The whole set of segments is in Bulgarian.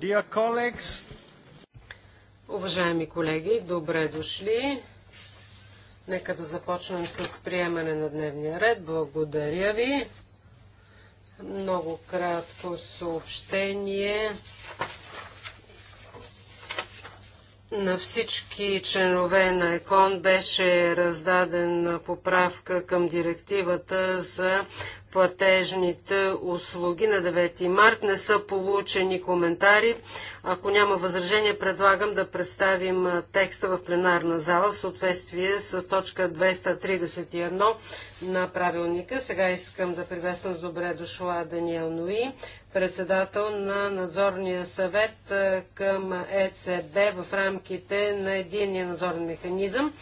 Dear colleagues, Уважаеми колеги, добре дошли. Нека да започнем с приемане на дневния ред. Благодаря ви. Много кратко съобщение. на всички членове на ЕКОН беше раздадена поправка към директивата за платежните услуги на 9 март. Не са получени коментари. Ако няма възражение, предлагам да представим текста в пленарна зала в съответствие с точка 231 на правилника. Сега искам да приветствам с добре дошла Даниел Нуи, председател на надзорния съвет към ЕЦБ в рамките на единия надзорен механизъм.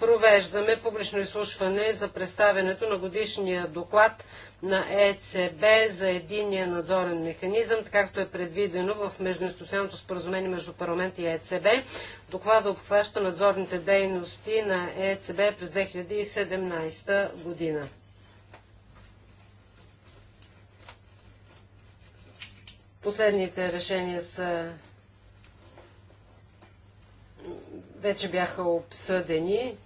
Провеждаме публично изслушване за представянето на годишния доклад на ЕЦБ за единия надзорен механизъм, както е предвидено в междуинституционното споразумение между парламент и ЕЦБ. Доклада обхваща надзорните дейности на ЕЦБ през 2017 година. Последните решения са вече бяха обсъдени.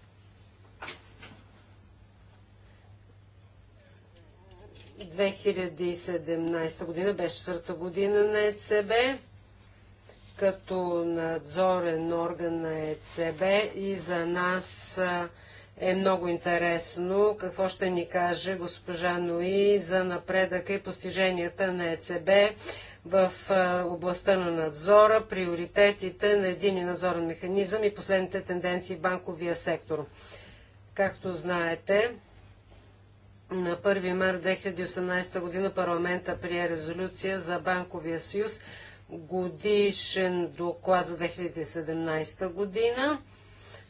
В 2017 година беше четвърта година на ЕЦБ като надзорен орган на ЕЦБ и за нас е много интересно какво ще ни каже госпожа Нои за напредъка и постиженията на ЕЦБ в областта на надзора, приоритетите на един и надзорен механизъм и последните тенденции в банковия сектор. Както знаете, на 1 март 2018 година парламента прие резолюция за Банковия съюз, годишен доклад за 2017 година.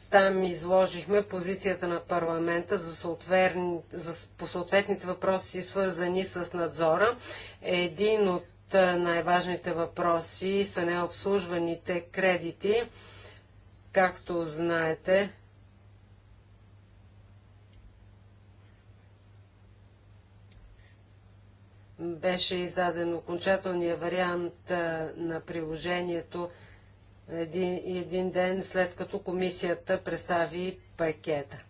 Там изложихме позицията на парламента за съответни, за, по съответните въпроси, свързани с надзора. Един от най-важните въпроси са необслужваните кредити. Както знаете, беше издаден окончателния вариант на приложението един, един ден след като комисията представи пакета.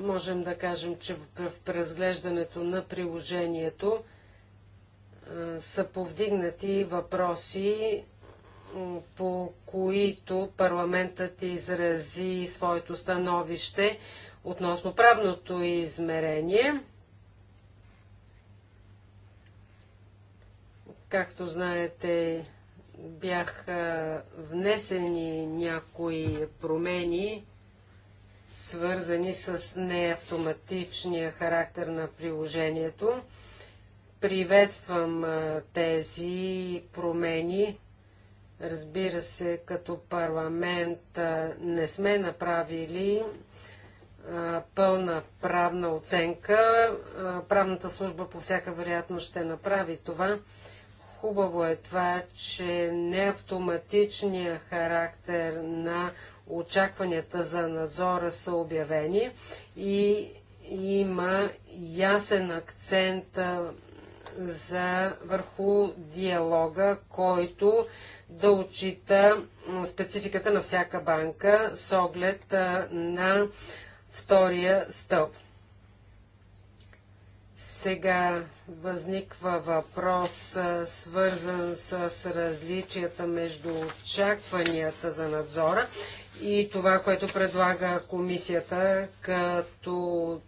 можем да кажем, че в преразглеждането на приложението са повдигнати въпроси, по които парламентът изрази своето становище относно правното измерение. Както знаете, бяха внесени някои промени свързани с неавтоматичния характер на приложението. Приветствам тези промени. Разбира се, като парламент не сме направили пълна правна оценка. Правната служба по всяка вероятност ще направи това. Хубаво е това, че неавтоматичният характер на очакванията за надзора са обявени и има ясен акцент за върху диалога, който да отчита спецификата на всяка банка с оглед на втория стълб. Сега възниква въпрос, свързан с различията между очакванията за надзора и това, което предлага комисията като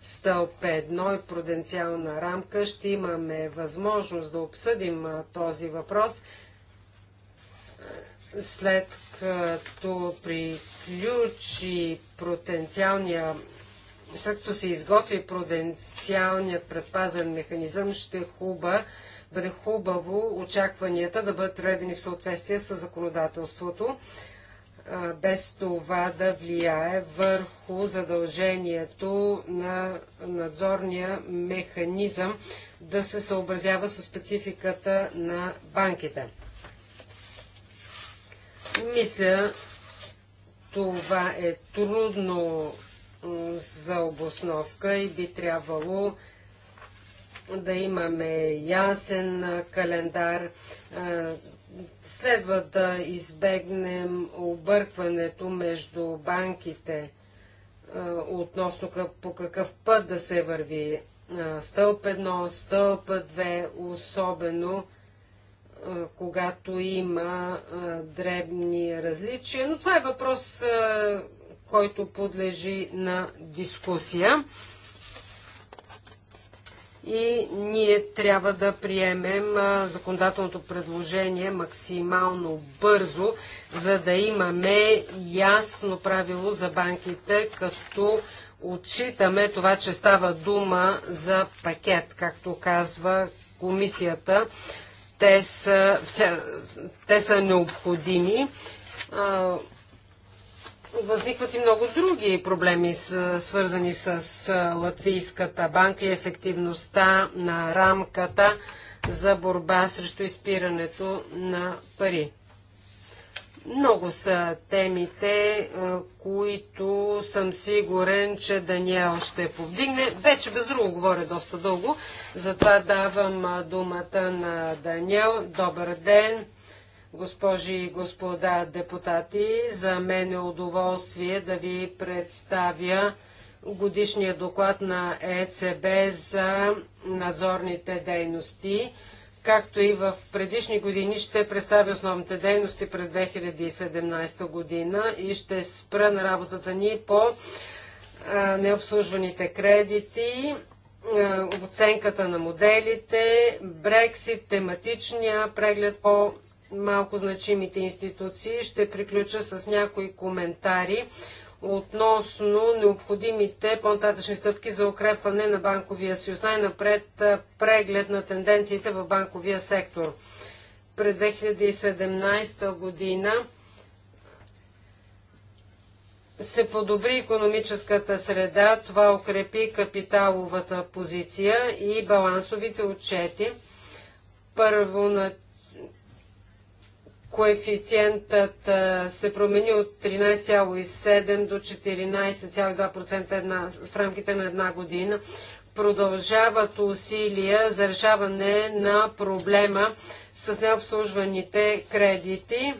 стълб едно и пруденциална рамка, ще имаме възможност да обсъдим този въпрос след като приключи потенциалния както се изготви пруденциалният предпазен механизъм, ще хуба бъде хубаво очакванията да бъдат проведени в съответствие с законодателството, без това да влияе върху задължението на надзорния механизъм да се съобразява с спецификата на банките. Мисля, това е трудно за обосновка и би трябвало да имаме ясен календар. Следва да избегнем объркването между банките относно по какъв път да се върви. Стълб 1, стълб 2, особено когато има дребни различия. Но това е въпрос, който подлежи на дискусия и ние трябва да приемем законодателното предложение максимално бързо, за да имаме ясно правило за банките, като отчитаме това, че става дума за пакет, както казва комисията. Те са, те са необходими възникват и много други проблеми, свързани с Латвийската банка и ефективността на рамката за борба срещу изпирането на пари. Много са темите, които съм сигурен, че Даниел ще повдигне. Вече без друго говоря доста дълго, затова давам думата на Даниел. Добър ден! госпожи и господа депутати. За мен е удоволствие да ви представя годишния доклад на ЕЦБ за надзорните дейности. Както и в предишни години ще представя основните дейности през 2017 година и ще спра на работата ни по необслужваните кредити, оценката на моделите, Брексит, тематичния преглед по малко значимите институции. Ще приключа с някои коментари относно необходимите по-нататъчни стъпки за укрепване на банковия съюз. Най-напред преглед на тенденциите в банковия сектор. През 2017 година се подобри економическата среда, това укрепи капиталовата позиция и балансовите отчети. Първо на коефициентът се промени от 13,7 до 14,2% в рамките на една година. Продължават усилия за решаване на проблема с необслужваните кредити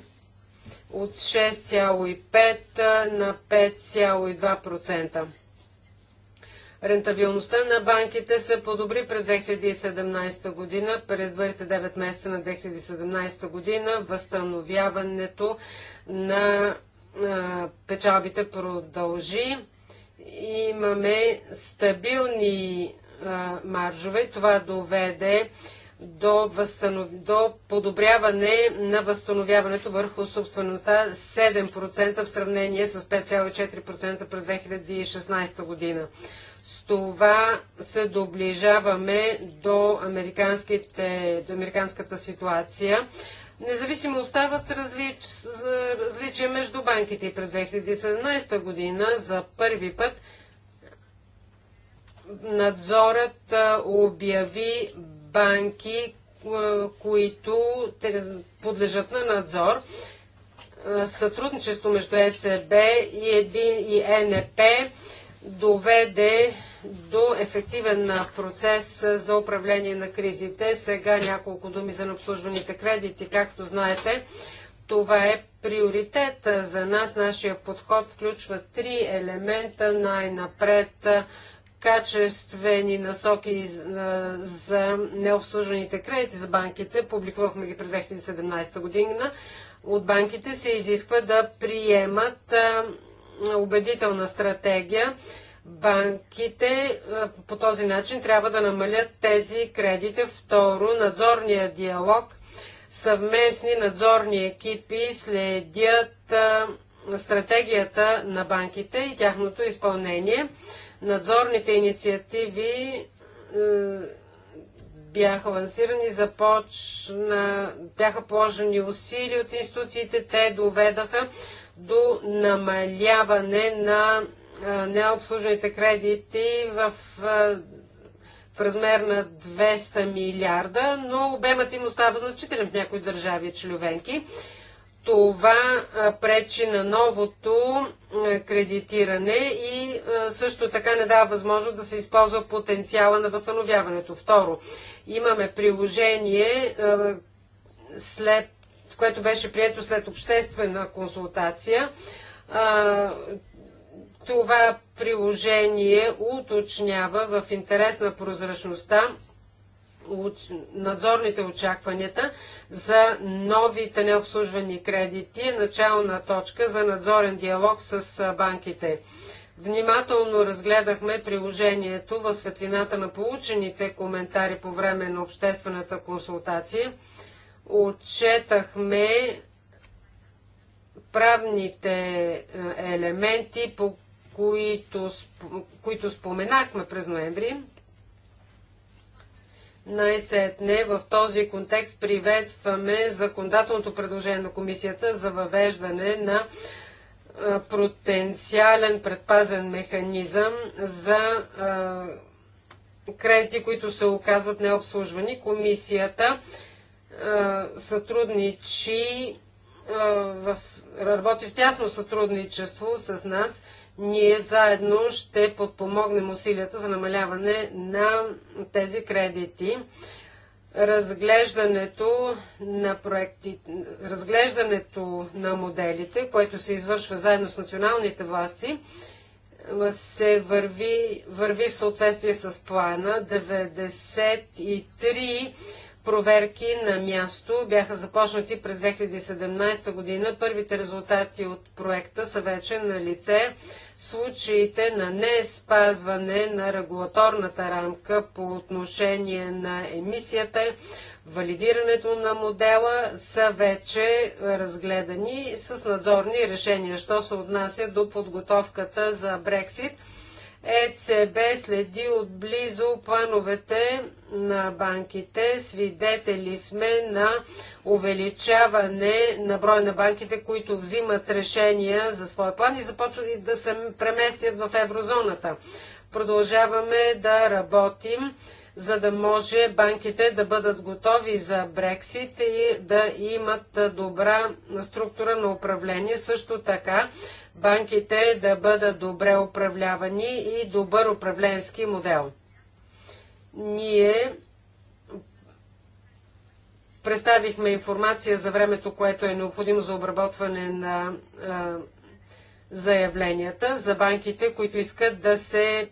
от 6,5 на 5,2%. Рентабилността на банките се подобри през 2017 година. През първите 9 месеца на 2017 година възстановяването на печалбите продължи. Имаме стабилни маржове. Това доведе до, възстанов... до подобряване на възстановяването върху собствеността 7% в сравнение с 5,4% през 2016 година. С това се доближаваме до, до американската ситуация. Независимо остават различ, различия между банките и през 2017 година за първи път надзорът обяви банки, които подлежат на надзор. Сътрудничество между ЕЦБ и, един, и е НП доведе до ефективен процес за управление на кризите. Сега няколко думи за необслужваните кредити. Както знаете, това е приоритет за нас. Нашия подход включва три елемента. Най-напред качествени насоки за необслужваните кредити за банките. Публикувахме ги през 2017 година. От банките се изисква да приемат убедителна стратегия, банките по този начин трябва да намалят тези кредити. Второ, надзорния диалог. Съвместни надзорни екипи следят стратегията на банките и тяхното изпълнение. Надзорните инициативи бяха лансирани, започна, бяха положени усилия от институциите, те доведаха до намаляване на необслужените кредити в, в размер на 200 милиарда, но обемът им остава значителен в някои държави членовенки. Това пречи на новото кредитиране и също така не дава възможност да се използва потенциала на възстановяването. Второ, имаме приложение след което беше прието след обществена консултация. Това приложение уточнява в интерес на прозрачността надзорните очакванията за новите необслужвани кредити, начална точка за надзорен диалог с банките. Внимателно разгледахме приложението в светлината на получените коментари по време на обществената консултация отчетахме правните е, елементи, по които, които споменахме през ноември. Най-сетне в този контекст приветстваме законодателното предложение на комисията за въвеждане на е, потенциален предпазен механизъм за е, кредити, които се оказват необслужвани. Комисията сътрудничи, в, работи в тясно сътрудничество с нас. Ние заедно ще подпомогнем усилията за намаляване на тези кредити. Разглеждането на проекти, разглеждането на моделите, което се извършва заедно с националните власти, се върви, върви в съответствие с плана. 93 проверки на място бяха започнати през 2017 година. Първите резултати от проекта са вече на лице. Случаите на не спазване на регулаторната рамка по отношение на емисията, валидирането на модела са вече разгледани с надзорни решения. Що се отнася до подготовката за Брексит, ЕЦБ следи отблизо плановете на банките. Свидетели сме на увеличаване на брой на банките, които взимат решения за своя план и започват да се преместят в еврозоната. Продължаваме да работим за да може банките да бъдат готови за Брексит и да имат добра структура на управление. Също така банките да бъдат добре управлявани и добър управленски модел. Ние представихме информация за времето, което е необходимо за обработване на заявленията за банките, които искат да се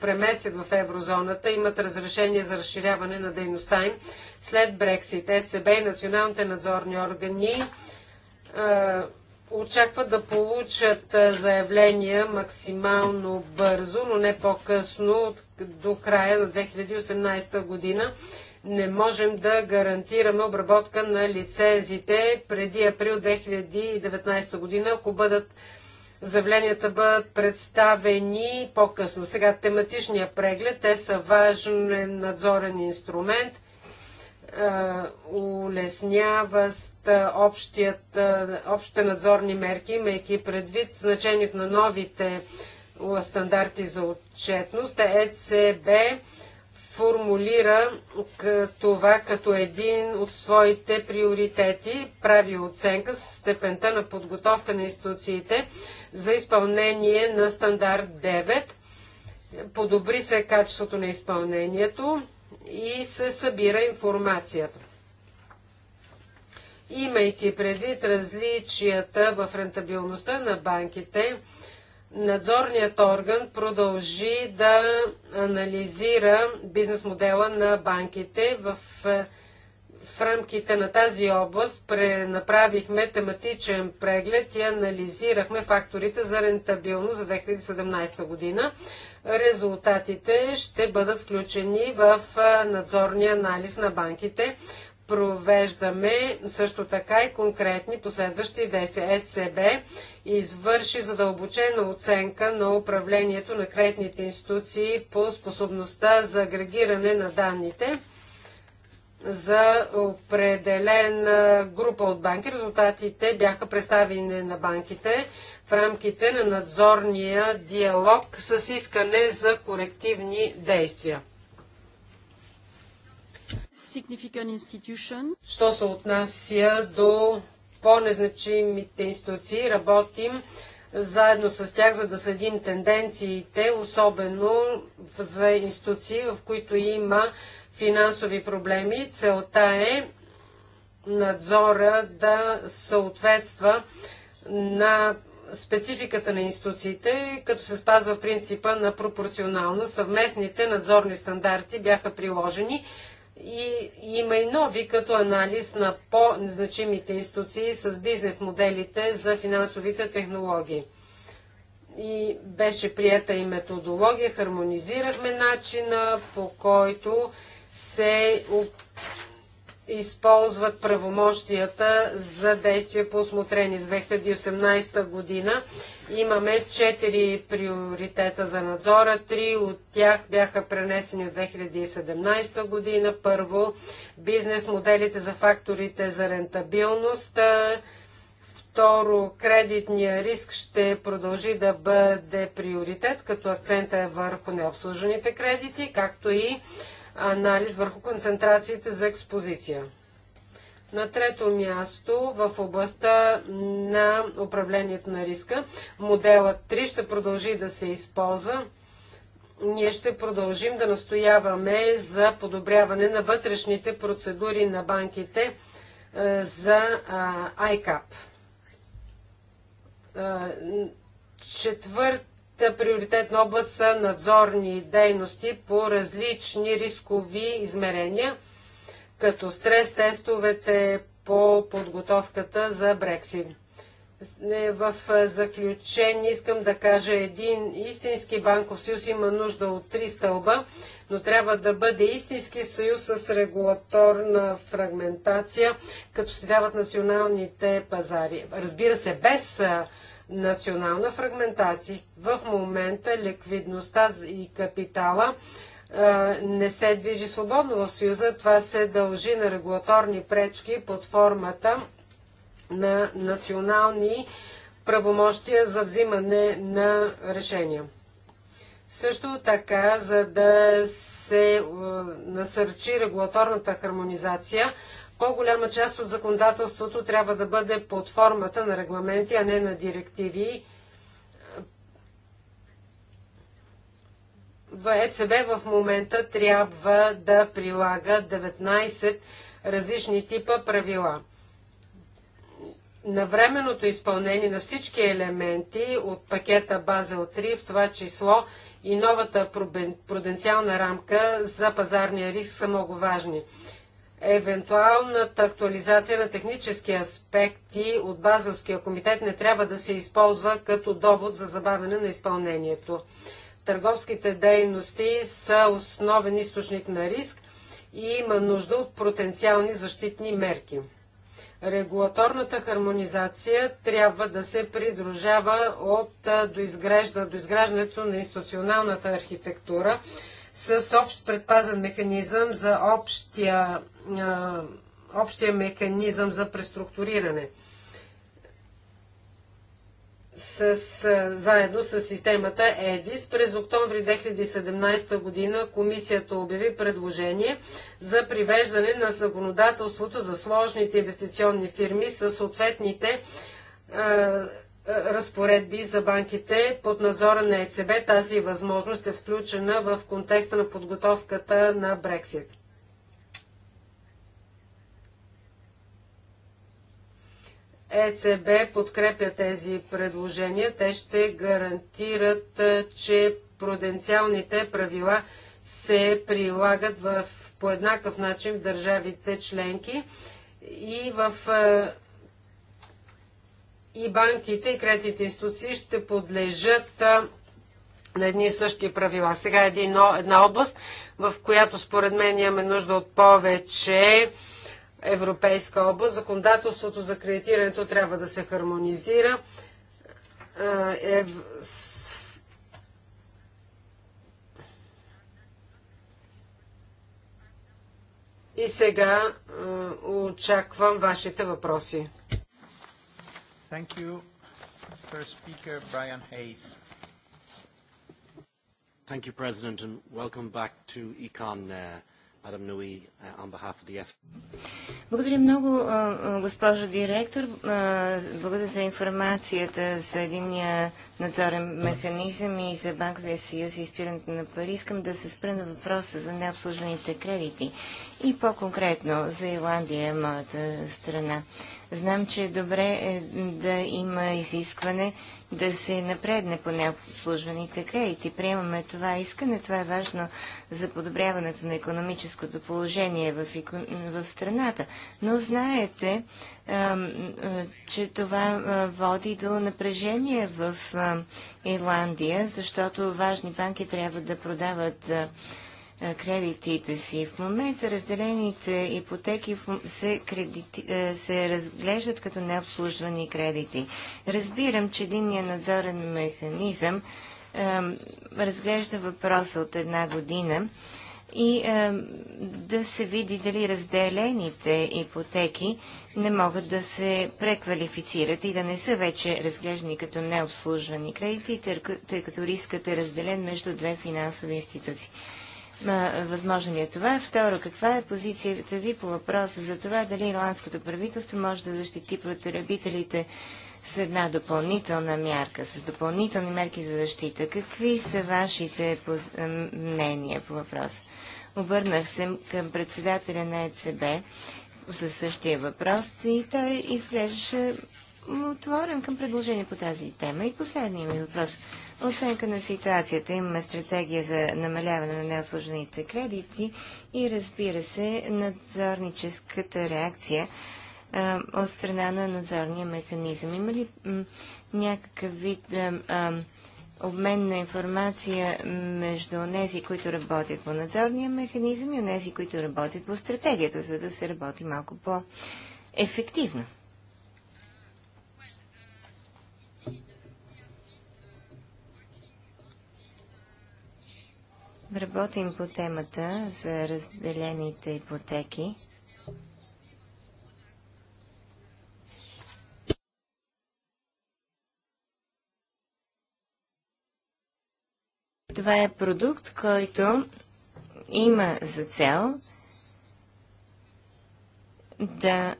преместят в еврозоната, имат разрешение за разширяване на дейността им след Брексит. ЕЦБ и националните надзорни органи очакват да получат заявления максимално бързо, но не по-късно до края на 2018 година. Не можем да гарантираме обработка на лицензите преди април 2019 година, ако бъдат заявленията бъдат представени по-късно. Сега тематичния преглед, те са важен надзорен инструмент е, улесняват е, общият, е, общите надзорни мерки, имайки предвид значението на новите стандарти за отчетност. ЕЦБ формулира това като един от своите приоритети, прави оценка с степента на подготовка на институциите за изпълнение на стандарт 9. Подобри се качеството на изпълнението и се събира информацията. Имайки предвид различията в рентабилността на банките, надзорният орган продължи да анализира бизнес модела на банките в е, в рамките на тази област направихме тематичен преглед и анализирахме факторите за рентабилност за 2017 година. Резултатите ще бъдат включени в надзорния анализ на банките. Провеждаме също така и конкретни последващи действия. ЕЦБ извърши задълбочена оценка на управлението на кредитните институции по способността за агрегиране на данните за определена група от банки. Резултатите бяха представени на банките в рамките на надзорния диалог с искане за корективни действия. Що се отнася до по-незначимите институции, работим заедно с тях, за да следим тенденциите, особено за институции, в които има финансови проблеми. Целта е надзора да съответства на спецификата на институциите, като се спазва принципа на пропорционалност, Съвместните надзорни стандарти бяха приложени и има и нови, като анализ на по незначимите институции с бизнес моделите за финансовите технологии. И беше приета и методология, хармонизирахме начина по който се използват правомощията за действия по осмотрени. С 2018 година имаме 4 приоритета за надзора. Три от тях бяха пренесени от 2017 година. Първо, бизнес моделите за факторите за рентабилност. Второ, кредитния риск ще продължи да бъде приоритет, като акцента е върху необслужените кредити, както и анализ върху концентрациите за експозиция. На трето място в областта на управлението на риска, моделът 3 ще продължи да се използва. Ние ще продължим да настояваме за подобряване на вътрешните процедури на банките е, за ICAP. Е, четвърт приоритетна област са надзорни дейности по различни рискови измерения, като стрес тестовете по подготовката за Брексит. В заключение искам да кажа, един истински банков съюз има нужда от три стълба, но трябва да бъде истински съюз с регулаторна фрагментация, като се дават националните пазари. Разбира се, без национална фрагментация. В момента ликвидността и капитала не се движи свободно в Съюза. Това се дължи на регулаторни пречки под формата на национални правомощия за взимане на решения. Също така, за да се насърчи регулаторната хармонизация, по-голяма част от законодателството трябва да бъде под формата на регламенти, а не на директиви. ЕЦБ в момента трябва да прилага 19 различни типа правила. На временото изпълнение на всички елементи от пакета Базел 3, в това число и новата пруденциална рамка за пазарния риск са много важни евентуалната актуализация на технически аспекти от базовския комитет не трябва да се използва като довод за забавяне на изпълнението. Търговските дейности са основен източник на риск и има нужда от потенциални защитни мерки. Регулаторната хармонизация трябва да се придружава от доизграждането на институционалната архитектура, с общ предпазен механизъм за общия, общия механизъм за преструктуриране с, заедно с системата ЕДИС. През октомври 2017 година комисията обяви предложение за привеждане на законодателството за сложните инвестиционни фирми със съответните е, разпоредби за банките под надзора на ЕЦБ. Тази възможност е включена в контекста на подготовката на Брексит. ЕЦБ подкрепя тези предложения. Те ще гарантират, е, че пруденциалните правила се прилагат в, по еднакъв начин в държавите членки и в е, и банките и кредитните институции ще подлежат на едни и същи правила. Сега е една област, в която според мен имаме нужда от повече европейска област. Законодателството за кредитирането трябва да се хармонизира. Е и сега очаквам вашите въпроси. Thank you. First speaker, Brian Hayes. Thank you, President, and welcome back to Econ, uh, Adam Nui, uh, on behalf of the S. Благодаря много, uh, uh, госпожо директор. Uh, благодаря за информацията за единния надзорен механизъм и за банковия съюз и изпирането на пари. Искам да се спра на въпроса за необслужваните кредити и по-конкретно за Ирландия, моята страна. Знам, че е добре е, да има изискване да се напредне по необслужваните кредити. Приемаме това искане. Това е важно за подобряването на економическото положение в, в страната. Но знаете, че това води до напрежение в Ирландия, защото важни банки трябва да продават кредитите си. В момента разделените ипотеки се, кредити, се разглеждат като необслужвани кредити. Разбирам, че единният надзорен механизъм разглежда въпроса от една година и да се види дали разделените ипотеки не могат да се преквалифицират и да не са вече разглеждани като необслужвани кредити, тъй като рискът е разделен между две финансови институции възможно ли е това? Второ, каква е позицията ви по въпроса за това дали ирландското правителство може да защити потребителите с една допълнителна мярка, с допълнителни мерки за защита? Какви са вашите поз... мнения по въпроса? Обърнах се към председателя на ЕЦБ със същия въпрос и той изглеждаше отворен към предложение по тази тема. И последния ми въпрос. Оценка на ситуацията. Имаме стратегия за намаляване на неослужените кредити и разбира се надзорническата реакция а, от страна на надзорния механизъм. Има ли някакъв вид а, а, обмен на информация между онези, които работят по надзорния механизъм и онези, които работят по стратегията, за да се работи малко по-ефективно? Работим по темата за разделените ипотеки. Това е продукт, който има за цел да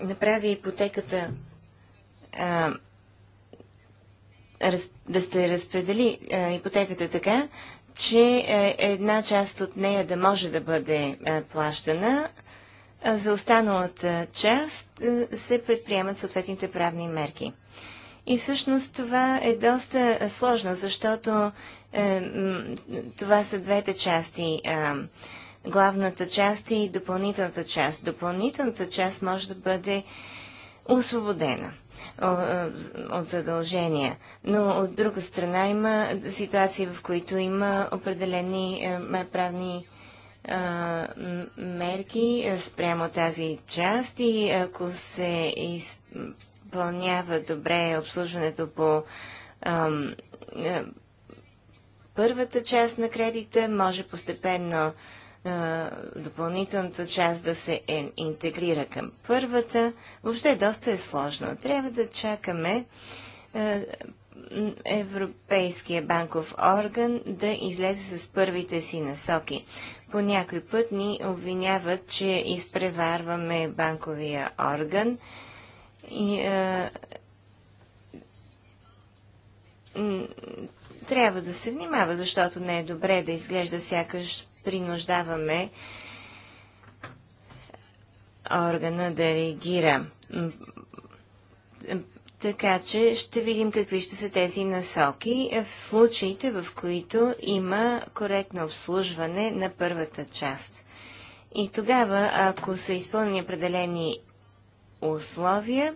направи ипотеката а, раз, да сте разпредели ипотеката така, че една част от нея да може да бъде плащана, а за останалата част се предприемат съответните правни мерки. И всъщност това е доста сложно, защото това са двете части. главната част и допълнителната част. Допълнителната част може да бъде освободена. Е, от задължения. Но от друга страна има ситуации, в които има определени е, правни е, мерки спрямо тази част и ако се изпълнява добре обслужването по първата част на кредита, може постепенно допълнителната част да се е, интегрира към първата, въобще доста е сложно. Трябва да чакаме Европейския банков орган да излезе с първите си насоки. По някой път ни обвиняват, че изпреварваме банковия орган и а, трябва да се внимава, защото не е добре да изглежда сякаш принуждаваме органа да реагира. Така че ще видим какви ще са тези насоки в случаите, в които има коректно обслужване на първата част. И тогава, ако са изпълнени определени условия,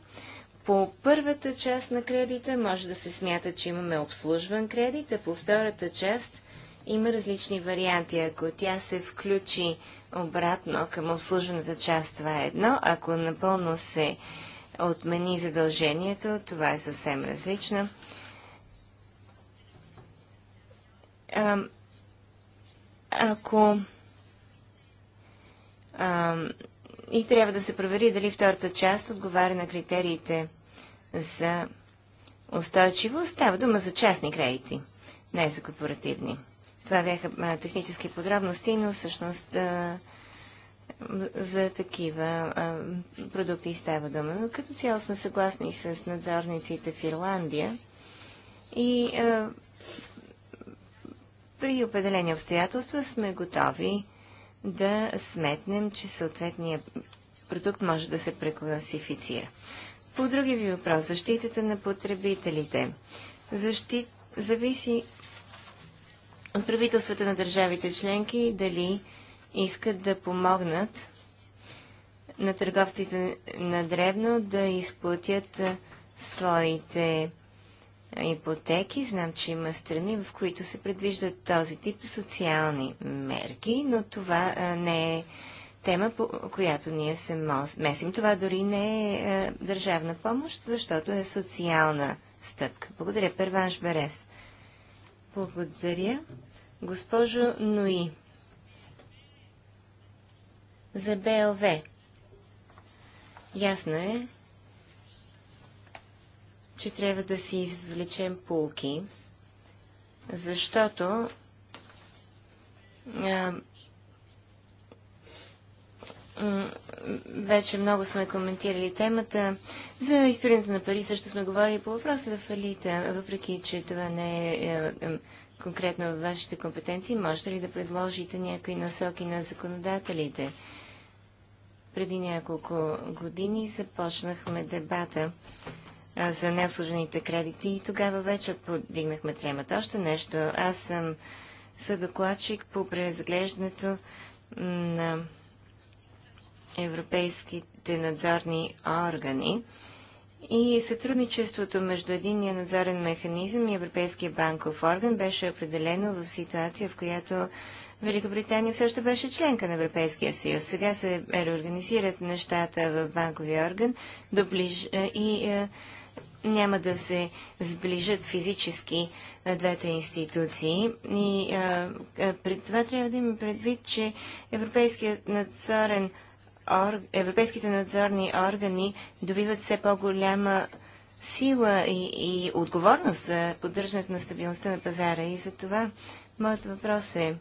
по първата част на кредита може да се смята, че имаме обслужван кредит, а по втората част има различни варианти. Ако тя се включи обратно към обслужената част, това е едно. Ако напълно се отмени задължението, това е съвсем различно. А, ако а, и трябва да се провери дали втората част отговаря на критериите за устойчивост, става дума за частни кредити, не за корпоративни. Това бяха технически подробности, но всъщност за такива продукти става дума. Но като цяло сме съгласни с надзорниците в Ирландия и при определени обстоятелства сме готови да сметнем, че съответният продукт може да се прекласифицира. По други ви въпрос, защитата на потребителите. Защит зависи от правителствата на държавите членки дали искат да помогнат на търговците на древно да изплатят своите ипотеки. Знам, че има страни, в които се предвиждат този тип социални мерки, но това не е тема, по която ние се месим. Това дори не е държавна помощ, защото е социална стъпка. Благодаря, Перванш Берес. Благодаря. Госпожо Нуи, за БЛВ. Ясно е, че трябва да си извлечем полки, защото а, вече много сме коментирали темата. За изпирането на пари също сме говорили по въпроса за фалита, въпреки че това не е, е, е конкретно във вашите компетенции, можете ли да предложите някои насоки на законодателите? Преди няколко години започнахме дебата за необслужените кредити и тогава вече подигнахме тремата. Още нещо. Аз съм съдокладчик по преразглеждането на европейските надзорни органи и сътрудничеството между единния надзорен механизъм и Европейския банков орган беше определено в ситуация, в която Великобритания все още беше членка на Европейския съюз. Сега се реорганизират нещата в банковия орган доближ... Е, и е, няма да се сближат физически е, двете институции. И е, е това трябва да има предвид, че Европейският надзорен ор... европейските надзорни органи добиват все по-голяма сила и, и отговорност за поддържането на стабилността на пазара. И за това моят въпрос е,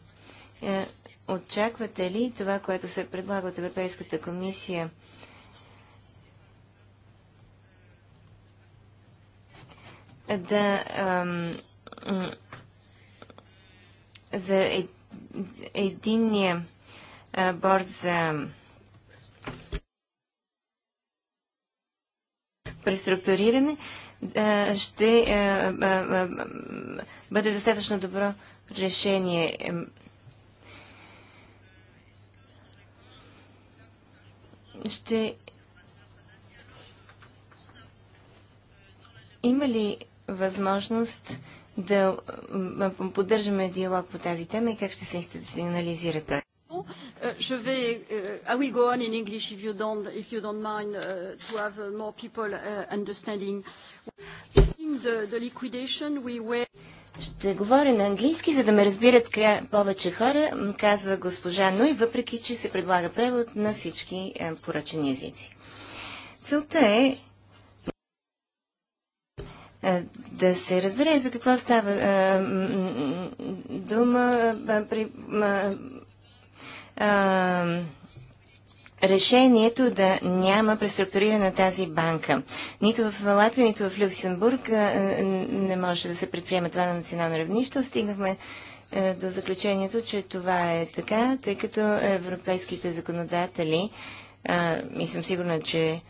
е очаквате ли това, което се предлага от Европейската комисия, да ам, за единния борт за преструктуриране ще бъде достатъчно добро решение. Ще има ли възможност да поддържаме диалог по тази тема и как ще се институционализира той? Uh, je vais, uh, I will go on in English if you don't, if you don't mind, uh, to have uh, more people uh, understanding. In The, the liquidation we were... Ще говоря на английски, за да ме разбират повече хора, казва госпожа Нуй, въпреки че се предлага превод на всички е, поръчени езици. Целта е, е да се разбере за какво става е, дума при а, решението да няма преструктуриране на тази банка. Нито в Латвия, нито в Люксембург а, не може да се предприема това на национално равнище. Стигнахме а, до заключението, че това е така, тъй като европейските законодатели и съм сигурна, че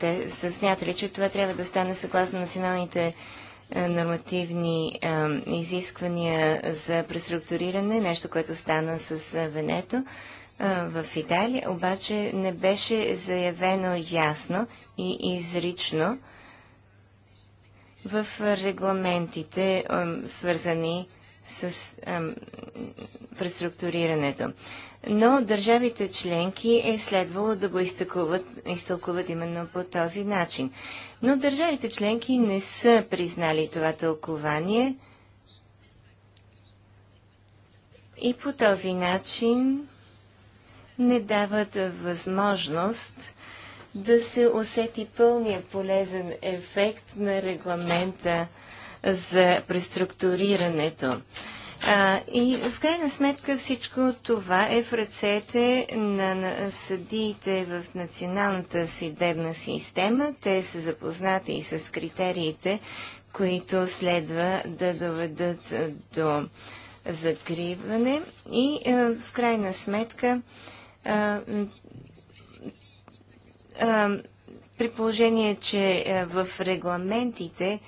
те са смятали, че това трябва да стане съгласно националните е, нормативни е, изисквания за преструктуриране, нещо, което стана с е, Венето в Италия, обаче не беше заявено ясно и изрично в регламентите, свързани с с ам, преструктурирането. Но държавите членки е следвало да го изтълкуват, изтълкуват именно по този начин. Но държавите членки не са признали това тълкование и по този начин не дават възможност да се усети пълния полезен ефект на регламента за преструктурирането. А, и в крайна сметка всичко това е в ръцете на, на съдиите в националната съдебна система. Те са запознати и с критериите, които следва да доведат до закриване и а, в крайна сметка а, а, при положение, че в регламентите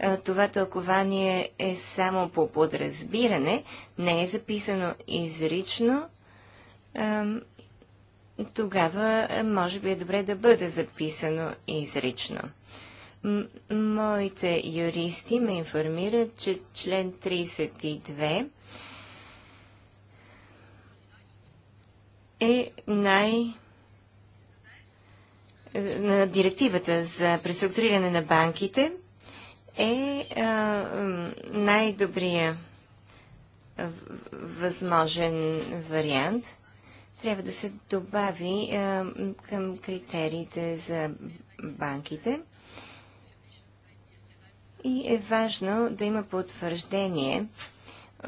е, това тълкование е само по подразбиране, не е записано изрично, тогава е, може би е добре да бъде записано изрично. Моите юристи ме информират, че член 32 е най- е, на директивата за преструктуриране на банките – е най-добрия възможен вариант. Трябва да се добави а, към критериите за банките. И е важно да има потвърждение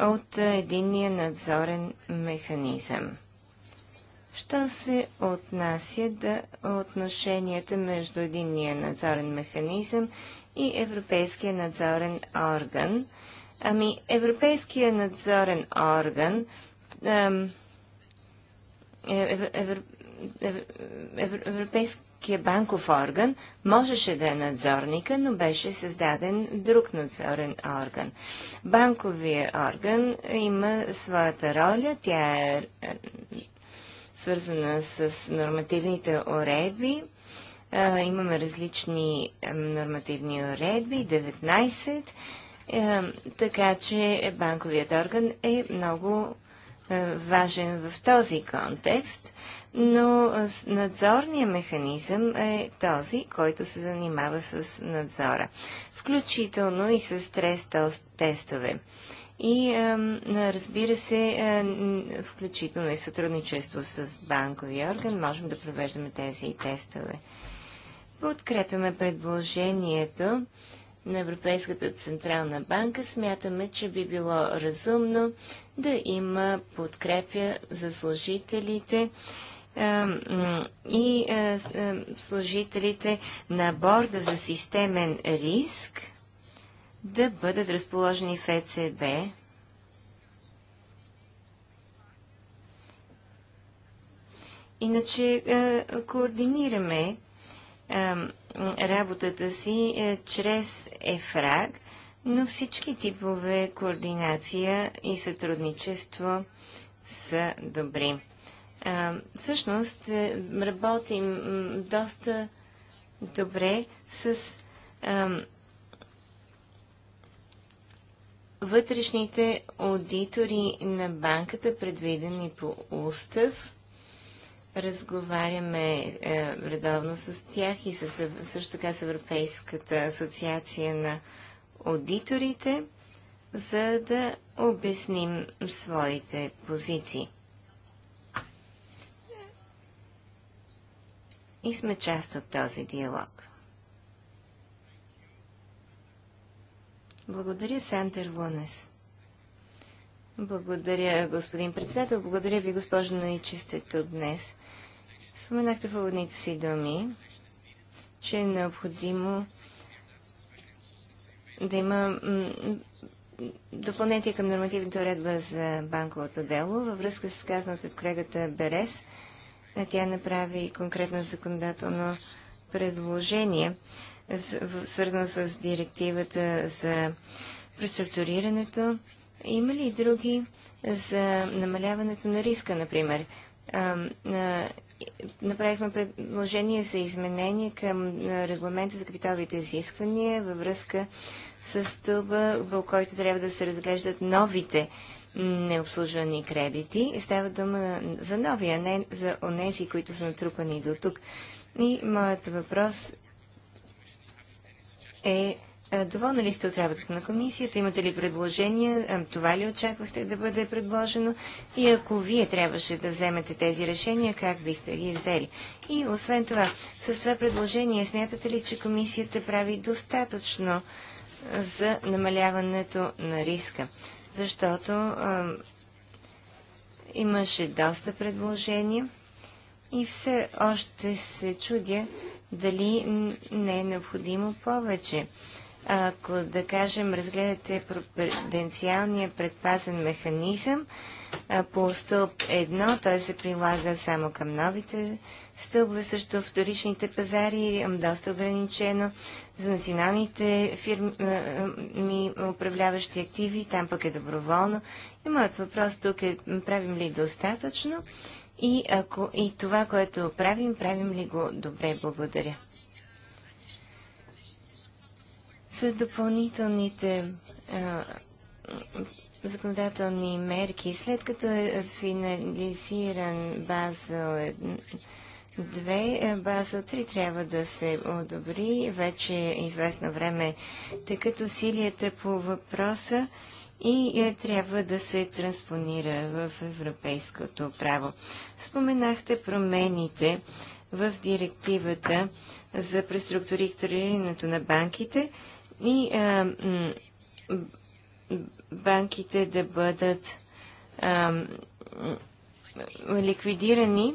от единния надзорен механизъм. Що се отнася до отношенията между единния надзорен механизъм и Европейския надзорен орган. Ами, Европейския надзорен орган е, е, е, Европейския банков орган можеше да е надзорника, но беше създаден друг надзорен орган. Банковия орган има своята роля, тя е свързана с нормативните уредби а, имаме различни а, нормативни уредби, 19, а, така че банковият орган е много е, важен в този контекст, но е, надзорният механизъм е този, който се занимава с надзора, включително и с стрес тестове. И разбира се, е, включително и сътрудничество с банковия орган, можем да провеждаме тези тестове. Подкрепяме предложението на Европейската Централна банка. Смятаме, че би било разумно да има подкрепя за служителите и служителите на борда за системен риск да бъдат разположени в ЕЦБ. Иначе координираме работата си е, чрез ЕФРАГ, но всички типове координация и сътрудничество са добри. всъщност е, работим доста добре с вътрешните аудитори на банката, предвидени по устав Разговаряме е, редовно с тях и също така с Европейската асоциация на аудиторите, за да обясним своите позиции. И сме част от този диалог. Благодаря, Сантер Лунес. Благодаря, господин председател. Благодаря ви, госпожа, Ной, днес. Споменахте в водните си думи, че е необходимо да има допълнение към нормативната уредба за банковото дело. Във връзка с казаното от колегата Берес, тя направи конкретно законодателно предложение, свързано с директивата за преструктурирането. Има ли други за намаляването на риска, например? направихме предложение за изменение към регламента за капиталовите изисквания във връзка с стълба, в който трябва да се разглеждат новите необслужвани кредити. Става дума за нови, а не за онези, които са натрупани до тук. И моят въпрос е е, Доволни ли сте от работата на комисията? Имате ли предложения? Е, това ли очаквахте да бъде предложено? И ако вие трябваше да вземете тези решения, как бихте ги взели? И освен това, с това предложение смятате ли, че комисията прави достатъчно е, за намаляването на риска? Защото а, имаше доста предложения и все още се чудя дали не е необходимо повече ако да кажем разгледате пруденциалния предпазен механизъм по стълб 1, той се прилага само към новите стълбове, също вторичните пазари, доста ограничено. За националните фирми, ами, управляващи активи, там пък е доброволно. И моят въпрос тук е, правим ли достатъчно? И, ако, и това, което правим, правим ли го добре? Благодаря. са допълнителните а, законодателни мерки? След като е финализиран база 2, база 3 трябва да се одобри. Вече е известно време, тъй като усилията по въпроса и е, трябва да се транспонира в европейското право. Споменахте промените в директивата за преструктурирането на банките и а, банките да бъдат а, ликвидирани,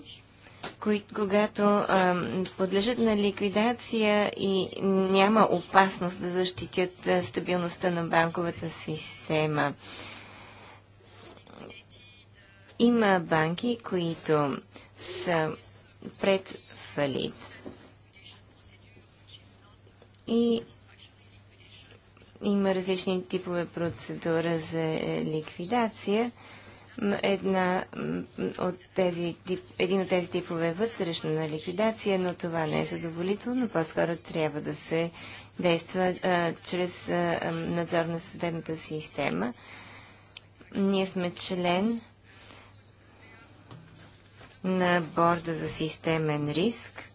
кои, когато а, подлежат на ликвидация и няма опасност да защитят стабилността на банковата система. Има банки, които са пред фалит. И има различни типове процедура за е, ликвидация. Една от тези, един от тези типове е вътрешна ликвидация, но това не е задоволително. По-скоро трябва да се действа а, чрез а, надзор на съдебната система. Ние сме член на борда за системен риск.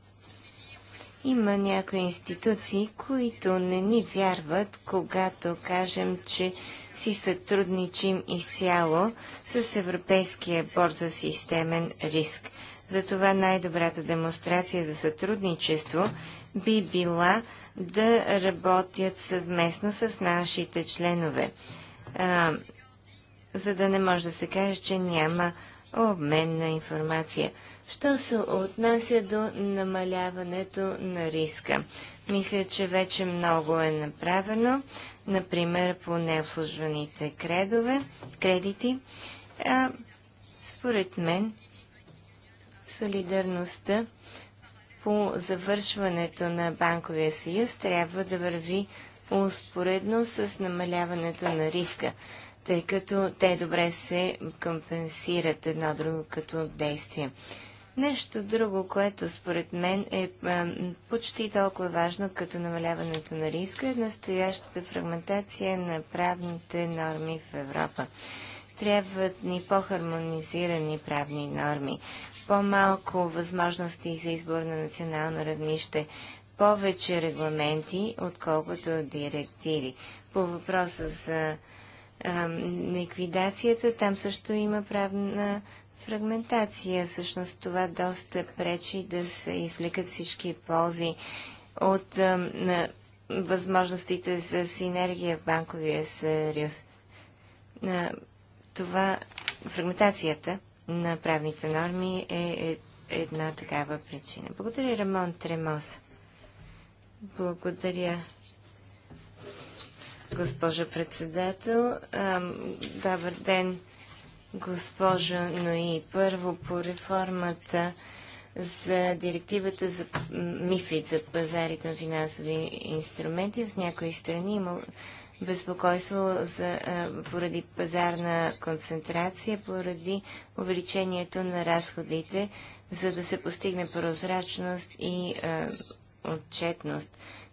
Има някои институции, които не ни вярват, когато кажем, че си сътрудничим изцяло с Европейския борд за системен риск. Затова най-добрата демонстрация за сътрудничество би била да работят съвместно с нашите членове, а, за да не може да се каже, че няма обмен на информация. Що се отнася до намаляването на риска? Мисля, че вече много е направено, например по необслужваните кредове, кредити. А, според мен, солидарността по завършването на банковия съюз трябва да върви успоредно с намаляването на риска, тъй като те добре се компенсират едно друго като действие. Нещо друго, което според мен е почти толкова важно като намаляването на риска е настоящата фрагментация на правните норми в Европа. Трябват ни по-хармонизирани правни норми, по-малко възможности за избор на национално равнище, повече регламенти, отколкото директиви. По въпроса за ликвидацията, там също има правна фрагментация. Всъщност това доста пречи да се извлекат всички ползи от на възможностите за синергия в банковия съюз. На това фрагментацията на правните норми е, е една такава причина. Благодаря, Рамон Тремос. Благодаря, госпожа председател. Добър ден госпожо Нои. Първо по реформата за директивата за МИФИД, за пазарите на финансови инструменти. В някои страни има безпокойство за, поради пазарна концентрация, поради увеличението на разходите, за да се постигне прозрачност и а, отчетност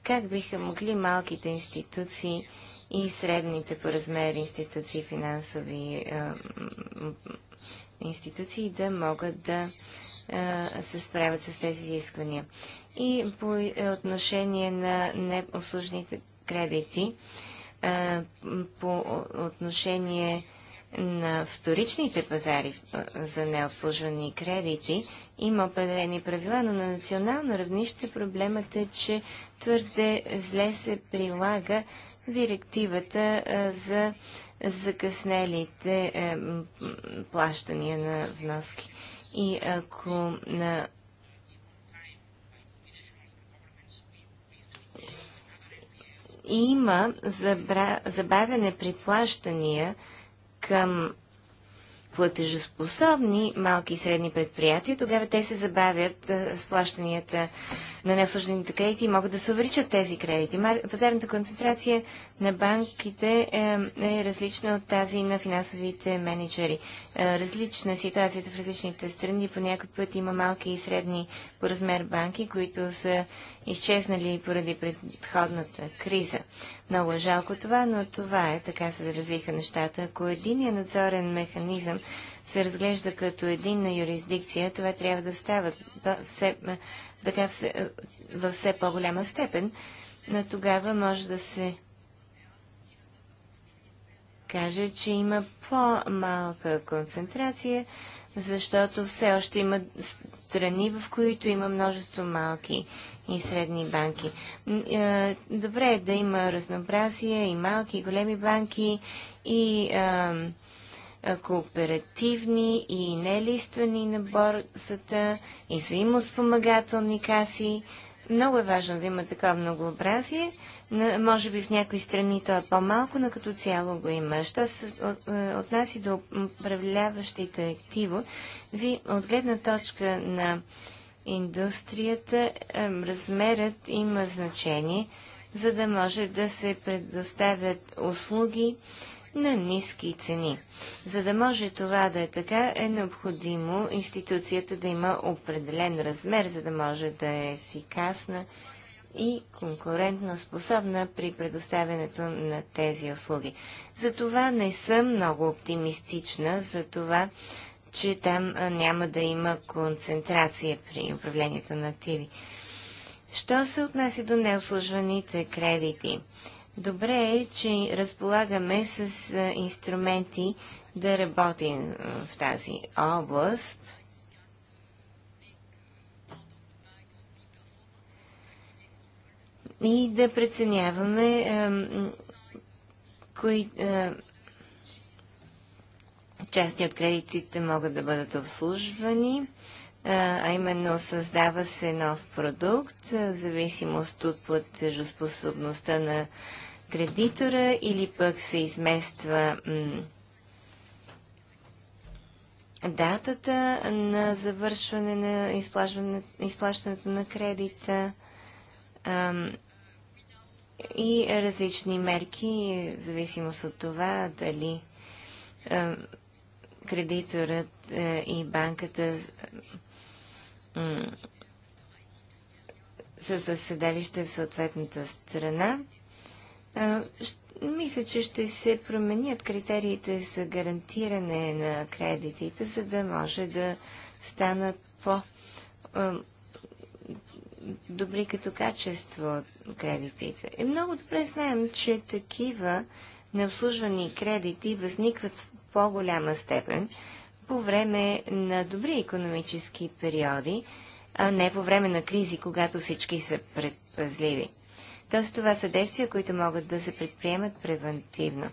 как биха могли малките институции и средните по размер институции, финансови е, институции да могат да е, се справят с тези изисквания. И по отношение на необслужните кредити, е, по отношение на вторичните пазари за необслужвани кредити има определени правила, но на национално равнище проблемът е, че твърде зле се прилага директивата за закъснелите е, плащания на вноски. И ако на има забра... забавяне при плащания, към платежеспособни малки и средни предприятия, тогава те се забавят с плащанията на необслужените кредити и могат да се увеличат тези кредити. Пазарната концентрация на банките е, е, различна от тази на финансовите менеджери. Е, различна е ситуацията в различните страни. По някой път има малки и средни по размер банки, които са изчезнали поради предходната криза. Много е жалко това, но това е, така се развиха нещата. Ако е надзорен механизъм се разглежда като единна юрисдикция, това трябва да става да, все, така все, във все по-голяма степен, на тогава може да се каже, че има по-малка концентрация защото все още има страни, в които има множество малки и средни банки. Е, добре е да има разнообразие и малки, и големи банки, и а, кооперативни, и нелиствани на борсата, и взаимоспомагателни каси. Много е важно да има такова многообразие. Може би в някои страни то е по-малко, но като цяло го има. Що се е, отнася до управляващите активо, ви от гледна точка на индустрията е, размерът има значение, за да може да се предоставят услуги, на ниски цени. За да може това да е така, е необходимо институцията да има определен размер, за да може да е ефикасна и конкурентно способна при предоставянето на тези услуги. Затова не съм много оптимистична за това, че там няма да има концентрация при управлението на активи. Що се отнася до неослужваните кредити? Добре е, че разполагаме с е, инструменти да работим е, в тази област. И да преценяваме е, кои части от кредитите могат да бъдат обслужвани, а именно създава се нов продукт в зависимост от платежоспособността на кредитора или пък се измества датата на завършване на изплащането на кредита и различни мерки, в зависимост от това дали кредиторът е, и банката са със седалище в съответната страна. Мисля, че ще се променят критериите за гарантиране на кредитите, за да може да станат по добри като качество кредитите. И много добре знаем, че такива необслужвани кредити възникват в по-голяма степен по време на добри економически периоди, а не по време на кризи, когато всички са предпазливи. Тоест това са действия, които могат да се предприемат превентивно.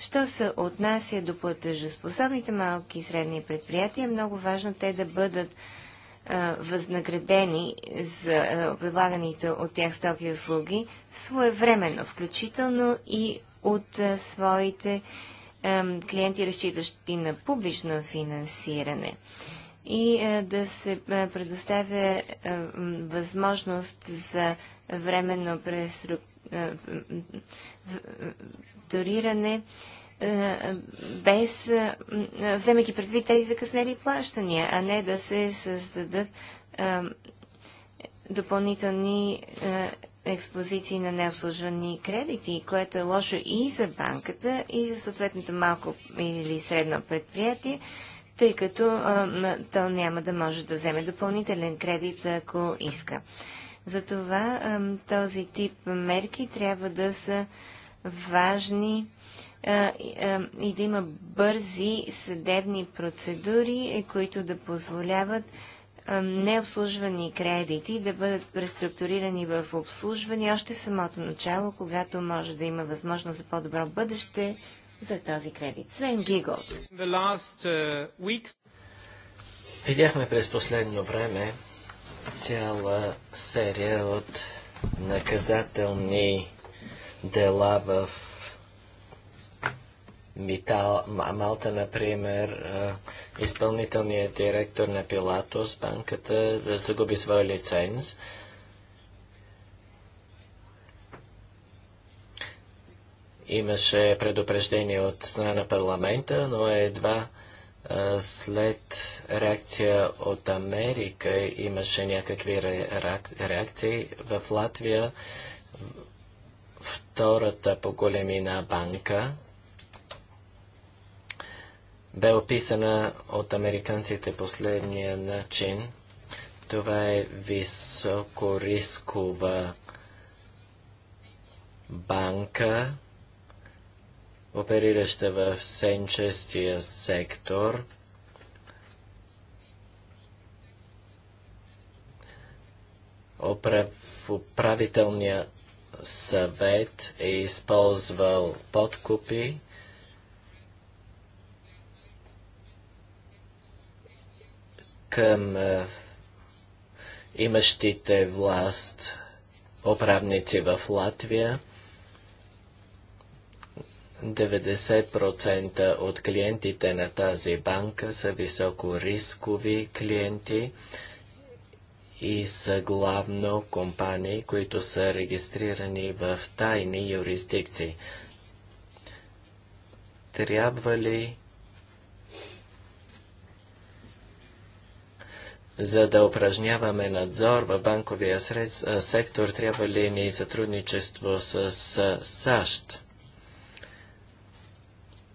Що се отнася до платежоспособните малки и средни предприятия, е много важно те да бъдат възнаградени за предлаганите от тях стоки и услуги своевременно, включително и от своите клиенти, разчитащи на публично финансиране и да се предоставя възможност за временно преструктуриране, без, вземайки предвид тези закъснели плащания, а не да се създадат допълнителни експозиции на необслужвани кредити, което е лошо и за банката, и за съответното малко или средно предприятие, тъй като а, то няма да може да вземе допълнителен кредит, ако иска. Затова този тип мерки трябва да са важни и да има бързи съдебни процедури, е, които да позволяват необслужвани кредити да бъдат преструктурирани в обслужвани още в самото начало, когато може да има възможност за по-добро бъдеще за този кредит. Свен Гиголд. Uh, Видяхме през последно време цяла серия от наказателни дела в Митал, Малта, например, изпълнителният директор на Пилатос, банката, загуби своя лиценз. Имаше предупреждение от страна на парламента, но едва след реакция от Америка имаше някакви реакции. В Латвия втората по големина банка бе описана от американците последния начин. Това е високорискова банка, оперираща в сенчестия сектор. Управ... Управителния съвет е използвал подкупи. към е, имащите власт управници в Латвия. 90% от клиентите на тази банка са високорискови клиенти и са главно компании, които са регистрирани в тайни юрисдикции. Трябва ли за да упражняваме надзор в банковия сред... сектор, трябва ли ни сътрудничество с САЩ?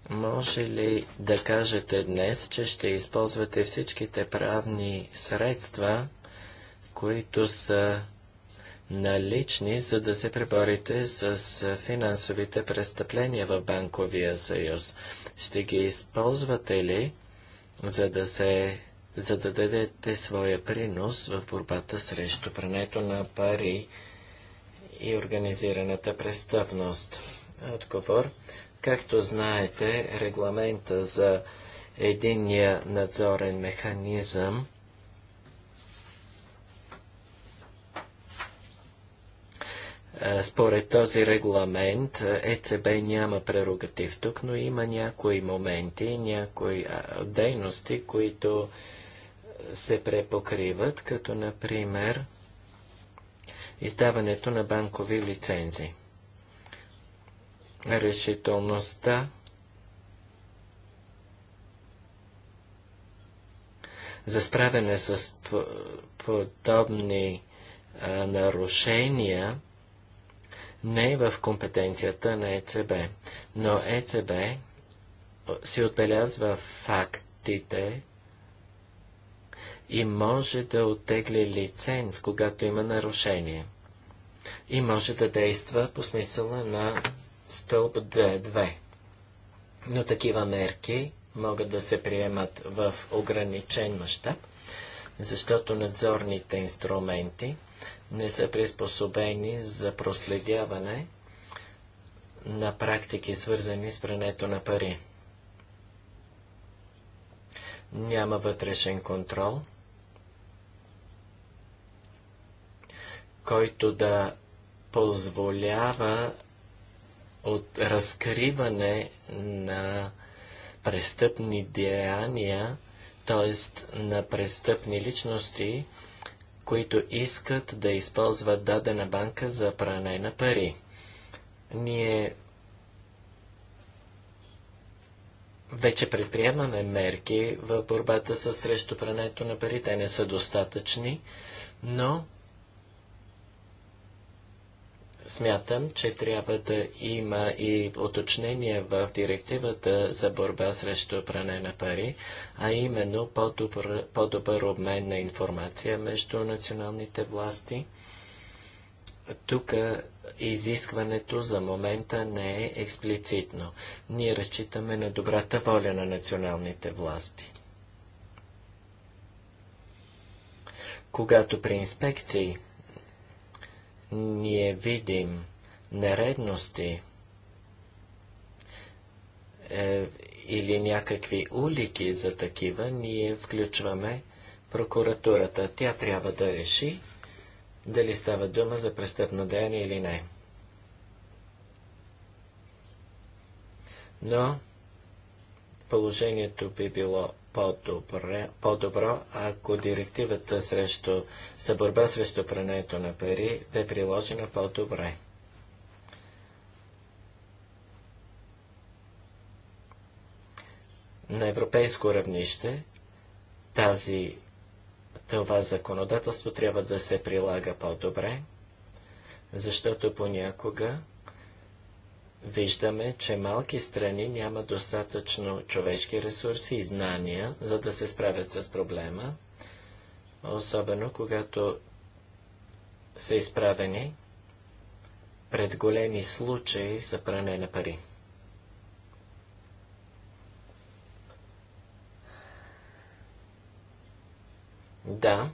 Може ли да кажете днес, че ще използвате всичките правни средства, които са налични, за да се преборите с финансовите престъпления в Банковия съюз? Ще ги използвате ли, за да, се, за да дадете своя принос в борбата срещу прането на пари и организираната престъпност? Отговор Както знаете, регламента за единния надзорен механизъм Според този регламент ЕЦБ няма прерогатив тук, но има някои моменти, някои дейности, които се препокриват, като например издаването на банкови лицензи решителността за справяне с подобни а, нарушения не е в компетенцията на ЕЦБ, но ЕЦБ се отбелязва фактите и може да отегли лиценз, когато има нарушение. И може да действа по смисъла на стълб 2.2. Но такива мерки могат да се приемат в ограничен мащаб, защото надзорните инструменти не са приспособени за проследяване на практики, свързани с прането на пари. Няма вътрешен контрол, който да позволява от разкриване на престъпни деяния, т.е. на престъпни личности, които искат да използват дадена банка за пране на пари. Ние вече предприемаме мерки в борбата с срещу прането на пари. Те не са достатъчни, но Смятам, че трябва да има и уточнение в директивата за борба срещу пране на пари, а именно по-добър, по-добър обмен на информация между националните власти. Тук изискването за момента не е експлицитно. Ние разчитаме на добрата воля на националните власти. Когато при инспекции ние видим нередности е, или някакви улики за такива, ние включваме прокуратурата. Тя трябва да реши дали става дума за престъпно деяние или не. Но положението би било по-добро, по ако директивата срещу, за борба срещу прането на пари бе приложена по-добре. На европейско равнище тази, това законодателство трябва да се прилага по-добре, защото понякога виждаме, че малки страни няма достатъчно човешки ресурси и знания, за да се справят с проблема, особено когато са изправени пред големи случаи за пране на пари. Да,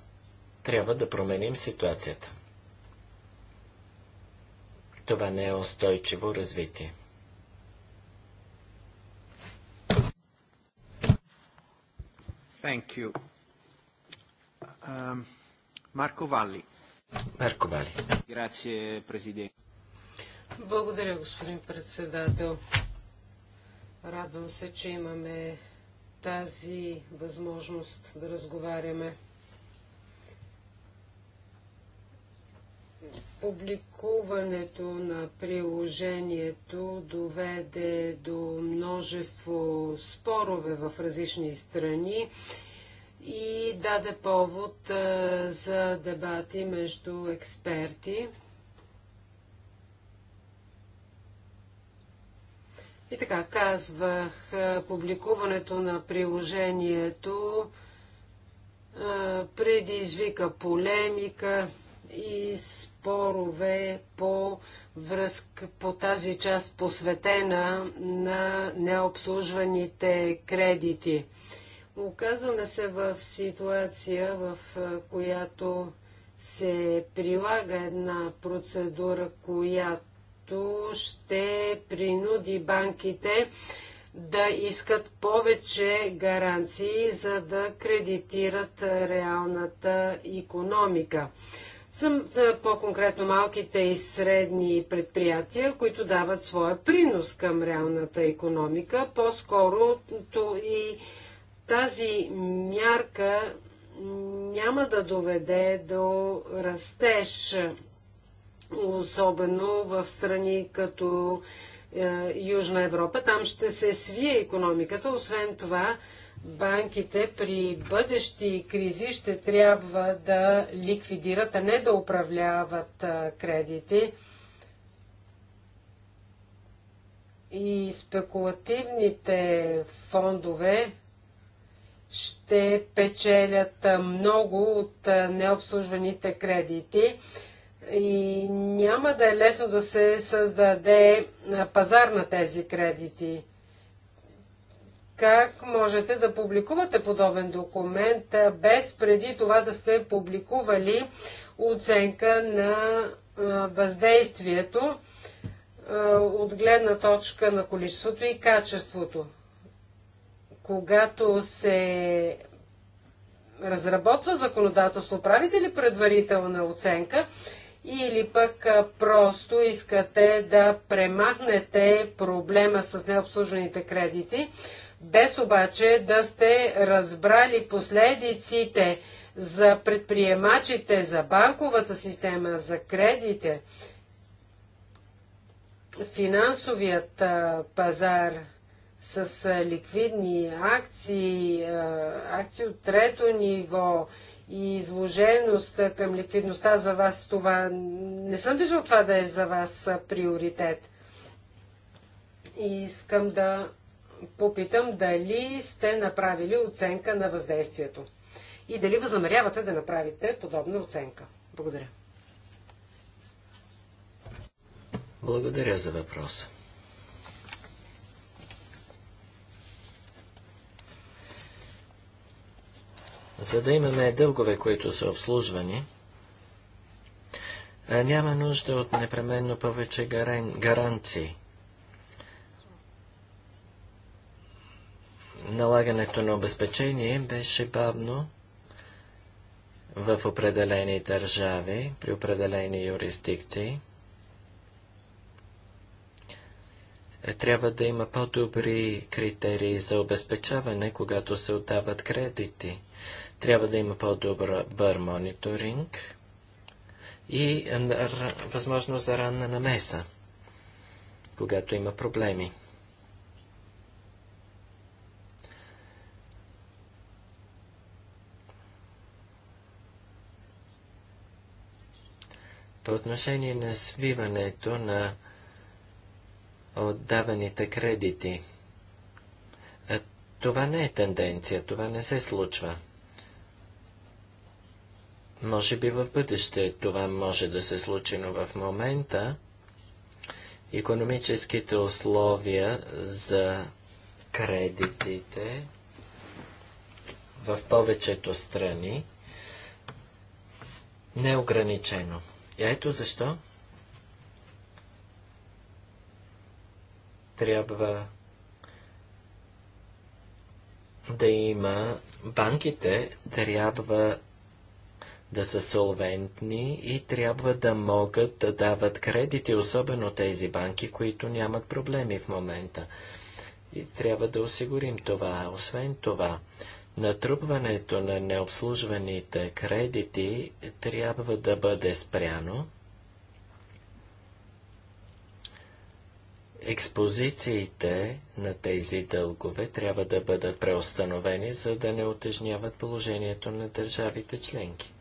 трябва да променим ситуацията. Това не е устойчиво развитие. Thank you. Um, Марко Валли. Марко Вали. Грация, президент. Благодаря, господин председател. Радвам се, че имаме тази възможност да разговаряме. Публикуването на приложението доведе до множество спорове в различни страни и даде повод за дебати между експерти. И така, казвах, публикуването на приложението предизвика полемика и спорове спорове по връзка по тази част посветена на необслужваните кредити. Оказваме се в ситуация, в която се прилага една процедура, която ще принуди банките да искат повече гаранции, за да кредитират реалната економика. Съм е, по-конкретно малките и средни предприятия, които дават своя принос към реалната економика. По-скоро и тази мярка няма да доведе до растеж, особено в страни като е, Южна Европа. Там ще се свие економиката. Освен това, банките при бъдещи кризи ще трябва да ликвидират, а не да управляват кредити. И спекулативните фондове ще печелят много от необслужваните кредити и няма да е лесно да се създаде пазар на тези кредити. Как можете да публикувате подобен документ без преди това да сте публикували оценка на въздействието от гледна точка на количеството и качеството? Когато се разработва законодателство, правите ли предварителна оценка или пък просто искате да премахнете проблема с необслужените кредити, без обаче да сте разбрали последиците за предприемачите, за банковата система, за кредите. Финансовият пазар с ликвидни акции, акции от трето ниво и изложеност към ликвидността за вас, това не съм виждал това да е за вас приоритет. И искам да попитам дали сте направили оценка на въздействието и дали възнамерявате да направите подобна оценка. Благодаря. Благодаря за въпроса. За да имаме дългове, които са обслужвани, няма нужда от непременно повече гаранции. налагането на обезпечение беше бавно в определени държави, при определени юрисдикции. Е, трябва да има по-добри критерии за обезпечаване, когато се отдават кредити. Трябва да има по-добър мониторинг и възможност за ранна намеса, когато има проблеми. По отношение на свиването на отдаваните кредити, това не е тенденция, това не се случва. Може би в бъдеще това може да се случи, но в момента економическите условия за кредитите в повечето страни не е ограничено. И е, ето защо трябва да има, банките трябва да са солвентни и трябва да могат да дават кредити, особено тези банки, които нямат проблеми в момента. И трябва да осигурим това. Освен това, Натрупването на необслужваните кредити трябва да бъде спряно. Експозициите на тези дългове трябва да бъдат преустановени, за да не отежняват положението на държавите членки.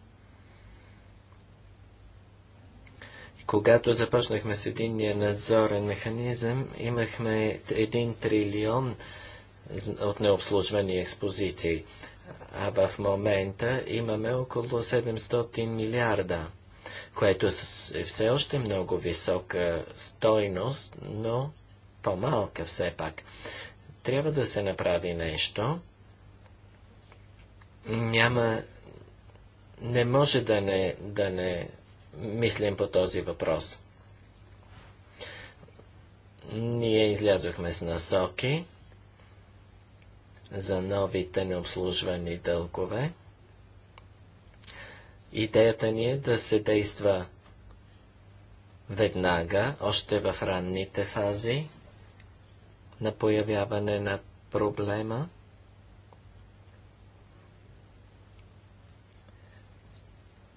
Когато започнахме с единния надзорен механизъм, имахме 1 трилион от необслужвани експозиции. А в момента имаме около 700 милиарда, което е все още много висока стойност, но по-малка все пак. Трябва да се направи нещо. Няма. Не може да не, да не мислим по този въпрос. Ние излязохме с насоки за новите необслужвани дългове. Идеята ни е да се действа веднага, още в ранните фази на появяване на проблема.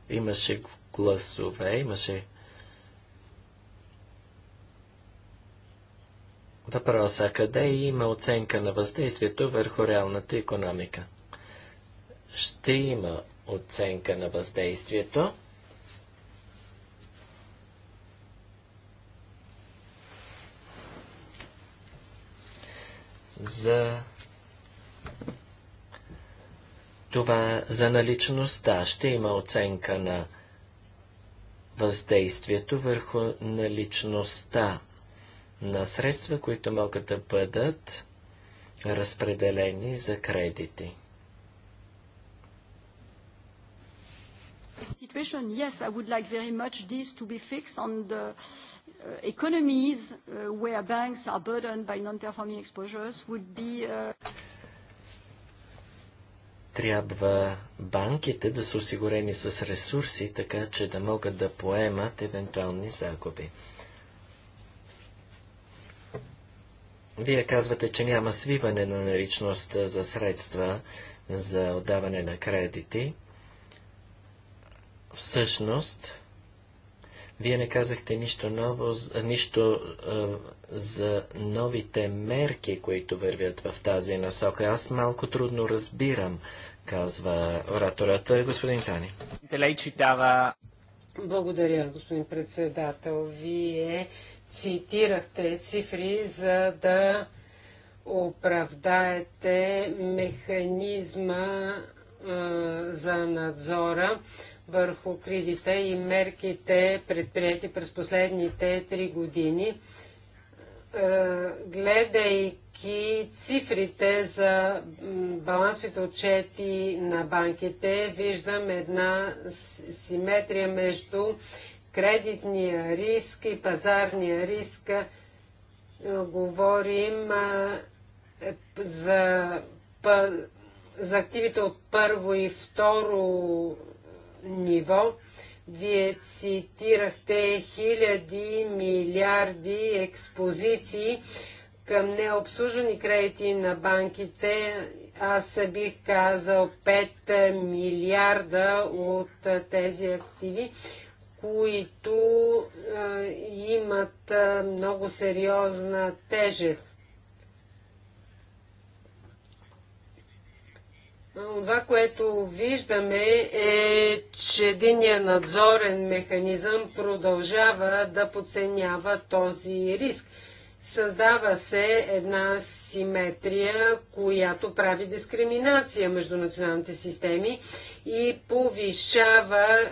Имаше гласове, имаше въпроса къде има оценка на въздействието върху реалната економика. Ще има оценка на въздействието. за това, за наличността ще има оценка на въздействието върху наличността на средства, които могат да бъдат разпределени за кредити. situation, yes, I would like very much this to be fixed on the uh, economies uh, where banks are burdened by non-performing exposures would be. Uh, Трябва банките да са осигурени с ресурси, така че да могат да поемат евентуални загуби. Вие казвате, че няма свиване на наличност за средства за отдаване на кредити. Всъщност, вие не казахте нищо ново, нищо за новите мерки, които вървят в тази насока. Аз малко трудно разбирам, казва оратора. Той е господин Цани. Благодаря, господин председател. Вие цитирахте цифри, за да оправдаете механизма за надзора върху кредита и мерките предприяти през последните три години. Гледайки цифрите за балансовите отчети на банките, виждам една симетрия между кредитния риск и пазарния риск. Е, говорим е, за, за активите от първо и второ ниво. Вие цитирахте хиляди милиарди експозиции към необслужени кредити на банките. Аз бих казал 5 милиарда от тези активи които е, имат е, много сериозна тежест. Това, което виждаме е, че единия надзорен механизъм продължава да подценява този риск. Създава се една симетрия, която прави дискриминация между националните системи и повишава е,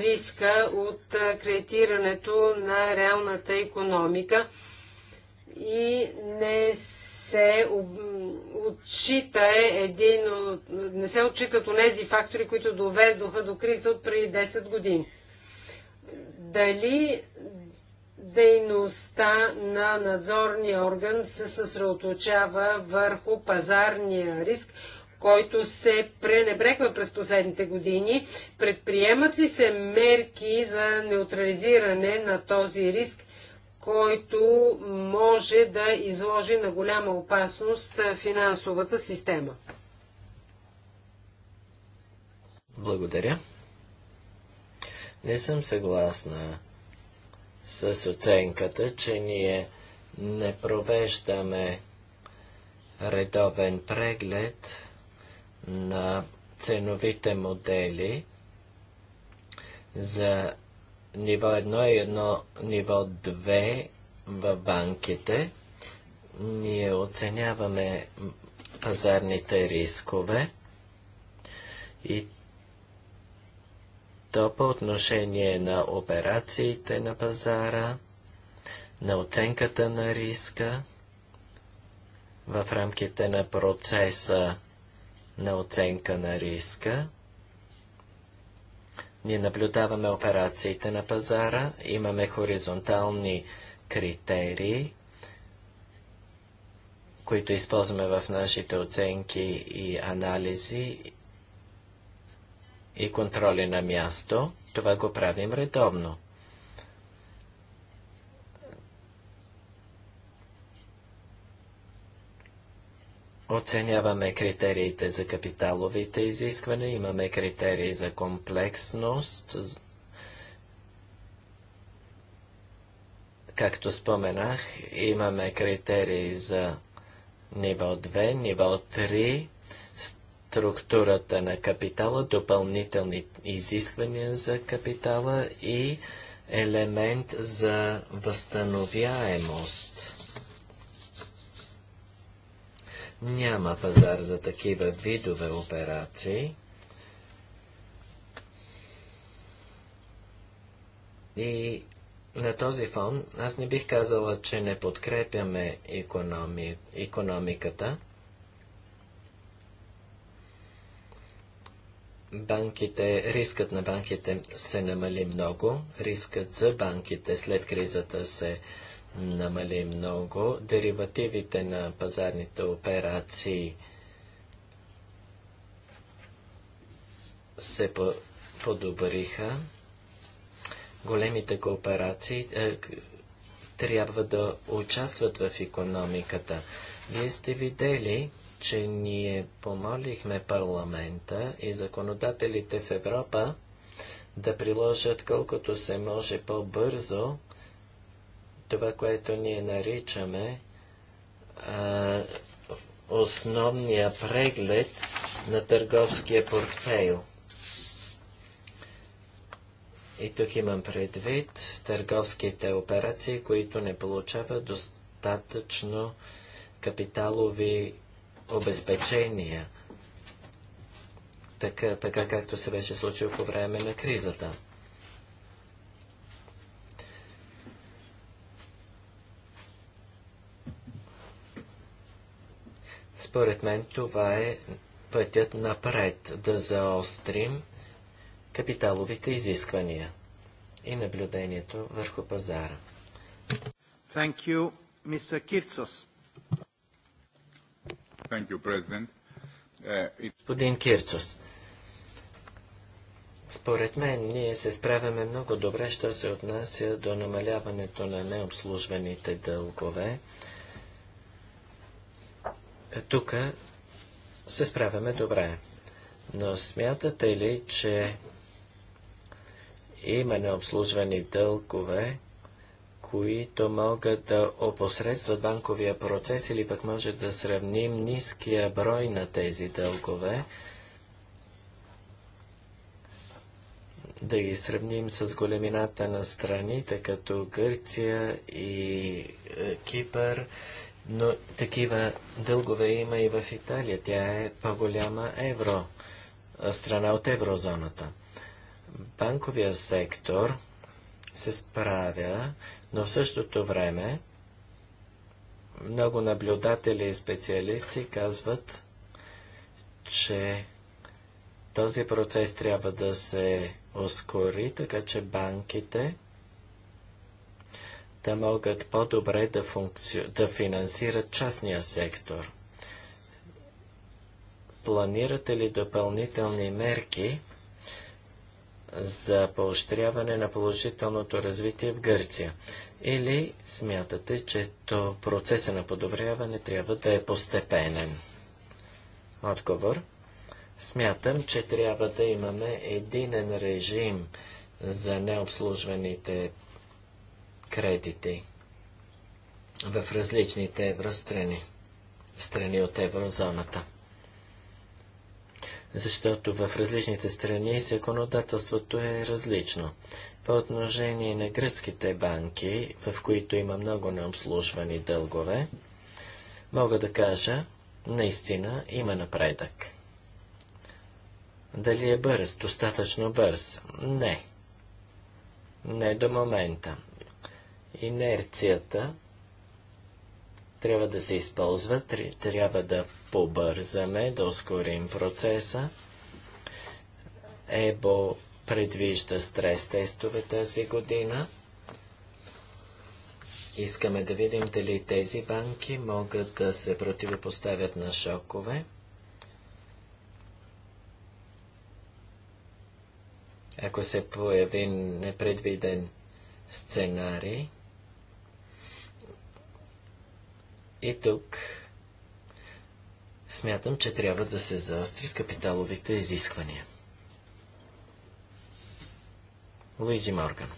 риска от кредитирането на реалната економика и не се отчита един, не се отчитат онези фактори, които доведоха до криза от преди 10 години. Дали дейността на надзорния орган се съсредоточава върху пазарния риск, който се пренебрегва през последните години. Предприемат ли се мерки за неутрализиране на този риск, който може да изложи на голяма опасност финансовата система? Благодаря. Не съм съгласна с оценката, че ние не провеждаме редовен преглед на ценовите модели за ниво 1 и едно, ниво 2 в банките. Ние оценяваме пазарните рискове и то по отношение на операциите на пазара, на оценката на риска в рамките на процеса на оценка на риска. Ние наблюдаваме операциите на пазара, имаме хоризонтални критерии, които използваме в нашите оценки и анализи и контроли на място. Това го правим редовно. Оценяваме критериите за капиталовите изисквания, имаме критерии за комплексност, както споменах, имаме критерии за ниво 2, ниво 3, структурата на капитала, допълнителни изисквания за капитала и елемент за възстановяемост. Няма пазар за такива видове операции. И на този фон аз не бих казала, че не подкрепяме економи... економиката. банките, рискът на банките се намали много, рискът за банките след кризата се намали много, деривативите на пазарните операции се по подобриха, големите кооперации е, трябва да участват в економиката. Вие сте видели, че ние помолихме парламента и законодателите в Европа да приложат колкото се може по-бързо това, което ние наричаме а, основния преглед на търговския портфейл. И тук имам предвид търговските операции, които не получават достатъчно капиталови обезпечения, така, така както се беше случило по време на кризата. Според мен това е пътят напред да заострим капиталовите изисквания и наблюдението върху пазара. Thank you, Mr. Uh, Господин Кирцус, според мен ние се справяме много добре, що се отнася до намаляването на необслужваните дългове. Тук се справяме добре. Но смятате ли, че има необслужвани дългове, които могат да опосредстват банковия процес или пък може да сравним ниския брой на тези дългове, да ги сравним с големината на страните, като Гърция и е, Кипър, но такива дългове има и в Италия. Тя е по-голяма евро, страна от еврозоната. Банковия сектор се справя, но в същото време много наблюдатели и специалисти казват, че този процес трябва да се ускори, така че банките да могат по-добре да, функци... да финансират частния сектор. Планирате ли допълнителни мерки, за поощряване на положителното развитие в Гърция? Или смятате, че то процеса на подобряване трябва да е постепенен? Отговор. Смятам, че трябва да имаме единен режим за необслужваните кредити в различните евространи, страни от еврозоната защото в различните страни законодателството е различно. По отношение на гръцките банки, в които има много необслужвани дългове, мога да кажа, наистина има напредък. Дали е бърз, достатъчно бърз? Не. Не до момента. Инерцията трябва да се използва, трябва да побързаме, да ускорим процеса. ЕБО предвижда стрес тестове тази година. Искаме да видим дали тези банки могат да се противопоставят на шокове. Ако се появи непредвиден сценарий, И тук смятам, че трябва да се заостри с капиталовите изисквания. Луиджи Морган.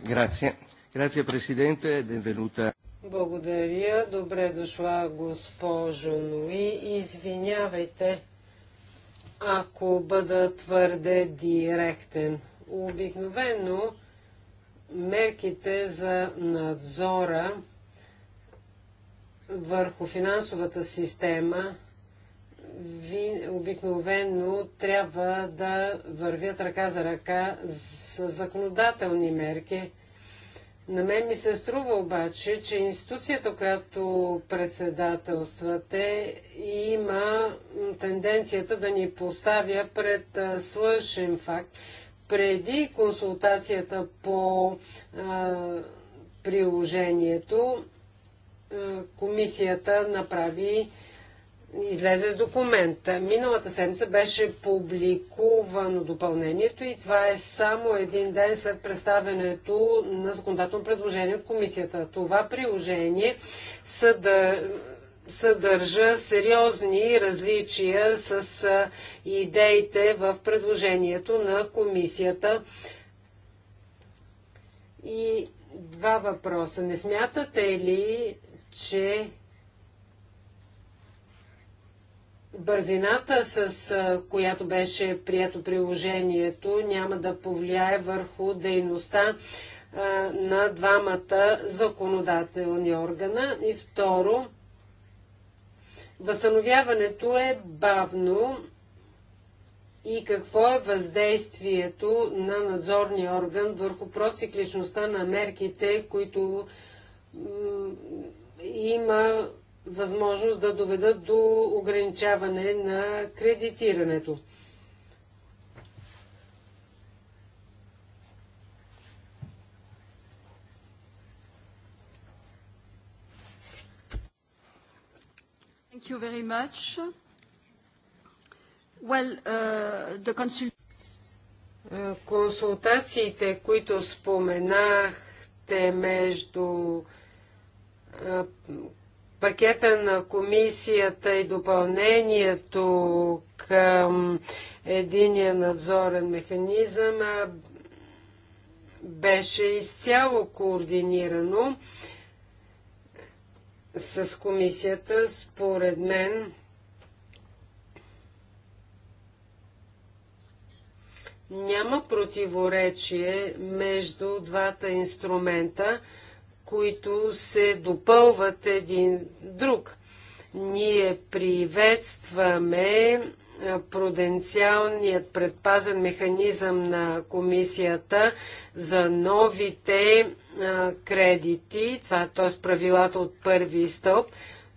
Грация. Грация, президенте. Денвенута. Благодаря. Добре дошла, госпожо Нуи. Извинявайте, ако бъда твърде директен. Обикновено мерките за надзора върху финансовата система ви, обикновено трябва да вървят ръка за ръка с законодателни мерки. На мен ми се струва обаче, че институцията, която председателствате, има тенденцията да ни поставя пред свършен слъшен факт. Преди консултацията по а, приложението, е, комисията направи излезе с документа. Миналата седмица беше публикувано допълнението и това е само един ден след представянето на законодателно предложение от комисията. Това приложение съдържа сериозни различия с идеите в предложението на комисията. И два въпроса. Не смятате ли, че бързината, с която беше прието приложението, няма да повлияе върху дейността на двамата законодателни органа. И второ, възстановяването е бавно и какво е въздействието на надзорния орган върху процикличността на мерките, които има възможност да доведат до ограничаване на кредитирането. Thank you very much. Well, uh, the consul... Е, консултациите, които споменахте между пакета на комисията и допълнението към единия надзорен механизъм беше изцяло координирано с комисията, според мен. Няма противоречие между двата инструмента, които се допълват един друг. Ние приветстваме пруденциалният предпазен механизъм на комисията за новите а, кредити, това т.е. правилата от първи стълб.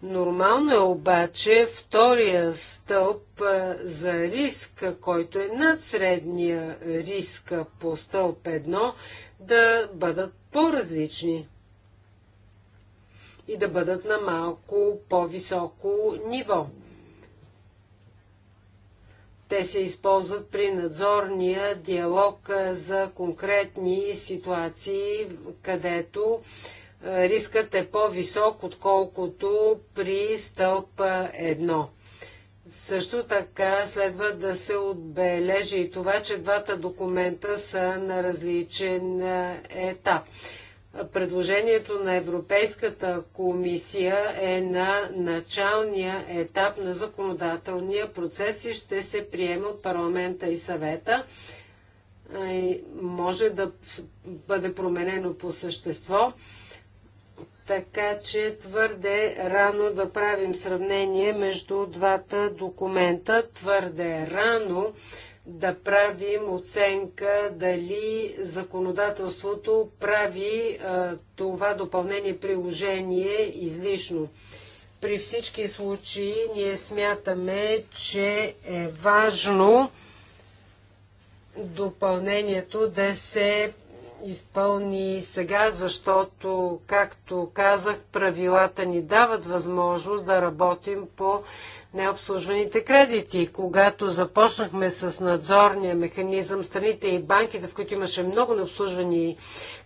Нормално е обаче втория стълб а, за риск, който е над средния риск по стълб 1, да бъдат по-различни и да бъдат на малко по-високо ниво. Те се използват при надзорния диалог за конкретни ситуации, където рискът е по-висок, отколкото при стълб 1. Също така следва да се отбележи и това, че двата документа са на различен етап предложението на Европейската комисия е на началния етап на законодателния процес и ще се приеме от парламента и съвета. Може да бъде променено по същество, така че твърде рано да правим сравнение между двата документа. Твърде рано да правим оценка дали законодателството прави а, това допълнение приложение излишно. При всички случаи ние смятаме, че е важно допълнението да се изпълни сега, защото, както казах, правилата ни дават възможност да работим по необслужваните кредити. Когато започнахме с надзорния механизъм, страните и банките, в които имаше много необслужвани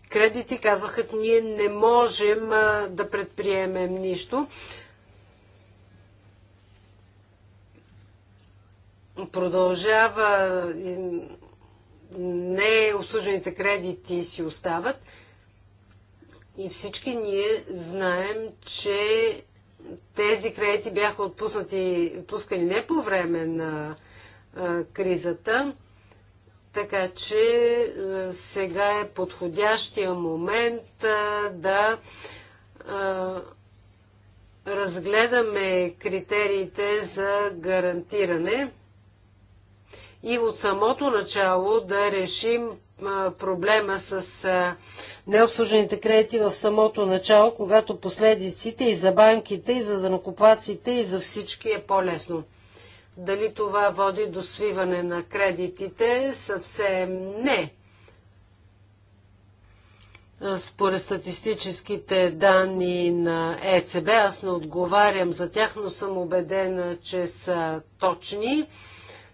кредити, казваха, ние не можем а, да предприемем нищо. Продължава необслужваните кредити си остават. И всички ние знаем, че тези кредити бяха отпуснати, отпускани не по време на а, кризата, така че а, сега е подходящия момент а, да разгледаме критериите за гарантиране и от самото начало да решим проблема с необслужените кредити в самото начало, когато последиците и за банките, и за данокоплаците, и за всички е по-лесно. Дали това води до свиване на кредитите? Съвсем не. Според статистическите данни на ЕЦБ, аз не отговарям за тях, но съм убедена, че са точни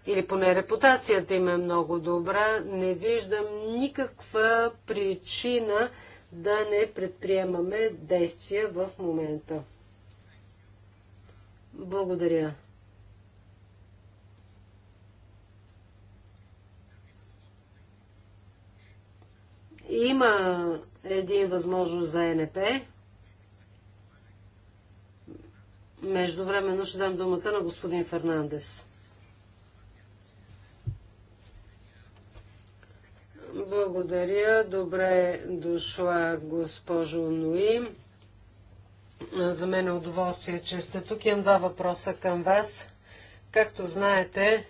или поне репутацията им е много добра, не виждам никаква причина да не предприемаме действия в момента. Благодаря. Има един възможност за НП. Междувременно ще дам думата на господин Фернандес. Благодаря. Добре дошла, госпожо Нуи. За мен е удоволствие, че сте тук. Имам два въпроса към вас. Както знаете,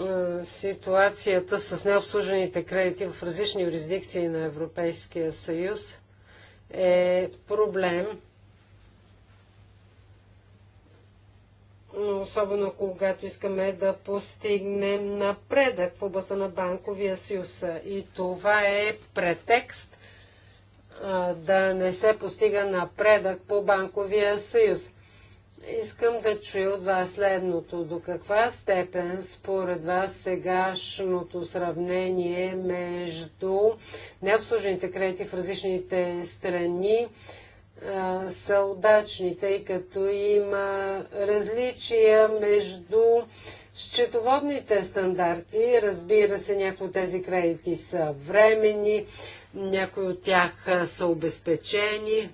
е, ситуацията с необслужените кредити в различни юрисдикции на Европейския съюз е проблем, особено когато искаме да постигнем напредък в областта на банковия съюз. И това е претекст да не се постига напредък по банковия съюз. Искам да чуя от вас следното. До каква степен според вас сегашното сравнение между необслужените кредити в различните страни са удачни, тъй като има различия между счетоводните стандарти. Разбира се, някои от тези кредити са времени, някои от тях са обезпечени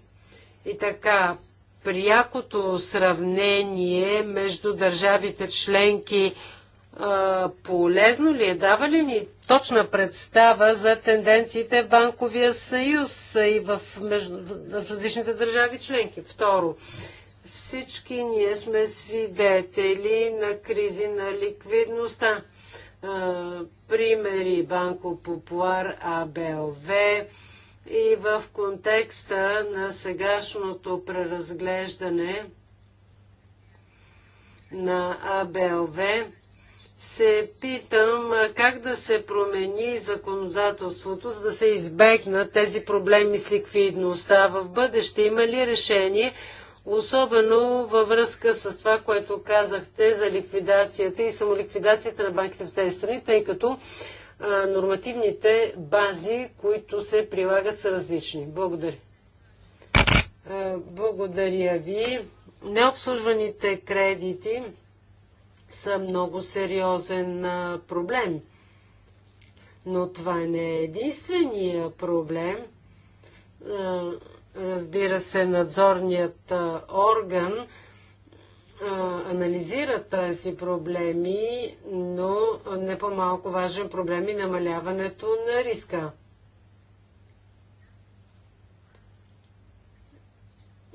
и така. Прякото сравнение между държавите членки а, полезно ли е, дава ли ни точна представа за тенденциите в Банковия съюз и в, между, в различните държави членки? Второ, всички ние сме свидетели на кризи на ликвидността. А, примери Банко Попуар, АБЛВ и в контекста на сегашното преразглеждане на АБЛВ се питам как да се промени законодателството, за да се избегнат тези проблеми с ликвидността в бъдеще. Има ли решение, особено във връзка с това, което казахте за ликвидацията и самоликвидацията на банките в тези страни, тъй като а, нормативните бази, които се прилагат, са различни. Благодаря. А, благодаря ви. Необслужваните кредити са много сериозен проблем. Но това не е единствения проблем. Разбира се, надзорният орган анализира тези проблеми, но не по-малко важен проблем е намаляването на риска.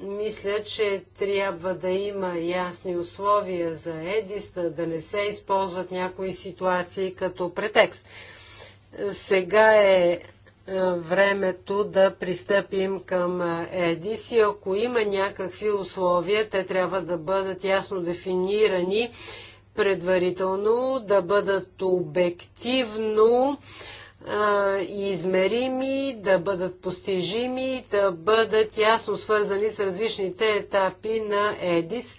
Мисля, че трябва да има ясни условия за едиста, да не се използват някои ситуации като претекст. Сега е, е времето да пристъпим към ЕДИС и ако има някакви условия, те трябва да бъдат ясно дефинирани предварително, да бъдат обективно и измерими, да бъдат постижими, да бъдат ясно свързани с различните етапи на ЕДИС,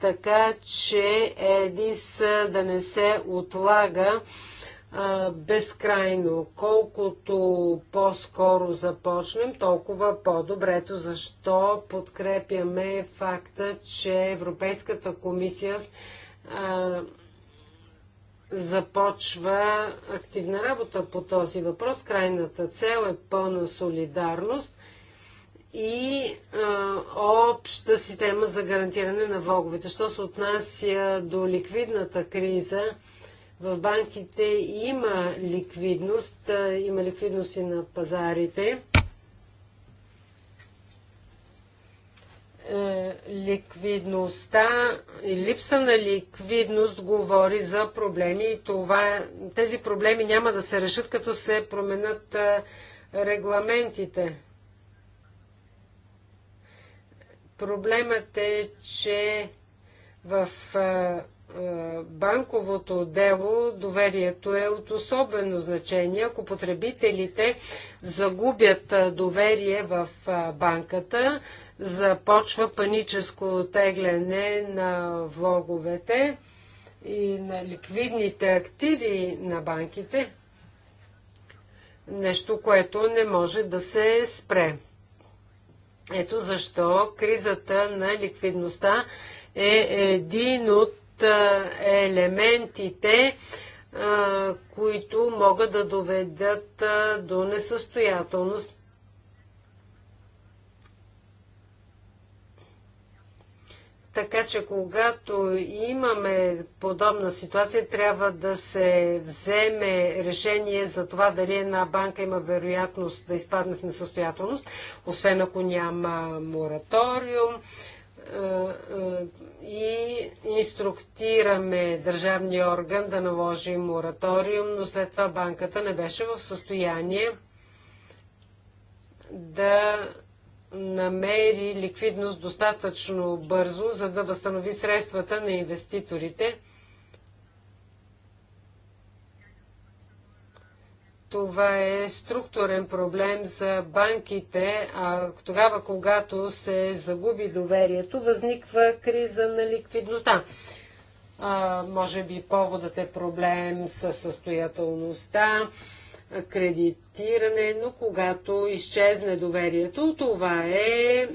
така че ЕДИС да не се отлага а, безкрайно. Колкото по-скоро започнем, толкова по-добре. защо подкрепяме факта, че Европейската комисия а, започва активна работа по този въпрос. Крайната цел е пълна солидарност и а, обща система за гарантиране на влоговете. Що се отнася до ликвидната криза, в банките има ликвидност, а, има ликвидност и на пазарите. Е, ликвидността и липса на ликвидност говори за проблеми и това, тези проблеми няма да се решат, като се променят е, регламентите. Проблемът е, че в е, банковото дело доверието е от особено значение. Ако потребителите загубят доверие в банката, започва паническо тегляне на влоговете и на ликвидните активи на банките. Нещо, което не може да се спре. Ето защо кризата на ликвидността е един от елементите, които могат да доведат до несъстоятелност. Така че когато имаме подобна ситуация, трябва да се вземе решение за това дали една банка има вероятност да изпадне в несъстоятелност, освен ако няма мораториум. Е, е, и инструктираме държавния орган да наложи мораториум, но след това банката не беше в състояние да намери ликвидност достатъчно бързо, за да възстанови средствата на инвеститорите. Това е структурен проблем за банките, а тогава, когато се загуби доверието, възниква криза на ликвидността. А, може би поводът е проблем с състоятелността, кредитиране, но когато изчезне доверието, това е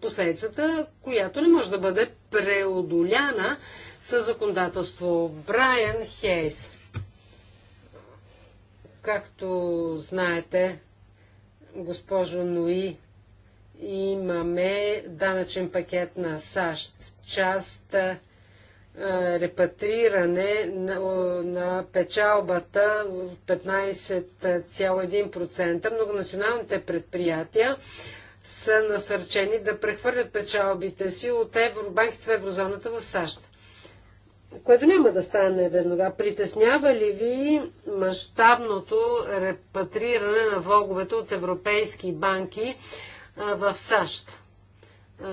последицата, която не може да бъде преодоляна със законодателство. Брайан Хейс. Както знаете, госпожо Нуи, имаме данъчен пакет на САЩ. Част е, репатриране на, на печалбата 15,1%. Многонационалните предприятия са насърчени да прехвърлят печалбите си от евробанките в еврозоната в САЩ. Което няма да стане веднага. Притеснява ли ви мащабното репатриране на влоговете от европейски банки в САЩ?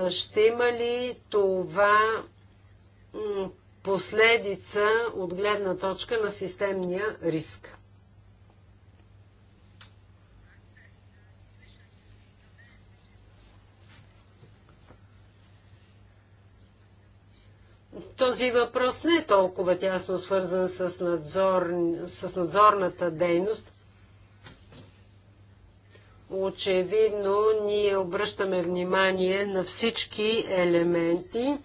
ще има ли това последица от гледна точка на системния риск. Този въпрос не е толкова тясно свързан с, надзор, с надзорната дейност. Очевидно, ние обръщаме внимание на всички елементи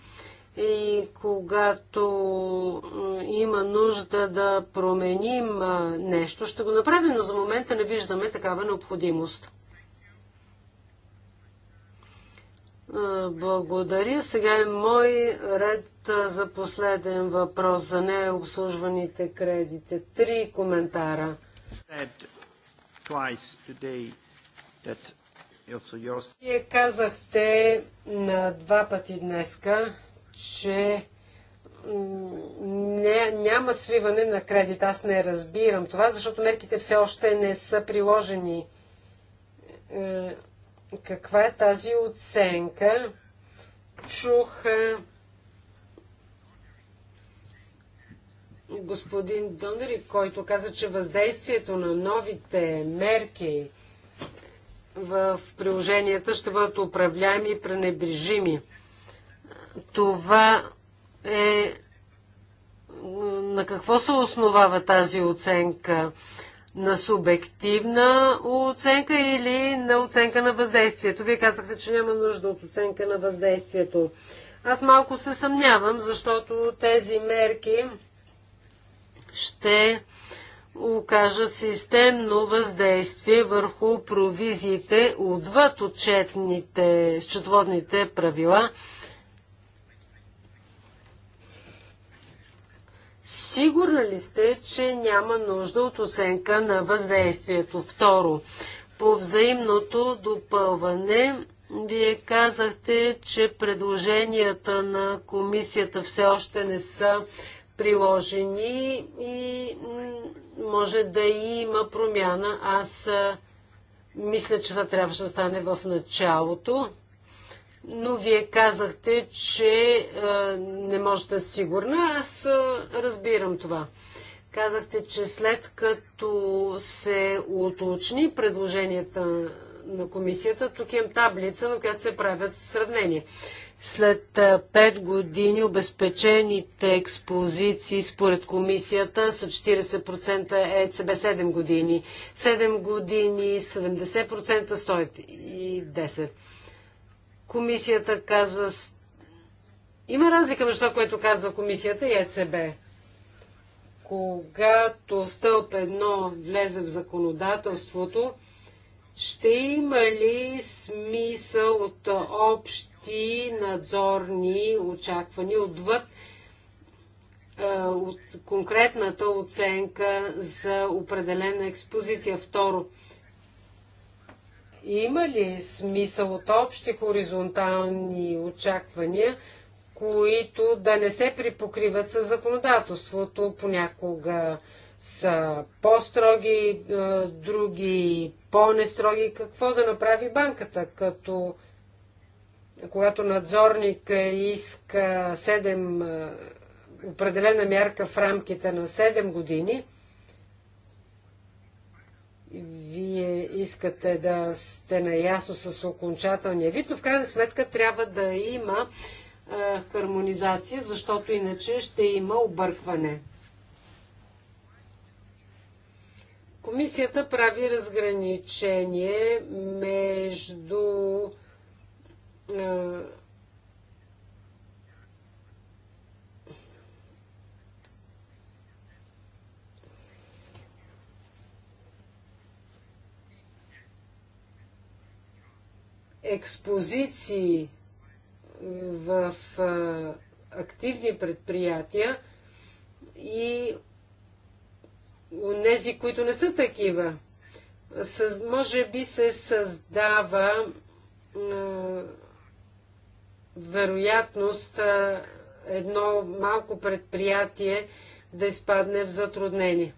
и когато има нужда да променим нещо, ще го направим, но за момента не виждаме такава необходимост. Благодаря. Сега е мой ред за последен въпрос за необслужваните кредите. Три коментара. Вие казахте на два пъти днеска, че не, няма свиване на кредит. Аз не разбирам това, защото мерките все още не са приложени. Е, каква е тази оценка? Чух е, господин Донери, който каза, че въздействието на новите мерки в приложенията ще бъдат управляеми и пренебрежими това е на какво се основава тази оценка? На субективна оценка или на оценка на въздействието? Вие казахте, че няма нужда от оценка на въздействието. Аз малко се съмнявам, защото тези мерки ще окажат системно въздействие върху провизиите отвъд отчетните счетоводните правила Сигурна ли сте, че няма нужда от оценка на въздействието? Второ, по взаимното допълване, вие казахте, че предложенията на комисията все още не са приложени и може да има промяна. Аз мисля, че това трябваше да стане в началото но вие казахте, че а, не можете да е сигурна. Аз а, разбирам това. Казахте, че след като се уточни предложенията на комисията, тук имам таблица, на която се правят сравнения. След 5 години обезпечените експозиции според комисията са 40% ЕЦБ 7 години, 7 години 70%, 110%. Комисията казва... Има разлика между това, което казва комисията и ЕЦБ. Когато стълб едно влезе в законодателството, ще има ли смисъл от общи надзорни очаквания отвъд от конкретната оценка за определена експозиция? Второ, има ли смисъл от общи хоризонтални очаквания, които да не се припокриват с законодателството? Понякога са по-строги, е, други по-нестроги. Какво да направи банката, като когато надзорник иска 7, е, определена мярка в рамките на 7 години, вие искате да сте наясно с окончателния вид, но в крайна сметка трябва да има е, хармонизация, защото иначе ще има объркване. Комисията прави разграничение между е, експозиции в активни предприятия и нези, които не са такива. Съз, може би се създава а, вероятност а, едно малко предприятие да изпадне в затруднение.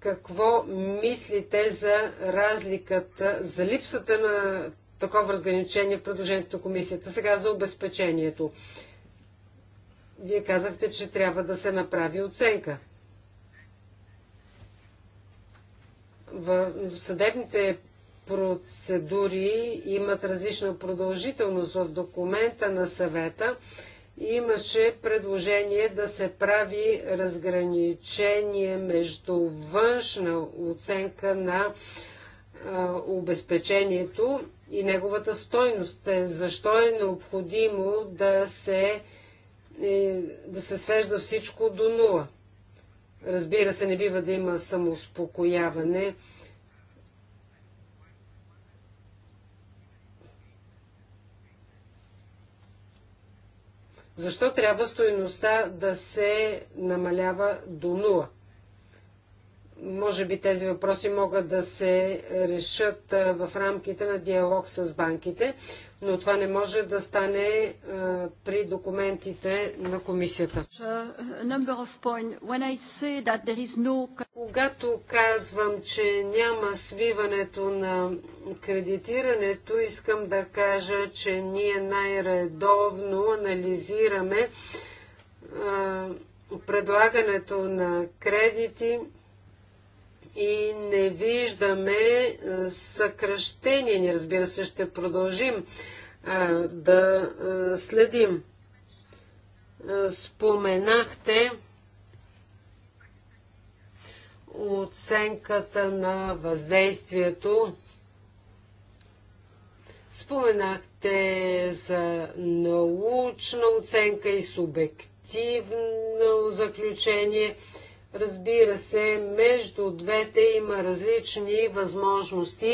Какво мислите за разликата, за липсата на такова разграничение в предложението на комисията? Сега за обезпечението. Вие казахте, че трябва да се направи оценка. В съдебните процедури имат различна продължителност в документа на съвета имаше предложение да се прави разграничение между външна оценка на обезпечението и неговата стойност. Е, защо е необходимо да се, е, да се свежда всичко до нула? Разбира се, не бива да има самоуспокояване. Защо трябва стоеността да се намалява до 0? може би тези въпроси могат да се решат в рамките на диалог с банките, но това не може да стане при документите на комисията. Е, Когато казвам, че няма свиването на кредитирането, искам да кажа, че ние най-редовно анализираме предлагането на кредити, и не виждаме е, съкръщение. Ни разбира се, ще продължим е, да е, следим. споменахте оценката на въздействието. Споменахте за научна оценка и субективно заключение. Разбира се, между двете има различни възможности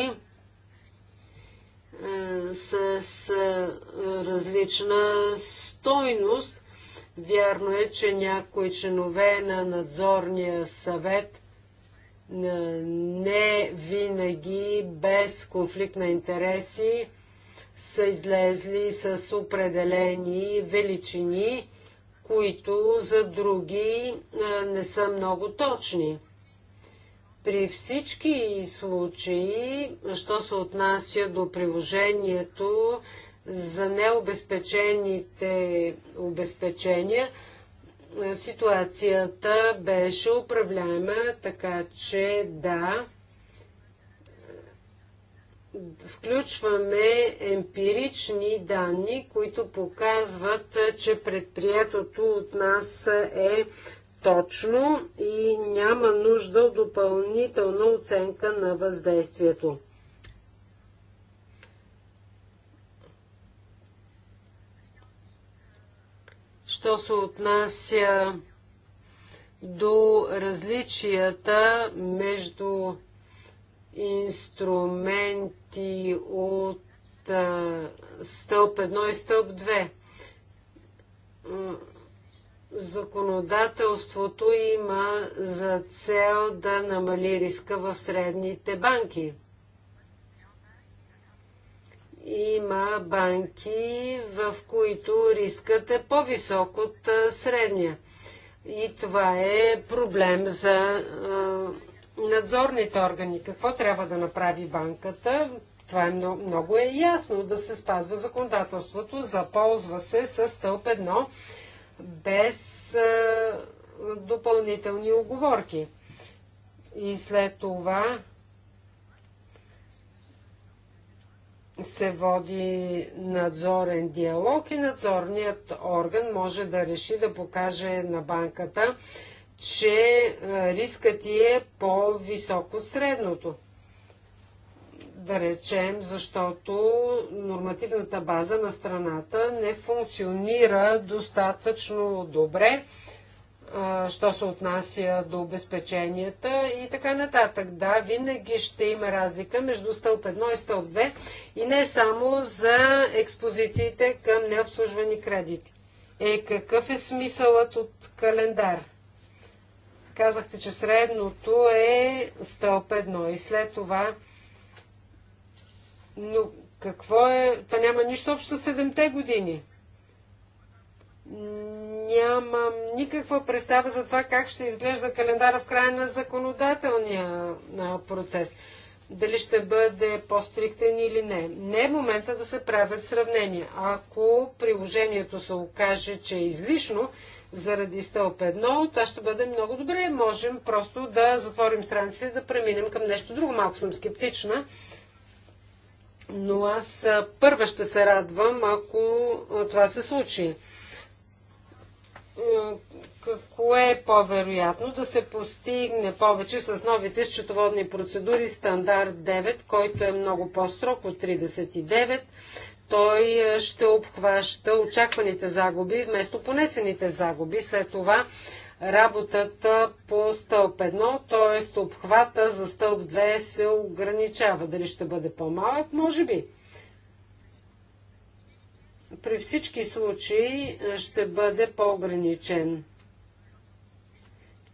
е, с, е, различна стойност. Вярно е, че някои членове на надзорния съвет е, не винаги без конфликт на интереси са излезли с определени величини които за други не са много точни. При всички случаи, що се отнася до приложението за необезпечените обезпечения, ситуацията беше управляема, така че да, включваме емпирични данни, които показват, че предприятото от нас е точно и няма нужда от допълнителна оценка на въздействието. Що се отнася до различията между инструменти от а, стълб 1 и стълб 2. Законодателството има за цел да намали риска в средните банки. Има банки, в които рискът е по-висок от средния. И това е проблем за а, надзорните органи. Какво трябва да направи банката? Това е много, много е ясно да се спазва законодателството. Заползва се с стълб 1 без е, допълнителни оговорки. И след това се води надзорен диалог и надзорният орган може да реши да покаже на банката че е, рискът ти е по-висок от средното. Да речем, защото нормативната база на страната не функционира достатъчно добре, е, що се отнася до обезпеченията и така нататък. Да, винаги ще има разлика между стълб 1 и стълб 2 и не само за експозициите към необслужвани кредити. Е, какъв е смисълът от календар? Казахте, че средното е стълб едно и след това. Но какво е? Това няма нищо общо с 7-те години. Нямам никаква представа за това как ще изглежда календара в края на законодателния процес. Дали ще бъде по-стриктен или не. Не е момента да се правят сравнения. Ако приложението се окаже, че е излишно, заради стълб 1, това ще бъде много добре. Можем просто да затворим страниците и да преминем към нещо друго. Малко съм скептична, но аз първа ще се радвам, ако това се случи. Какво е по-вероятно да се постигне повече с новите счетоводни процедури стандарт 9, който е много по-строг от 39, той е, ще обхваща очакваните загуби вместо понесените загуби. След това работата по стълб 1, т.е. обхвата за стълб 2 се ограничава. Дали ще бъде по-малък? Може би. При всички случаи е, ще бъде по-ограничен.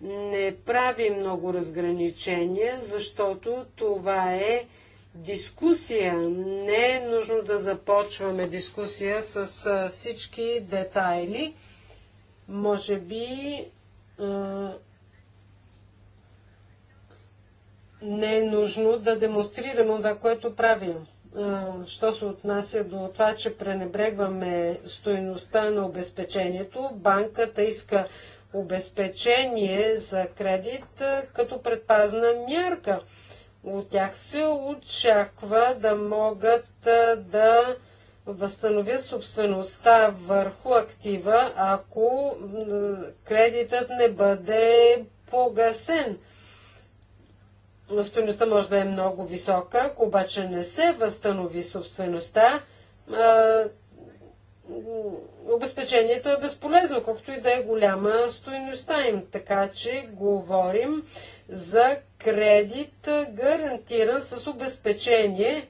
Не прави много разграничения, защото това е дискусия. Не е нужно да започваме дискусия с всички детайли. Може би е, не е нужно да демонстрираме това, което правим. Що се отнася до това, че пренебрегваме стоеността на обезпечението, банката иска обезпечение за кредит като предпазна мярка. От тях се очаква да могат да възстановят собствеността върху актива, ако кредитът не бъде погасен. Стоеността може да е много висока, ако обаче не се възстанови собствеността, обезпечението е безполезно, колкото и да е голяма стоеността им. Така че говорим за кредит, гарантиран с обезпечение.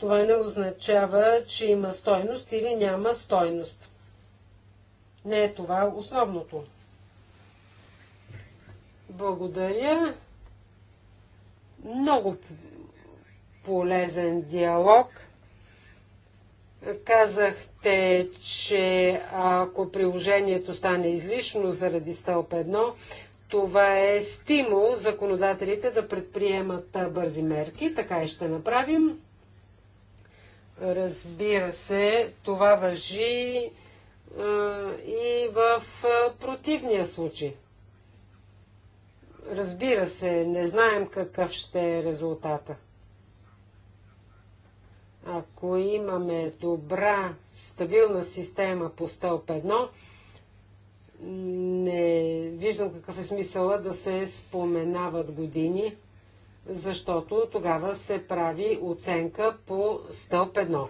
Това не означава, че има стойност или няма стойност. Не е това основното. Благодаря. Много полезен диалог. Казахте, че ако приложението стане излишно заради стълб 1, това е стимул законодателите да предприемат бързи мерки. Така и ще направим. Разбира се, това въжи и в противния случай. Разбира се, не знаем какъв ще е резултата. Ако имаме добра, стабилна система по стълб не виждам какъв е смисъла да се споменават години, защото тогава се прави оценка по стълб 1.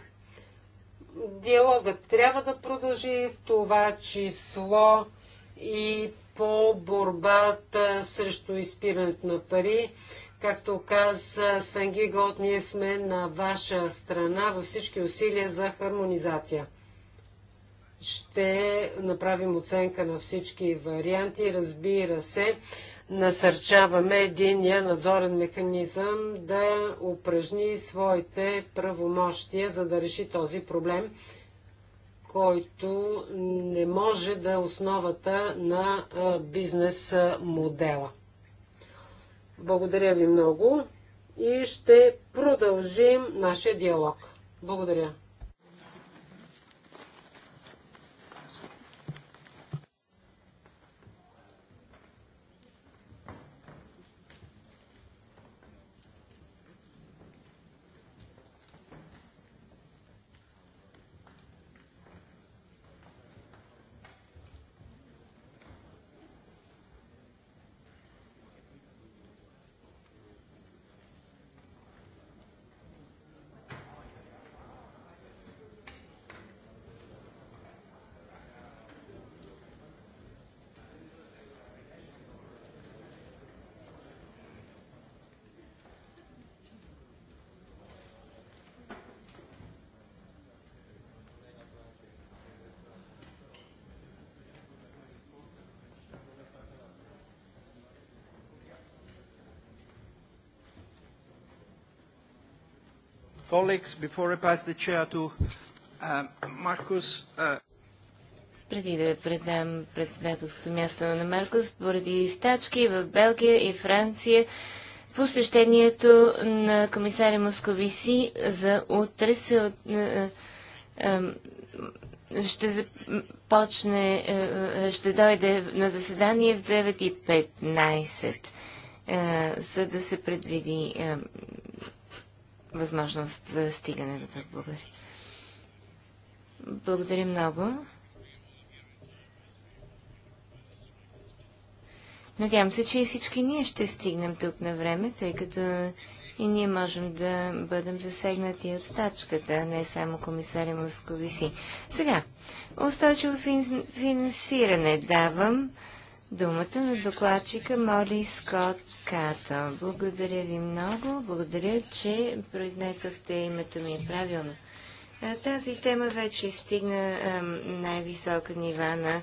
Диалогът трябва да продължи в това число и по борбата срещу изпирането на пари. Както каза Свен Гиголт, ние сме на ваша страна във всички усилия за хармонизация. Ще направим оценка на всички варианти. Разбира се, насърчаваме единия надзорен механизъм да упражни своите правомощия, за да реши този проблем, който не може да е основата на бизнес модела. Благодаря ви много и ще продължим нашия диалог. Благодаря. colleagues, before I pass the chair to uh, Marcus, uh... преди да предам председателското място на Маркус, поради стачки в Белгия и Франция, посещението на комисаря Московиси за утре се от, а, е, а, е, е, ще започне, а, ще дойде на заседание в 9.15, за да се предвиди възможност за стигане до тук. Благодаря. Благодаря много. Надявам се, че и всички ние ще стигнем тук на време, тъй като и ние можем да бъдем засегнати от стачката, не само комисаря Московиси. Сега, устойчиво финансиране давам думата на докладчика Моли Скот Като. Благодаря ви много. Благодаря, че произнесохте името ми правилно. Тази тема вече стигна най-висока нива на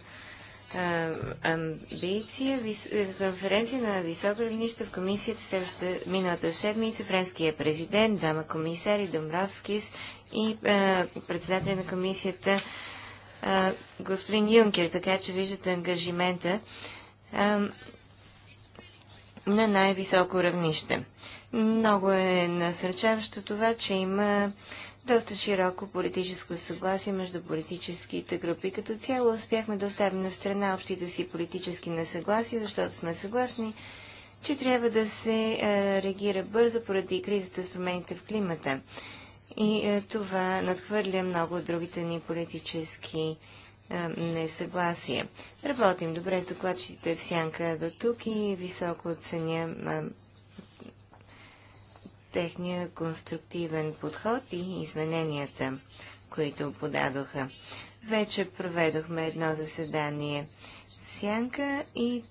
амбиция. Е, конференция на високо равнище в комисията следващата миналата седмица. Френския президент, дама комисари Домбравскис и председател на комисията господин Юнкер, така че виждате ангажимента а, на най-високо равнище. Много е насърчаващо това, че има доста широко политическо съгласие между политическите групи. Като цяло успяхме да оставим на страна общите си политически несъгласия, защото сме съгласни, че трябва да се реагира бързо поради кризата с промените в климата. И е, това надхвърля много от другите ни политически е, несъгласия. Работим добре с докладчите в сянка до тук и високо оценя е, техния конструктивен подход и измененията, които подадоха. Вече проведохме едно заседание в сянка и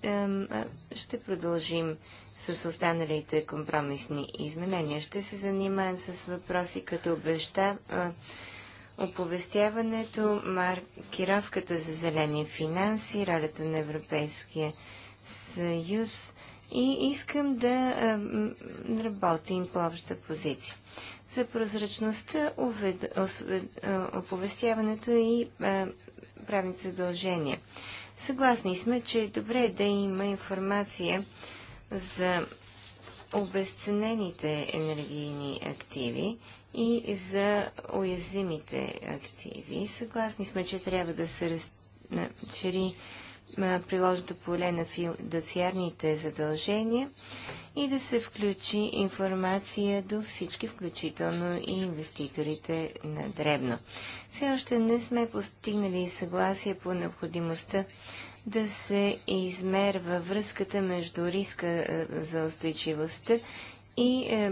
ще продължим с останалите компромисни изменения. Ще се занимаем с въпроси като обеща оповестяването, маркировката за зелени финанси, ролята на Европейския съюз и искам да работим по обща позиция. За прозрачността, увед... оповестяването и правните задължения. Съгласни сме, че е добре да има информация за обесценените енергийни активи и за уязвимите активи. Съгласни сме, че трябва да се разшири приложното поле на фидуциарните задължения и да се включи информация до всички, включително и инвеститорите на дребно. Все още не сме постигнали съгласие по необходимостта да се измерва връзката между риска е, за устойчивостта и е,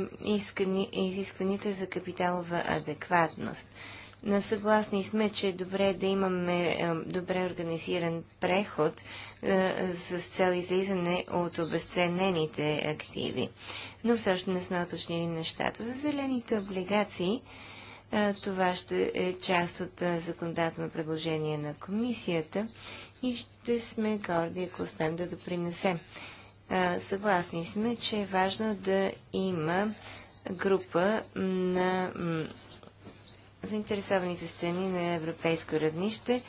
изискваните за капиталова адекватност. На съгласни сме, че е добре да имаме е, добре организиран преход с цел излизане от обесценените активи. Но също не сме уточнили нещата. За зелените облигации това ще е част от законодателно предложение на комисията и ще сме горди, ако успеем да допринесем. Съгласни сме, че е важно да има група на заинтересованите страни на европейско равнище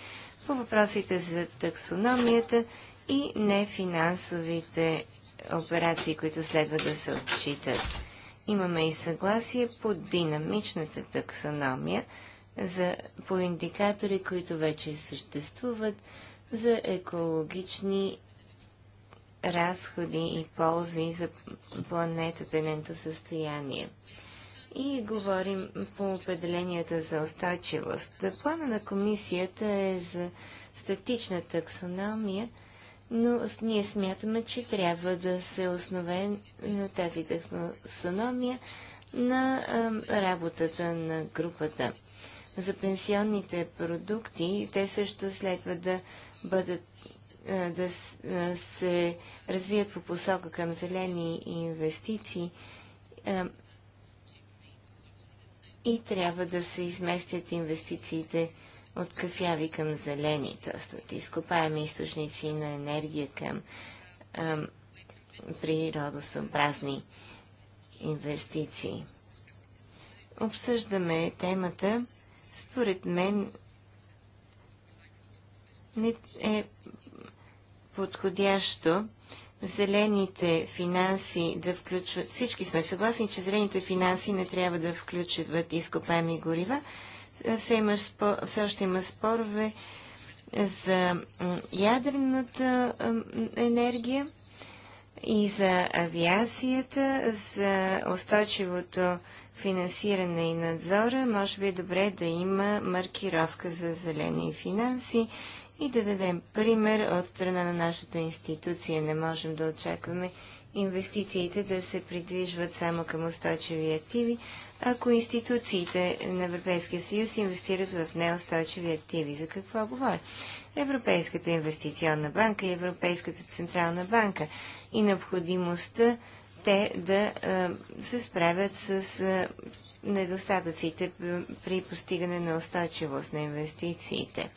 по въпросите за таксономията и нефинансовите операции, които следва да се отчитат. Имаме и съгласие по динамичната таксономия за, по индикатори, които вече съществуват за екологични разходи и ползи за планетата и нейното състояние. И говорим по определенията за устойчивост. Плана на комисията е за статична таксономия, но ние смятаме, че трябва да се основе на тази таксономия на работата на групата. За пенсионните продукти те също следва да бъдат да се развият по посока към зелени инвестиции и трябва да се изместят инвестициите от кафяви към зелени, т.е. от изкопаеми източници на енергия към природосъобразни инвестиции. Обсъждаме темата. Според мен не е подходящо зелените финанси да включват... Всички сме съгласни, че зелените финанси не трябва да включват изкопаеми горива. Все, има, все още има спорове за ядрената енергия и за авиацията, за устойчивото финансиране и надзора, може би е добре да има маркировка за зелени финанси и да дадем пример от страна на нашата институция. Не можем да очакваме инвестициите да се придвижват само към устойчиви активи, ако институциите на Европейския съюз инвестират в неустойчиви активи. За какво говоря? Европейската инвестиционна банка и Европейската централна банка и необходимостта те да а, се справят с а, недостатъците при постигане на устойчивост на инвестициите.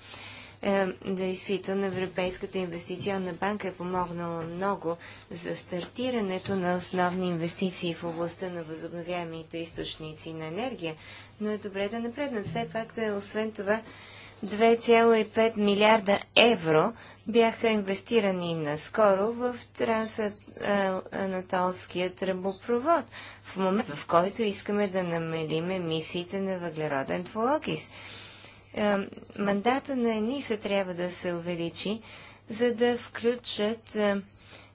Е, действително Европейската инвестиционна банка е помогнала много за стартирането на основни инвестиции в областта на възобновяемите източници на енергия, но е добре да напреднат. Все пак да е, освен това 2,5 милиарда евро бяха инвестирани наскоро в трансанатолския тръбопровод, в момент в който искаме да намалим емисиите на въглероден двуокис мандата на ЕНИСА трябва да се увеличи, за да включат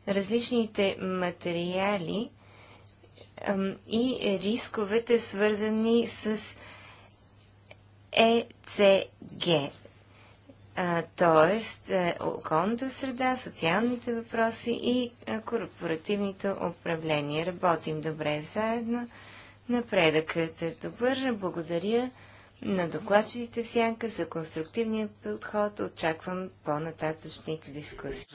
различните материали и рисковете, свързани с ЕЦГ, т.е. околната среда, социалните въпроси и е, корпоративните управление. Работим добре заедно. Напредъкът е добър. Благодаря на докладчите Сянка за конструктивния подход. Очаквам по-нататъчните дискусии.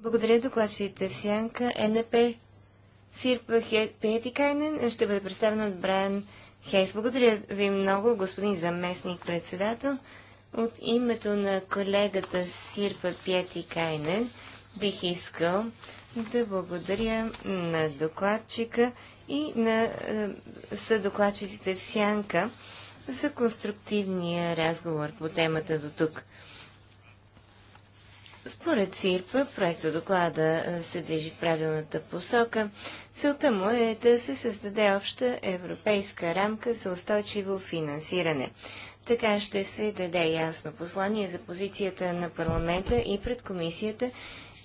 Благодаря докладчите в Сянка. НП Сирпа Петикайнен ще бъде представен от Брайан Хейс. Благодаря ви много, господин заместник председател. От името на колегата Сирпа Петикайнен бих искал да благодаря на докладчика и на е, съдокладчетите в Сянка за конструктивния разговор по темата до тук. Според СИРПА, проекто доклада е, се движи в правилната посока. Целта му е да се създаде обща европейска рамка за устойчиво финансиране. Така ще се даде ясно послание за позицията на парламента и пред комисията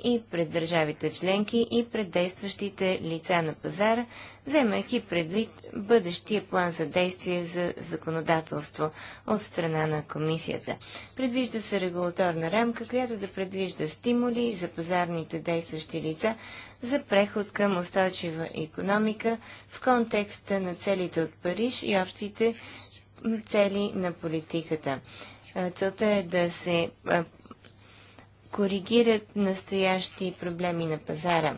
и пред държавите членки и пред действащите лица на пазара, вземайки предвид бъдещия план за действие за законодателство от страна на комисията. Предвижда се регулаторна рамка, която да предвижда стимули за пазарните действащи лица за преход към устойчива економика в контекста на целите от Париж и общите цели на политиката. Целта е да се коригират настоящи проблеми на пазара.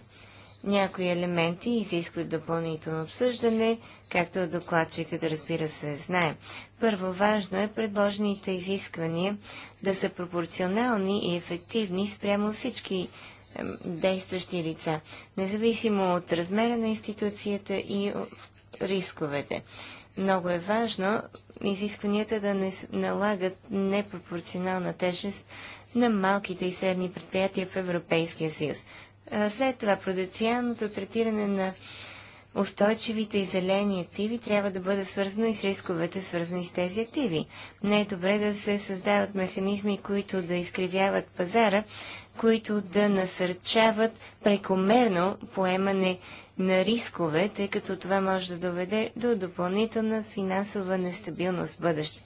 Някои елементи изискват допълнително обсъждане, както докладчикът разбира се знае. Първо важно е предложените изисквания да са пропорционални и ефективни спрямо всички действащи лица, независимо от размера на институцията и рисковете. Много е важно изискванията да не налагат непропорционална тежест на малките и средни предприятия в Европейския съюз. След това проденциалното третиране на устойчивите и зелени активи трябва да бъде свързано и с рисковете, свързани с тези активи. Не е добре да се създават механизми, които да изкривяват пазара, които да насърчават прекомерно поемане на рискове, тъй като това може да доведе до допълнителна финансова нестабилност в бъдеще.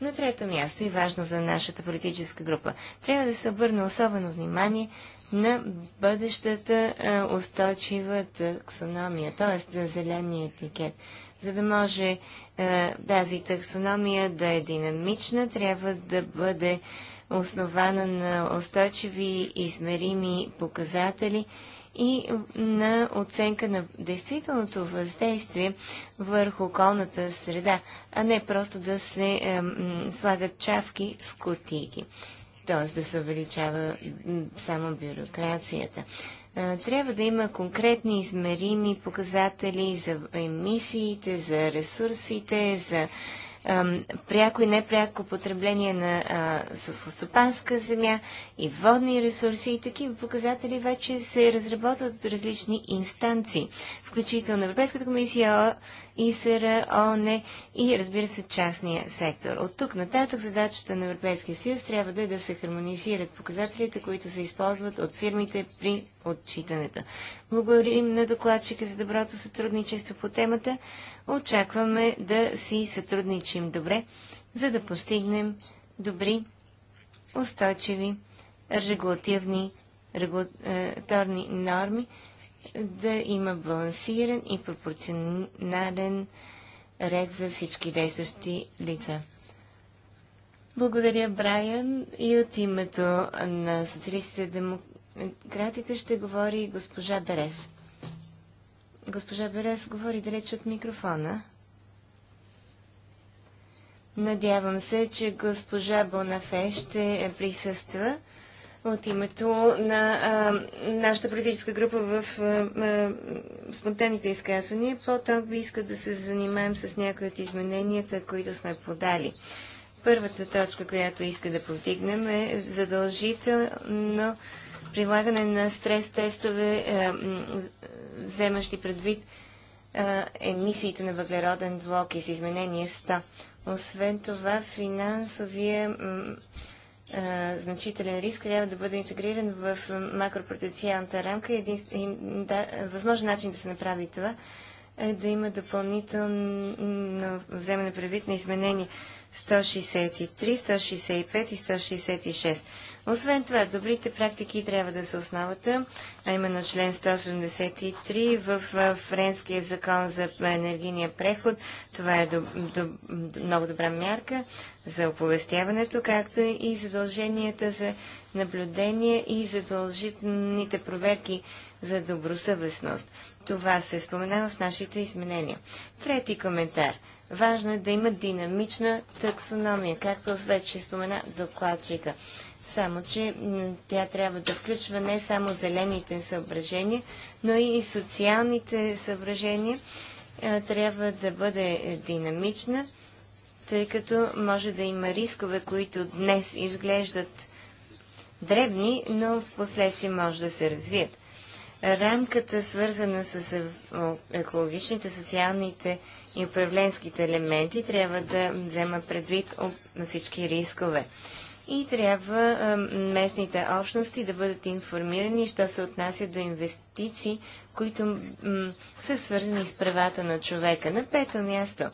На трето място и важно за нашата политическа група, трябва да се обърне особено внимание на бъдещата устойчива таксономия, т.е. зеления етикет. За да може тази таксономия да е динамична, трябва да бъде основана на устойчиви измерими показатели и на оценка на действителното въздействие върху околната среда, а не просто да се е, слагат чавки в кутийки, т.е. да се увеличава само бюрокрацията. Трябва да има конкретни измерими показатели за емисиите, за ресурсите, за пряко и непряко потребление на сълскостопанска земя и водни ресурси и такива показатели вече се разработват от различни инстанции, включително Европейската комисия ИСР, ООН и разбира се частния сектор. От тук нататък задачата на Европейския съюз трябва да е да се хармонизират показателите, които се използват от фирмите при отчитането. Благодарим на докладчика за доброто сътрудничество по темата. Очакваме да си сътрудничим добре, за да постигнем добри, устойчиви, регулативни регулаторни е, норми, да има балансиран и пропорционален ред за всички действащи лица. Благодаря, Брайан. И от името на социалистите демократите ще говори госпожа Берес. Госпожа Берес говори далеч от микрофона. Надявам се, че госпожа Бонафе ще присъства от името на а, нашата политическа група в а, а, спонтанните изказвания. По-ток би иска да се занимаем с някои от измененията, които сме подали. Първата точка, която иска да повдигнем е задължително прилагане на стрес-тестове, вземащи предвид емисиите на въглероден блок и с изменение 100. Освен това, финансовия значителен риск трябва да бъде интегриран в макропотенциалната рамка. Един, и, да, възможен начин да се направи това е да има допълнително вземане предвид на изменения. 163, 165 и 166. Освен това, добрите практики трябва да са основата, а именно член 173 в Френския закон за енергийния преход. Това е много добра мярка за оповестяването, както и задълженията за наблюдение и задължителните проверки за добросъвестност. Това се споменава в нашите изменения. Трети коментар – Важно е да има динамична таксономия, както вече спомена докладчика. Само, че тя трябва да включва не само зелените съображения, но и социалните съображения. Е, трябва да бъде динамична, тъй като може да има рискове, които днес изглеждат дребни, но в последствие може да се развият рамката, свързана с екологичните, социалните и управленските елементи, трябва да взема предвид на всички рискове. И трябва местните общности да бъдат информирани, що се отнася до инвестиции, които са свързани с правата на човека. На пето място,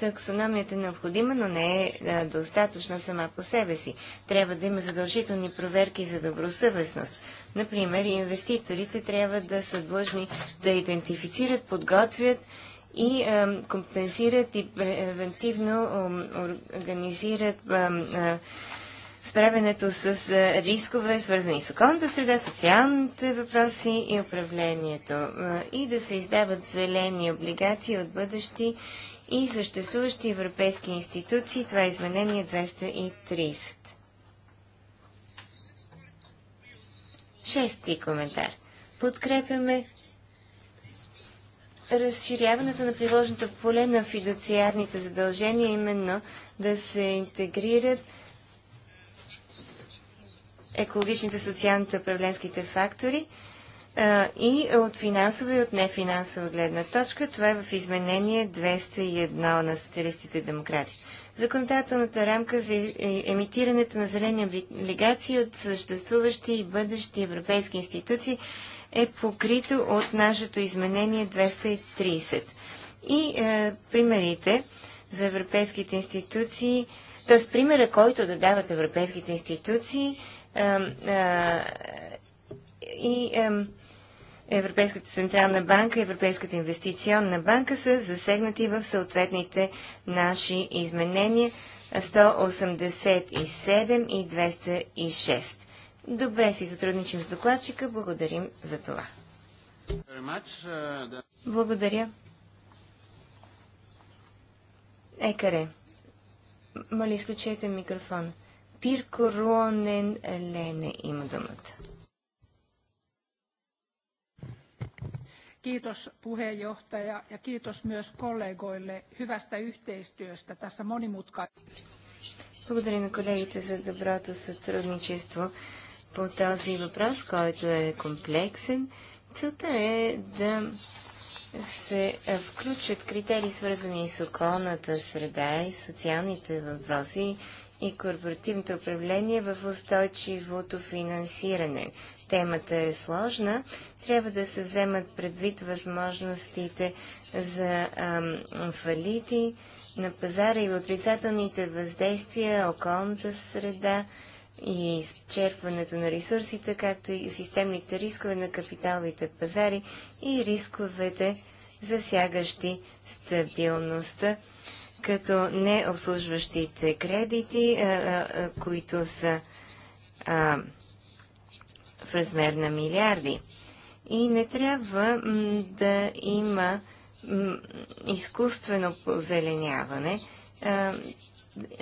таксономията е необходима, но не е достатъчна сама по себе си. Трябва да има задължителни проверки за добросъвестност. Например, инвеститорите трябва да са длъжни да идентифицират, подготвят и е, компенсират и превентивно е, организират е, справянето с рискове, свързани с околната среда, социалните въпроси и управлението. И да се издават зелени облигации от бъдещи и съществуващи европейски институции. Това е изменение 230. Шести коментар. Подкрепяме разширяването на приложното поле на фидуциарните задължения, именно да се интегрират екологичните, социалните, управленските фактори а, и от финансова и от нефинансова гледна точка. Това е в изменение 201 на социалистите и демократи законодателната рамка за е, емитирането на зелени облигации от съществуващи и бъдещи европейски институции е покрито от нашето изменение 230. И е, примерите за европейските институции, т.е. примера, който да дават европейските институции е, е, и е, Европейската централна банка и Европейската инвестиционна банка са засегнати в съответните наши изменения 187 и 206. Добре си сътрудничим с докладчика. Благодарим за това. Благодаря. Екаре, моля изключете микрофона. Пирко Руонен Лене има думата. Kiitos puheenjohtaja ja kiitos myös kollegoille hyvästä yhteistyöstä tässä monimutkaisessa. Благодаря на колегите за доброто сътрудничество по този въпрос, който е комплексен. Целта е да се включат критерии, свързани с околната среда и социалните въпроси и корпоративното управление в устойчивото финансиране темата е сложна, трябва да се вземат предвид възможностите за ам, фалити на пазара и отрицателните въздействия, околната среда и изчерпването на ресурсите, както и системните рискове на капиталовите пазари и рисковете, засягащи стабилността като необслужващите кредити, а, а, които са а, в размер на милиарди. И не трябва да има изкуствено позеленяване,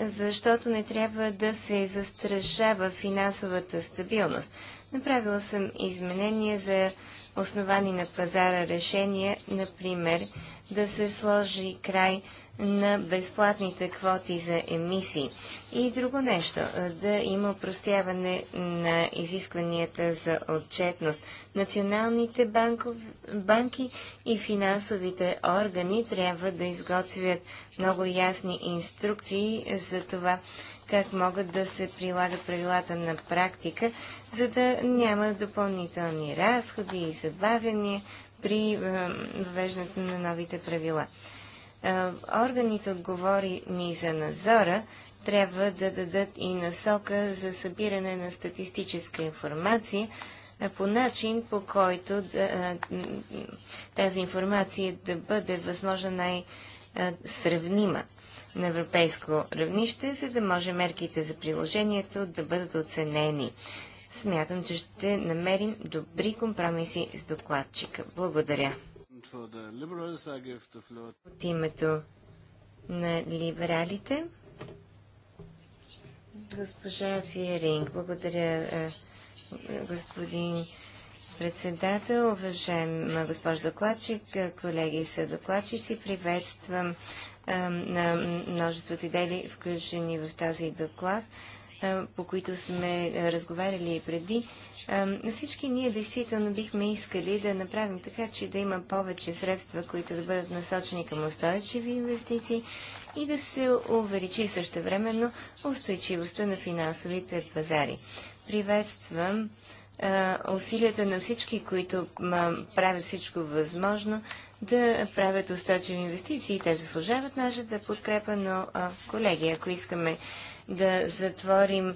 защото не трябва да се застрашава финансовата стабилност. Направила съм изменения за основани на пазара решения, например, да се сложи край на безплатните квоти за емисии. И друго нещо, да има упростяване на изискванията за отчетност. Националните банков, банки и финансовите органи трябва да изготвят много ясни инструкции за това как могат да се прилагат правилата на практика, за да няма допълнителни разходи и забавяния при въвеждането на новите правила. Е, органите отговорни за надзора трябва да дадат и насока за събиране на статистическа информация е, по начин, по който да, е, тази информация да бъде възможно най-сравнима на европейско равнище, за да може мерките за приложението да бъдат оценени. Смятам, че ще намерим добри компромиси с докладчика. Благодаря. От името на либералите, госпожа Фиеринг, благодаря, е, господин председател, уважаема госпожо докладчик, е, колеги са докладчици, приветствам е, на множеството идеи, включени в този доклад по които сме разговаряли и преди, всички ние действително бихме искали да направим така, че да има повече средства, които да бъдат насочени към устойчиви инвестиции и да се увеличи също времено устойчивостта на финансовите пазари. Приветствам усилията на всички, които правят всичко възможно да правят устойчиви инвестиции. Те заслужават нашата подкрепа, но колеги, ако искаме да затворим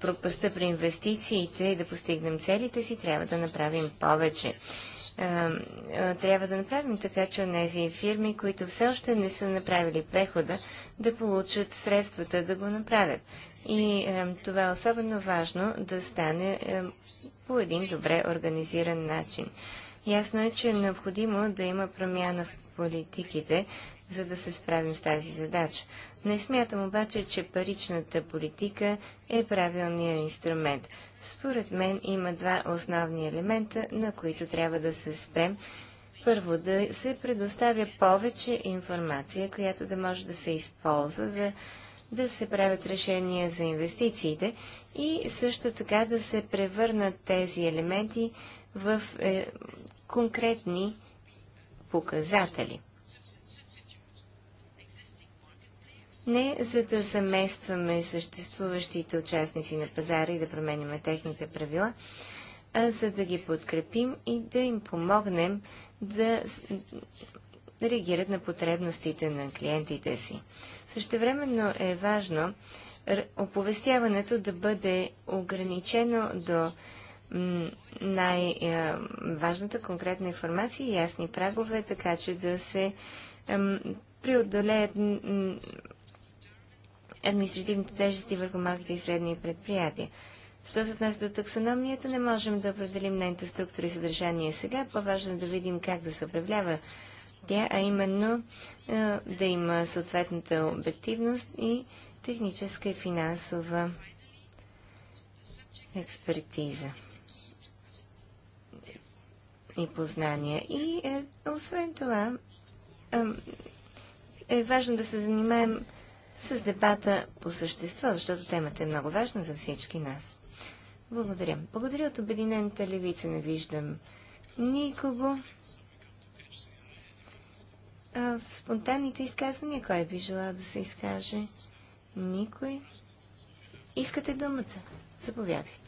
пропаста при инвестициите и да постигнем целите си, трябва да направим повече. Трябва да направим така, че онези фирми, които все още не са направили прехода, да получат средствата да го направят. И това е особено важно да стане по един добре организиран начин. Ясно е, че е необходимо да има промяна в политиките, за да се справим с тази задача. Не смятам обаче, че паричната политика е правилният инструмент. Според мен има два основни елемента, на които трябва да се спрем. Първо, да се предоставя повече информация, която да може да се използва за да се правят решения за инвестициите и също така да се превърнат тези елементи в е, конкретни показатели. не за да заместваме съществуващите участници на пазара и да променяме техните правила, а за да ги подкрепим и да им помогнем да реагират на потребностите на клиентите си. Същевременно е важно оповестяването да бъде ограничено до най-важната конкретна информация и ясни прагове, така че да се преодолеят административните тежести върху малките и средни предприятия. Що се отнася до таксономията, не можем да определим нейната структура и съдържание сега. По-важно е да видим как да се управлява тя, а именно да има съответната обективност и техническа и финансова експертиза и познания. И е, освен това е, е важно да се занимаем с дебата по същество, защото темата е много важна за всички нас. Благодаря. Благодаря от Обединената левица. Не виждам никого. А в спонтанните изказвания кой е би желал да се изкаже? Никой. Искате думата? Заповядайте.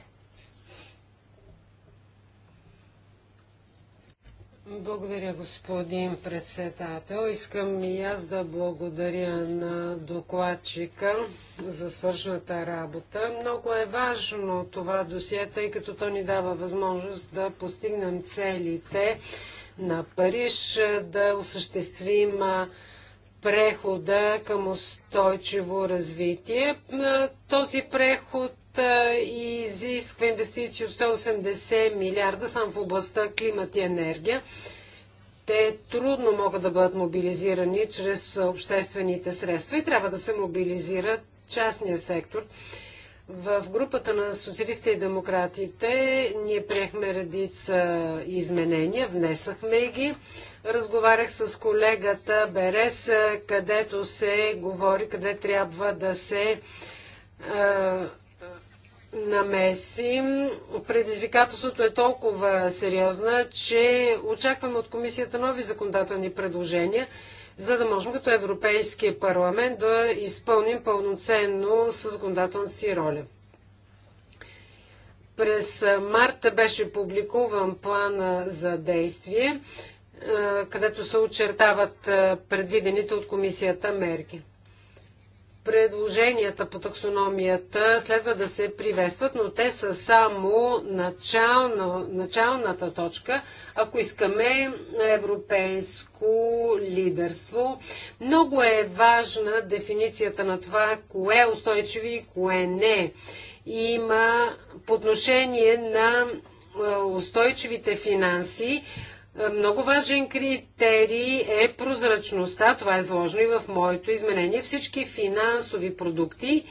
Благодаря, господин председател. Искам и аз да благодаря на докладчика за свършната работа. Много е важно това досие, тъй като то ни дава възможност да постигнем целите на Париж, да осъществим прехода към устойчиво развитие. Този преход и е, изисква инвестиции от 180 милиарда само в областта климат и енергия. Те трудно могат да бъдат мобилизирани чрез обществените средства и трябва да се мобилизират частния сектор. В групата на социалистите и демократите ние приехме редица изменения, внесахме ги. Разговарях с колегата Берес, където се говори, къде трябва да се е, намесим. Предизвикателството е толкова сериозно, че очакваме от комисията нови законодателни предложения, за да можем като Европейския парламент да изпълним пълноценно с си роля. През марта беше публикуван план за действие, където се очертават предвидените от комисията мерки. Предложенията по таксономията следва да се приветстват, но те са само начална, началната точка, ако искаме европейско лидерство. Много е важна дефиницията на това, кое е устойчиво и кое не. Има по отношение на устойчивите финанси, много важен критерий е прозрачността. Това е заложено и в моето изменение. Всички финансови продукти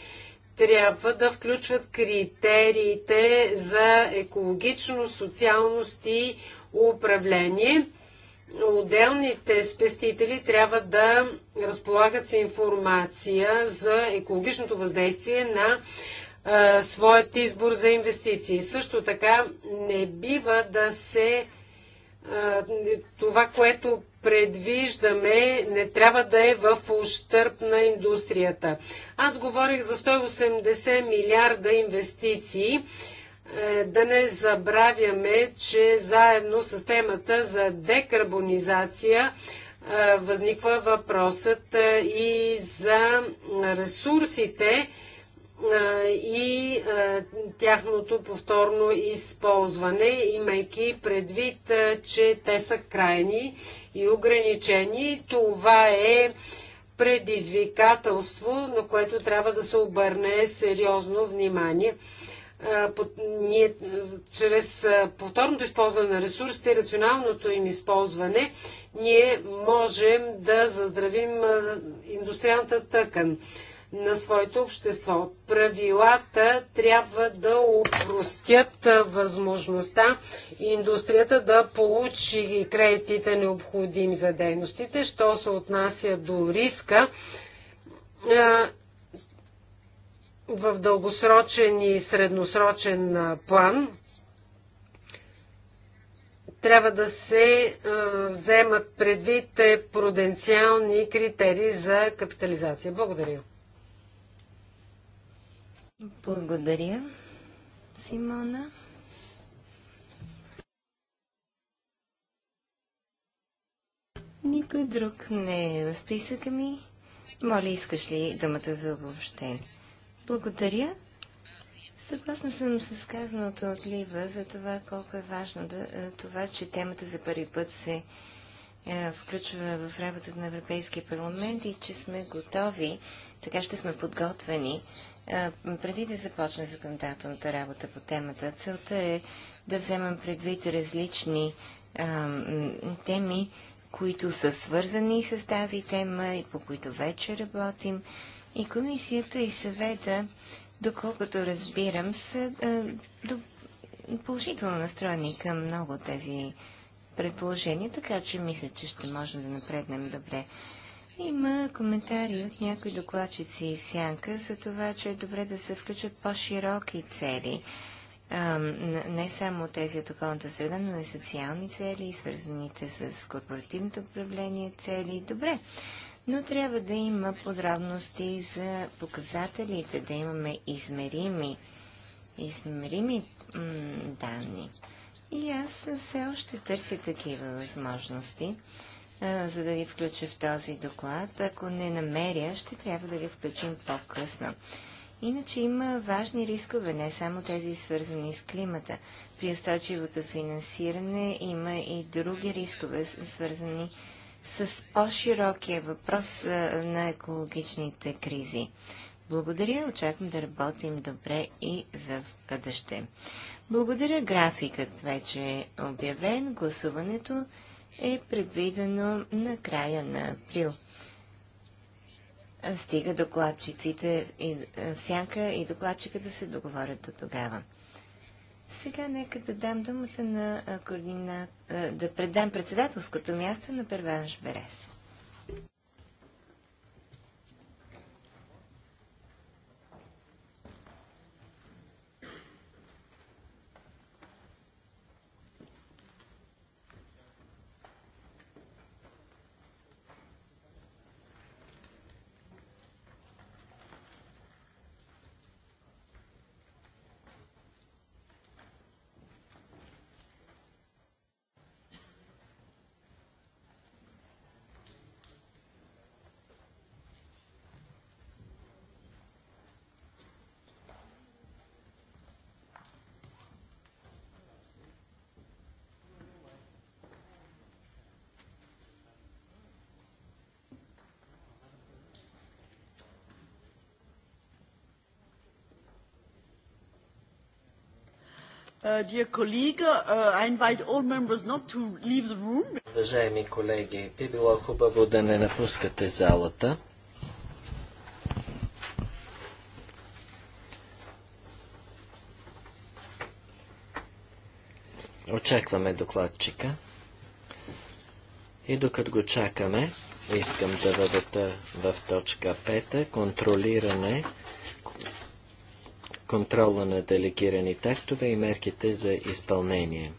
трябва да включват критериите за екологично, социалност и управление. Отделните спестители трябва да разполагат с информация за екологичното въздействие на е, своят избор за инвестиции. Също така не бива да се това, което предвиждаме, не трябва да е в ущърп на индустрията. Аз говорих за 180 милиарда инвестиции. Е, да не забравяме, че заедно с темата за декарбонизация е, възниква въпросът е, и за ресурсите, и тяхното повторно използване, имайки предвид, че те са крайни и ограничени. Това е предизвикателство, на което трябва да се обърне сериозно внимание. ние, чрез повторното използване на ресурсите и рационалното им използване, ние можем да заздравим индустриалната тъкан на своето общество. Правилата трябва да упростят възможността индустрията да получи кредитите необходими за дейностите, що се отнася до риска в дългосрочен и средносрочен план трябва да се вземат предвид е, пруденциални критерии за капитализация. Благодаря. Благодаря, Симона. Никой друг не е в списъка ми. Моля, искаш ли думата за обобщение? Благодаря. Съгласна съм с казаното от Лива за това колко е важно да, е, това, че темата за първи път се е, включва в работата на Европейския парламент и че сме готови, така ще сме подготвени преди да започне законодателната работа по темата, целта е да вземам предвид различни а, теми, които са свързани с тази тема и по които вече работим. И комисията и съвета, доколкото разбирам, са а, положително настроени към много тези предложения, така че мисля, че ще можем да напреднем добре. Има коментари от някои докладчици в сянка за това, че е добре да се включат по-широки цели. не само тези от околната среда, но и социални цели, свързаните с корпоративното управление цели. Добре, но трябва да има подробности за показателите, да имаме измерими, измерими данни. И аз все още търся такива възможности за да ви включа в този доклад. Ако не намеря, ще трябва да ви включим по-късно. Иначе има важни рискове, не само тези свързани с климата. При устойчивото финансиране има и други рискове, свързани с по-широкия въпрос на екологичните кризи. Благодаря, очаквам да работим добре и за бъдеще. Благодаря, графикът вече е обявен, гласуването е предвидено на края на април. Стига докладчиците и всяка е, и докладчика да се договорят до тогава. Сега нека да дам думата на е, координат... Е, да предам председателското място на Перванш Берес. Uh, dear colleague, uh, I invite all members not to leave the room. Уважаеми колеги, би било хубаво да не напускате залата. Очакваме докладчика. И докато го чакаме, искам да бъдете в точка 5 контролиране контрола на делегираните тактове и мерките за изпълнение.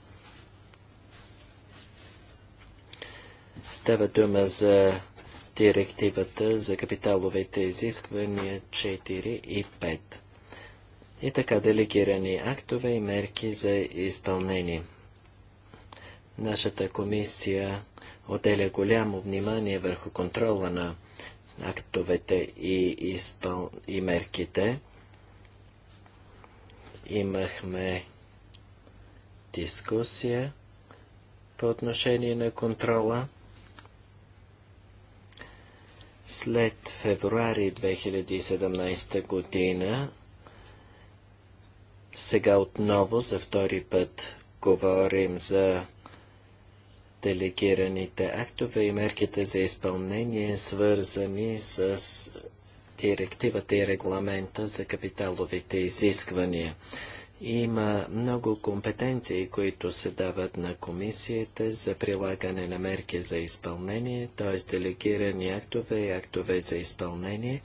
Става дума за директивата за капиталовите изисквания 4 и 5. И така делегирани актове и мерки за изпълнение. Нашата комисия отделя голямо внимание върху контрола на актовете и, изпъл... и мерките. Имахме дискусия по отношение на контрола. След февруари 2017 година, сега отново за втори път говорим за делегираните актове и мерките за изпълнение, свързани с директивата и регламента за капиталовите изисквания. Има много компетенции, които се дават на комисията за прилагане на мерки за изпълнение, т.е. делегирани актове и актове за изпълнение.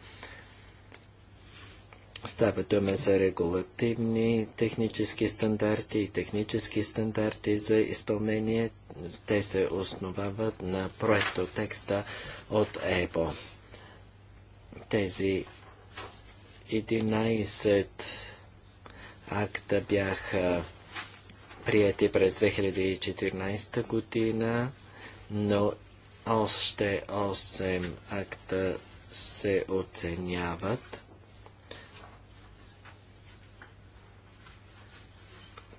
Става дума за регулативни технически стандарти и технически стандарти за изпълнение. Те се основават на текста от ЕПО. Тези 11 акта бяха прияти през 2014 година, но още 8 акта се оценяват.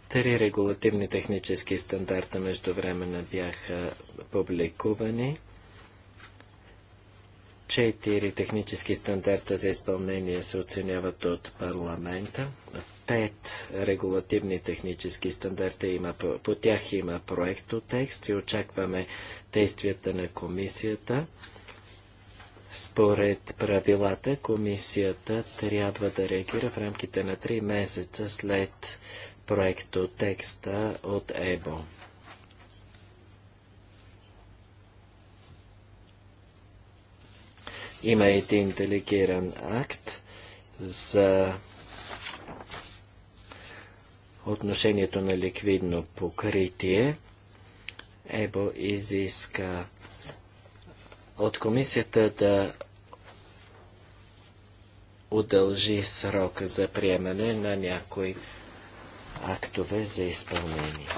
Три регулативни технически стандарта междувременно бяха публикувани. Четири технически стандарта за изпълнение се оценяват от парламента. Пет регулативни технически стандарта има, по, тях има проектотекст и очакваме действията на комисията. Според правилата, комисията трябва да реагира в рамките на три месеца след проектотекста от ЕБО. Има един делегиран акт за отношението на ликвидно покритие. ЕБО изиска от комисията да удължи срока за приемане на някои актове за изпълнение.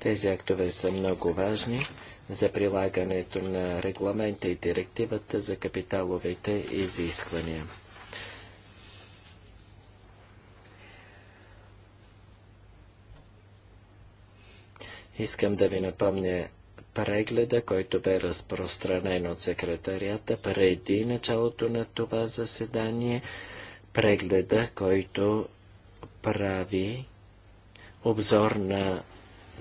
Тези актове са много важни за прилагането на регламента и директивата за капиталовите изисквания. Искам да ви напомня прегледа, който бе разпространен от секретарията преди началото на това заседание. Прегледа, който прави обзор на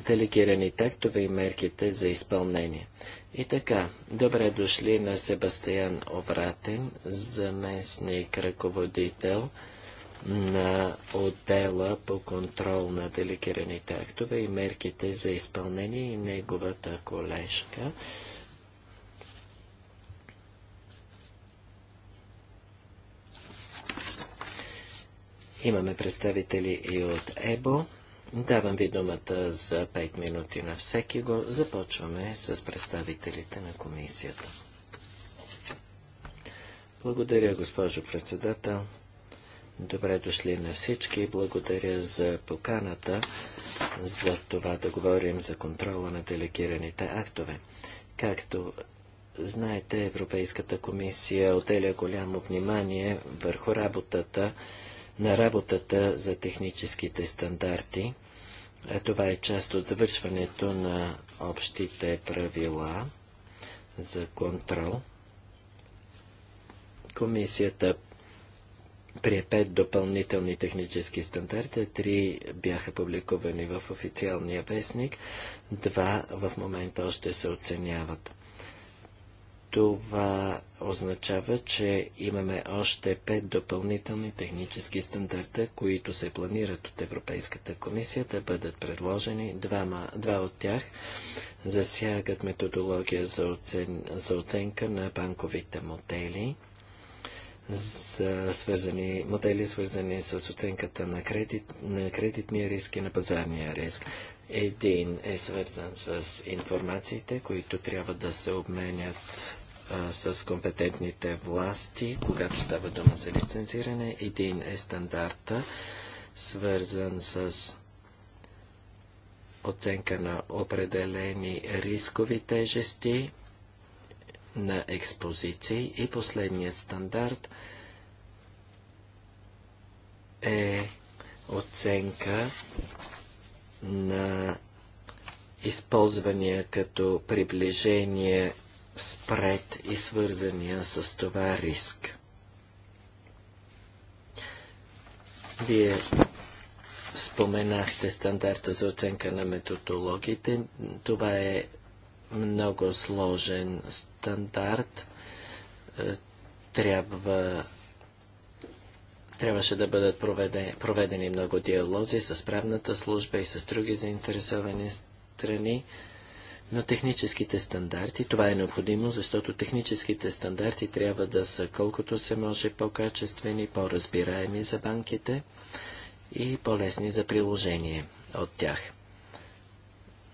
делегирани тактове и мерките за изпълнение. И така, добре дошли на Себастиян Овратен, заместник ръководител на отдела по контрол на делегираните актове и мерките за изпълнение и неговата колежка. Имаме представители и от ЕБО. Давам ви думата за 5 минути на всеки го. Започваме с представителите на комисията. Благодаря, госпожо председател. Добре дошли на всички. Благодаря за поканата за това да говорим за контрола на делегираните актове. Както знаете, Европейската комисия отделя голямо внимание върху работата на работата за техническите стандарти това е част от завършването на общите правила за контрол. Комисията прие пет допълнителни технически стандарта, три бяха публикувани в официалния вестник, два в момента още се оценяват. Това означава, че имаме още пет допълнителни технически стандарта, които се планират от Европейската комисия да бъдат предложени. Двама, два от тях засягат методология за, оцен, за оценка на банковите модели, за свързани, модели свързани с оценката на, кредит, на кредитния риск и на пазарния риск. Един е свързан с информациите, които трябва да се обменят а, с компетентните власти, когато става дума за лицензиране. Един е стандарта, свързан с оценка на определени рискови тежести на експозиции и последният стандарт е оценка на използвания като приближение спред и свързания с това риск. Вие споменахте стандарта за оценка на методологите. Това е много сложен стандарт. Е, трябва трябваше да бъдат проведени, проведени много диалози с правната служба и с други заинтересовани страни на техническите стандарти. Това е необходимо, защото техническите стандарти трябва да са колкото се може по-качествени, по-разбираеми за банките и по-лесни за приложение от тях.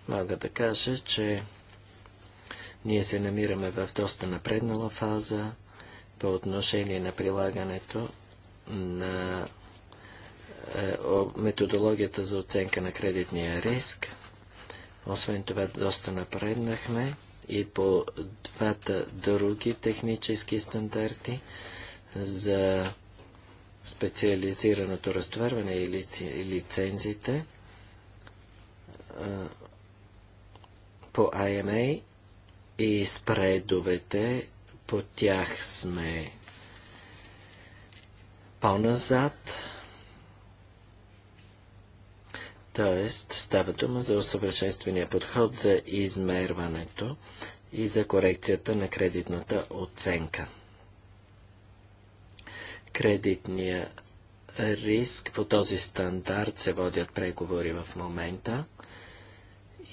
Мога да кажа, че ние се намираме в доста напреднала фаза по отношение на прилагането на е, методологията за оценка на кредитния риск. Освен това, доста напреднахме и по двата други технически стандарти за специализираното разтоварване и лици, лицензите по IMA и спредовете по тях сме по-назад. Т.е. става дума за усъвършенствения подход за измерването и за корекцията на кредитната оценка. Кредитния риск по този стандарт се водят преговори в момента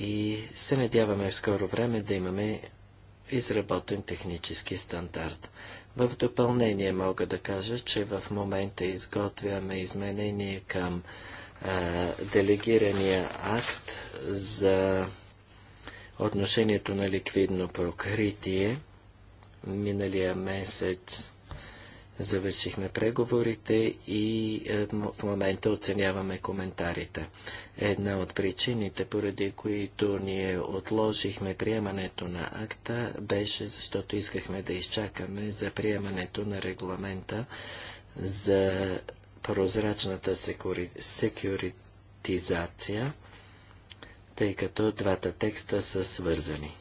и се надяваме в скоро време да имаме изработен технически стандарт. В допълнение мога да кажа, че в момента изготвяме изменение към делегирания акт за отношението на ликвидно прокритие. Миналия месец завършихме преговорите и е, в момента оценяваме коментарите. Една от причините, поради които ние отложихме приемането на акта, беше защото искахме да изчакаме за приемането на регламента за прозрачната секури... секюритизация, тъй като двата текста са свързани.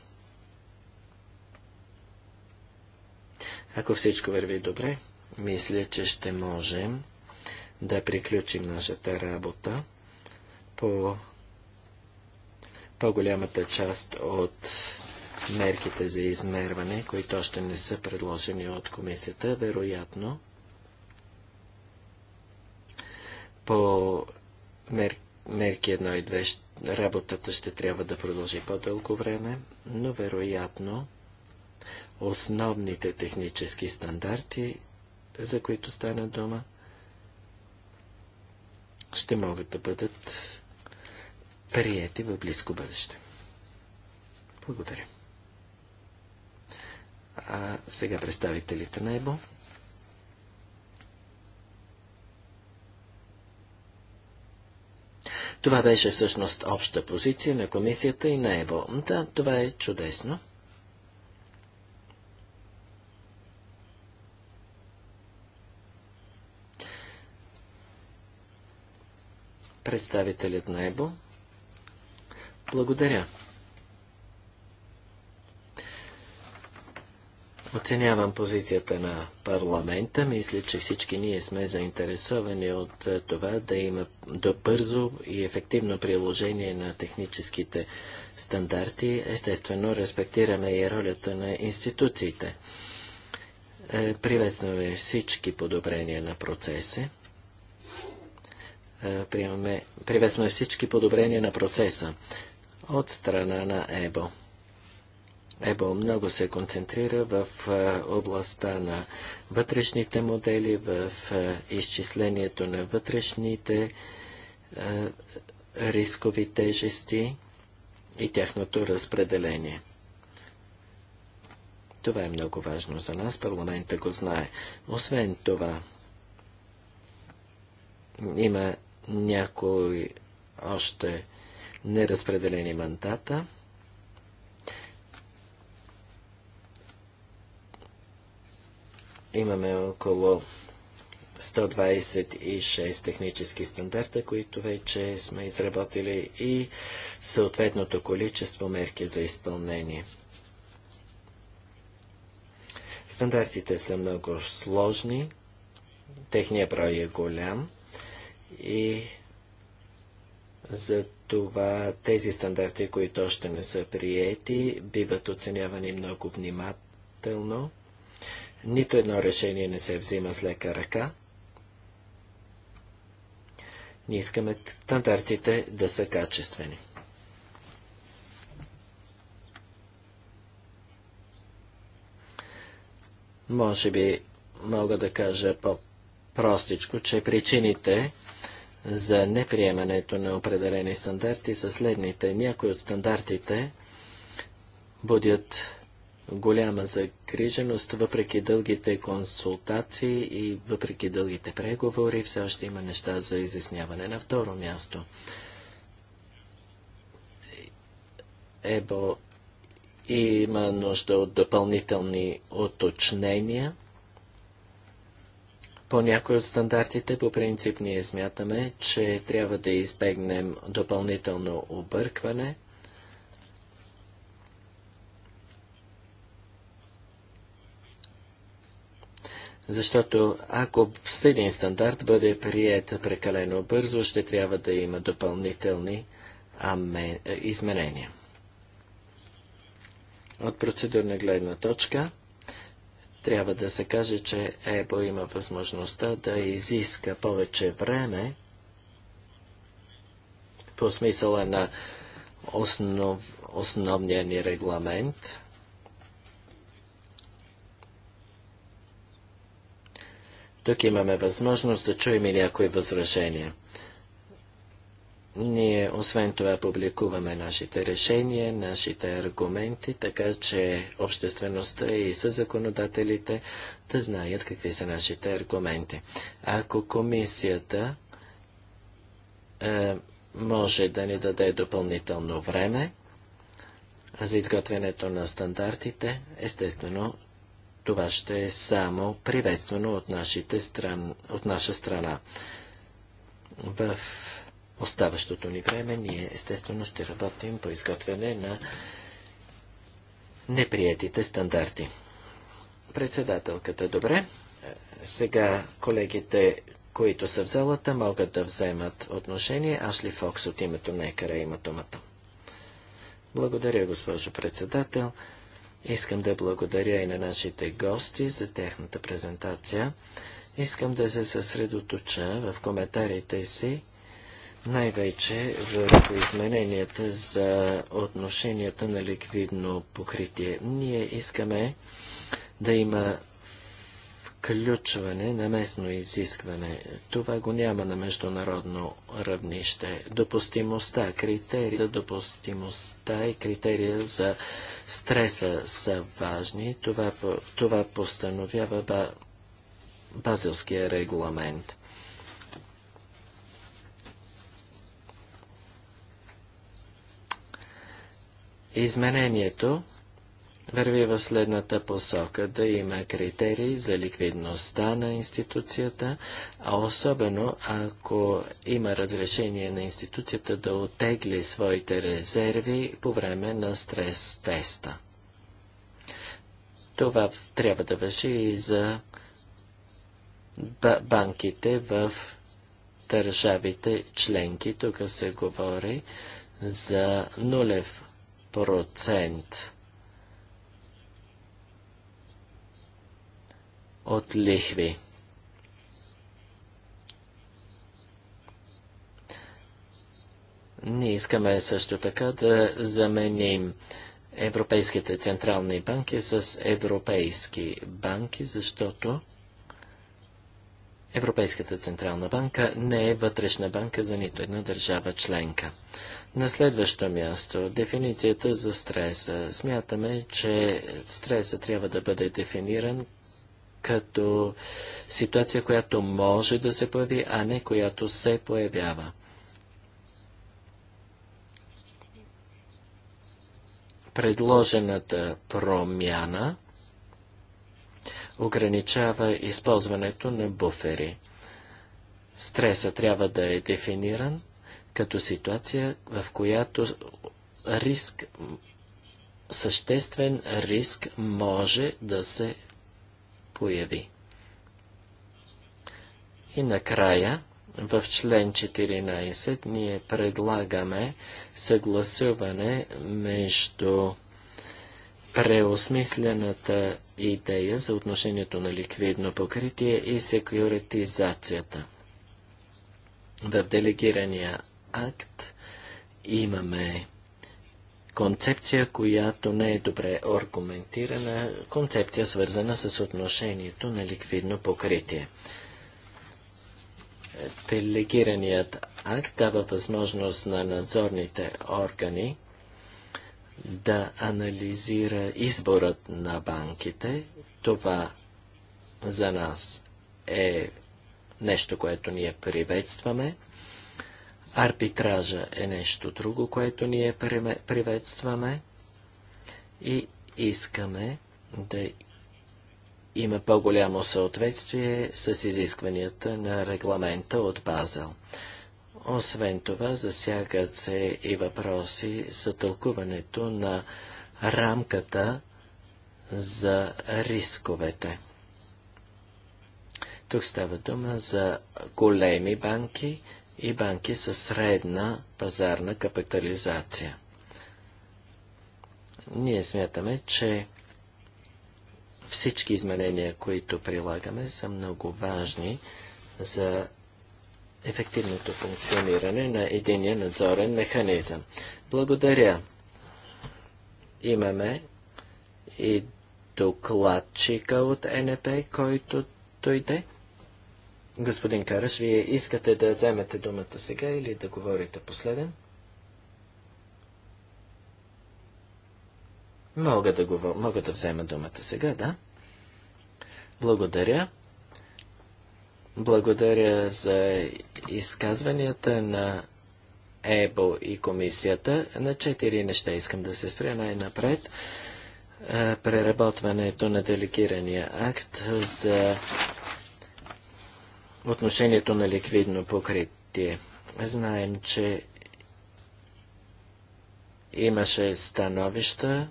Ако всичко върви добре, мисля, че ще можем да приключим нашата работа по по-голямата част от мерките за измерване, които още не са предложени от комисията, вероятно По мер... мерки 1 и 2 работата ще трябва да продължи по-дълго време, но вероятно основните технически стандарти, за които стана дума, ще могат да бъдат приети в близко бъдеще. Благодаря. А сега представителите на ЕБО. Това беше всъщност обща позиция на комисията и на ЕБО. Да, това е чудесно. Представителят на ЕБО. Благодаря. Оценявам позицията на парламента. Мисля, че всички ние сме заинтересовани от е, това да има добързо и ефективно приложение на техническите стандарти. Естествено, респектираме и ролята на институциите. Е, приветстваме всички подобрения на процеси. Е, приветстваме всички подобрения на процеса от страна на ЕБО. ЕБО много се концентрира в областта на вътрешните модели, в изчислението на вътрешните рискови тежести и тяхното разпределение. Това е много важно за нас, парламента го знае. Освен това, има някои още неразпределени мандата – Имаме около 126 технически стандарта, които вече сме изработили и съответното количество мерки за изпълнение. Стандартите са много сложни, техният брой е голям и за това тези стандарти, които още не са приети, биват оценявани много внимателно. Нито едно решение не се взима с лека ръка. Ние искаме стандартите да са качествени. Може би мога да кажа по-простичко, че причините за неприемането на определени стандарти са следните. Някои от стандартите будят голяма загриженост, въпреки дългите консултации и въпреки дългите преговори, все още има неща за изясняване. На второ място, ЕБО има нужда от допълнителни уточнения. По някои от стандартите по принцип ние смятаме, че трябва да избегнем допълнително объркване – Защото ако един стандарт бъде прият прекалено бързо, ще трябва да има допълнителни е, изменения. От процедурна гледна точка трябва да се каже, че ЕБО има възможността да изиска повече време по смисъла на основ... основния ни регламент – Тук имаме възможност да чуем и някои възражения. Ние, освен това, публикуваме нашите решения, нашите аргументи, така че обществеността и съзаконодателите да знаят какви са нашите аргументи. Ако комисията е, може да ни даде допълнително време за изготвянето на стандартите, естествено, това ще е само приветствано от, нашите стран, от наша страна. В оставащото ни време ние естествено ще работим по изготвяне на неприятите стандарти. Председателката, добре. Сега колегите, които са в залата, могат да вземат отношение. Ашли Фокс от името на Екара има думата. Благодаря, госпожо председател. Искам да благодаря и на нашите гости за тяхната презентация. Искам да се съсредоточа в коментарите си най-вече върху измененията за отношенията на ликвидно покритие. Ние искаме да има включване на местно изискване. Това го няма на международно равнище. Допустимостта, критерии за допустимостта и критерия за стреса са важни. Това, това постановява ба, базилския регламент. Изменението върви в следната посока да има критерии за ликвидността на институцията, а особено ако има разрешение на институцията да отегли своите резерви по време на стрес теста. Това трябва да въжи и за банките в държавите членки. Тук се говори за нулев процент от лихви. Ние искаме също така да заменим европейските централни банки с европейски банки, защото Европейската централна банка не е вътрешна банка за нито една държава членка. На следващо място, дефиницията за стреса. Смятаме, че стреса трябва да бъде дефиниран като ситуация, която може да се появи, а не която се появява. Предложената промяна ограничава използването на буфери. Стреса трябва да е дефиниран като ситуация, в която риск, съществен риск може да се появи. И накрая, в член 14 ние предлагаме съгласуване между преосмислената идея за отношението на ликвидно покритие и секюритизацията. В делегирания акт имаме концепция, която не е добре аргументирана, концепция свързана с отношението на ликвидно покритие. Делегираният акт дава възможност на надзорните органи да анализира изборът на банките. Това за нас е нещо, което ние приветстваме. Арбитража е нещо друго, което ние приветстваме и искаме да има по-голямо съответствие с изискванията на регламента от Базел. Освен това, засягат се и въпроси за тълкуването на рамката за рисковете. Тук става дума за големи банки, и банки със средна пазарна капитализация. Ние смятаме, че всички изменения, които прилагаме, са много важни за ефективното функциониране на единия надзорен механизъм. Благодаря. Имаме и докладчика от НП, който дойде. Господин Караш, вие искате да вземете думата сега или да говорите последен? Мога да, го, Мога да взема думата сега, да? Благодаря. Благодаря за изказванията на ЕБО и комисията. На четири неща искам да се спря най-напред. Е, преработването на делегирания акт за отношението на ликвидно покритие. Знаем, че имаше становища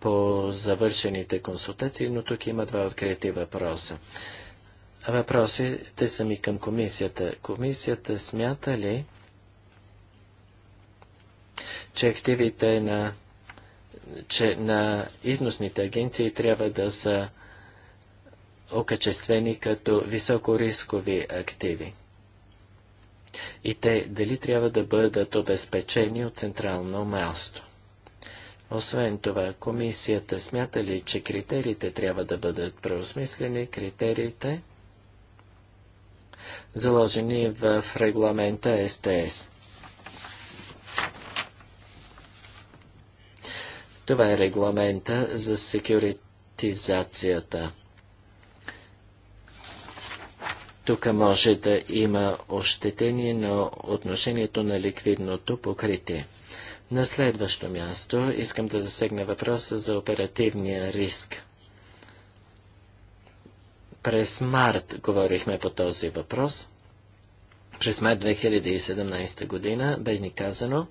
по завършените консултации, но тук има два открити въпроса. Въпросите са ми към комисията. Комисията смята ли, че активите на, че на износните агенции трябва да са окачествени като високорискови активи. И те дали трябва да бъдат обезпечени от централно място. Освен това, комисията смята ли, че критериите трябва да бъдат преосмислени, критериите заложени в регламента СТС. Това е регламента за секюритизацията. Тук може да има ощетение на отношението на ликвидното покритие. На следващо място искам да засегна въпроса за оперативния риск. През март говорихме по този въпрос. През март 2017 година бе ни казано,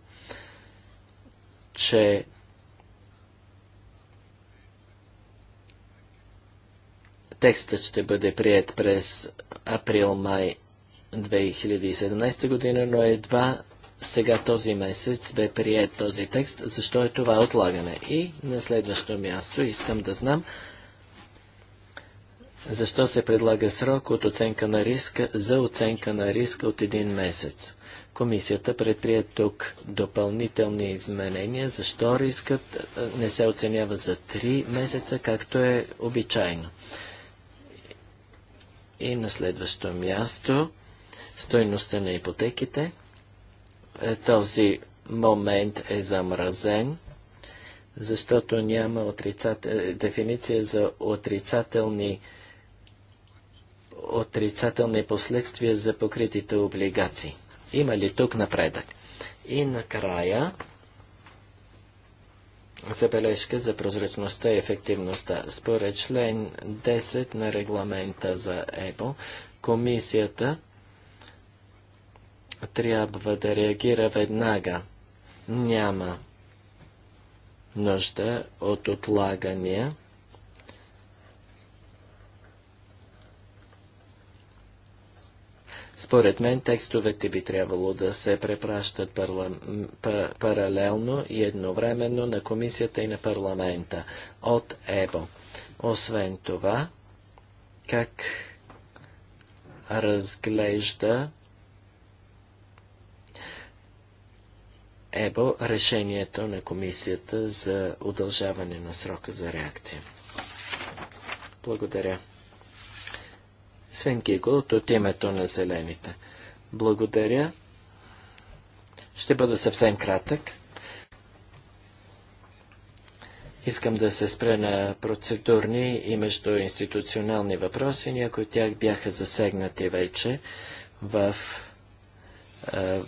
че текстът ще бъде прият през април-май 2017 година, но едва сега този месец бе прият този текст. Защо е това отлагане? И на следващо място искам да знам защо се предлага срок от оценка на риска за оценка на риска от един месец. Комисията предприе тук допълнителни изменения, защо рискът не се оценява за три месеца, както е обичайно. И на следващо място, стойността на ипотеките. Е, този момент е замразен, защото няма отрицател... дефиниция за отрицателни отрицателни последствия за покритите облигации. Има ли тук напредък? И накрая, забележка за прозрачността и ефективността. Според член 10 на регламента за ЕБО, комисията трябва да реагира веднага. Няма нужда от отлагания Според мен текстовете би трябвало да се препращат парла... паралелно и едновременно на комисията и на парламента от ЕБО. Освен това, как разглежда ЕБО решението на комисията за удължаване на срока за реакция. Благодаря. Свен Гигулт от името на Зелените. Благодаря. Ще бъда съвсем кратък. Искам да се спра на процедурни и между институционални въпроси. Някои от тях бяха засегнати вече в, а, е,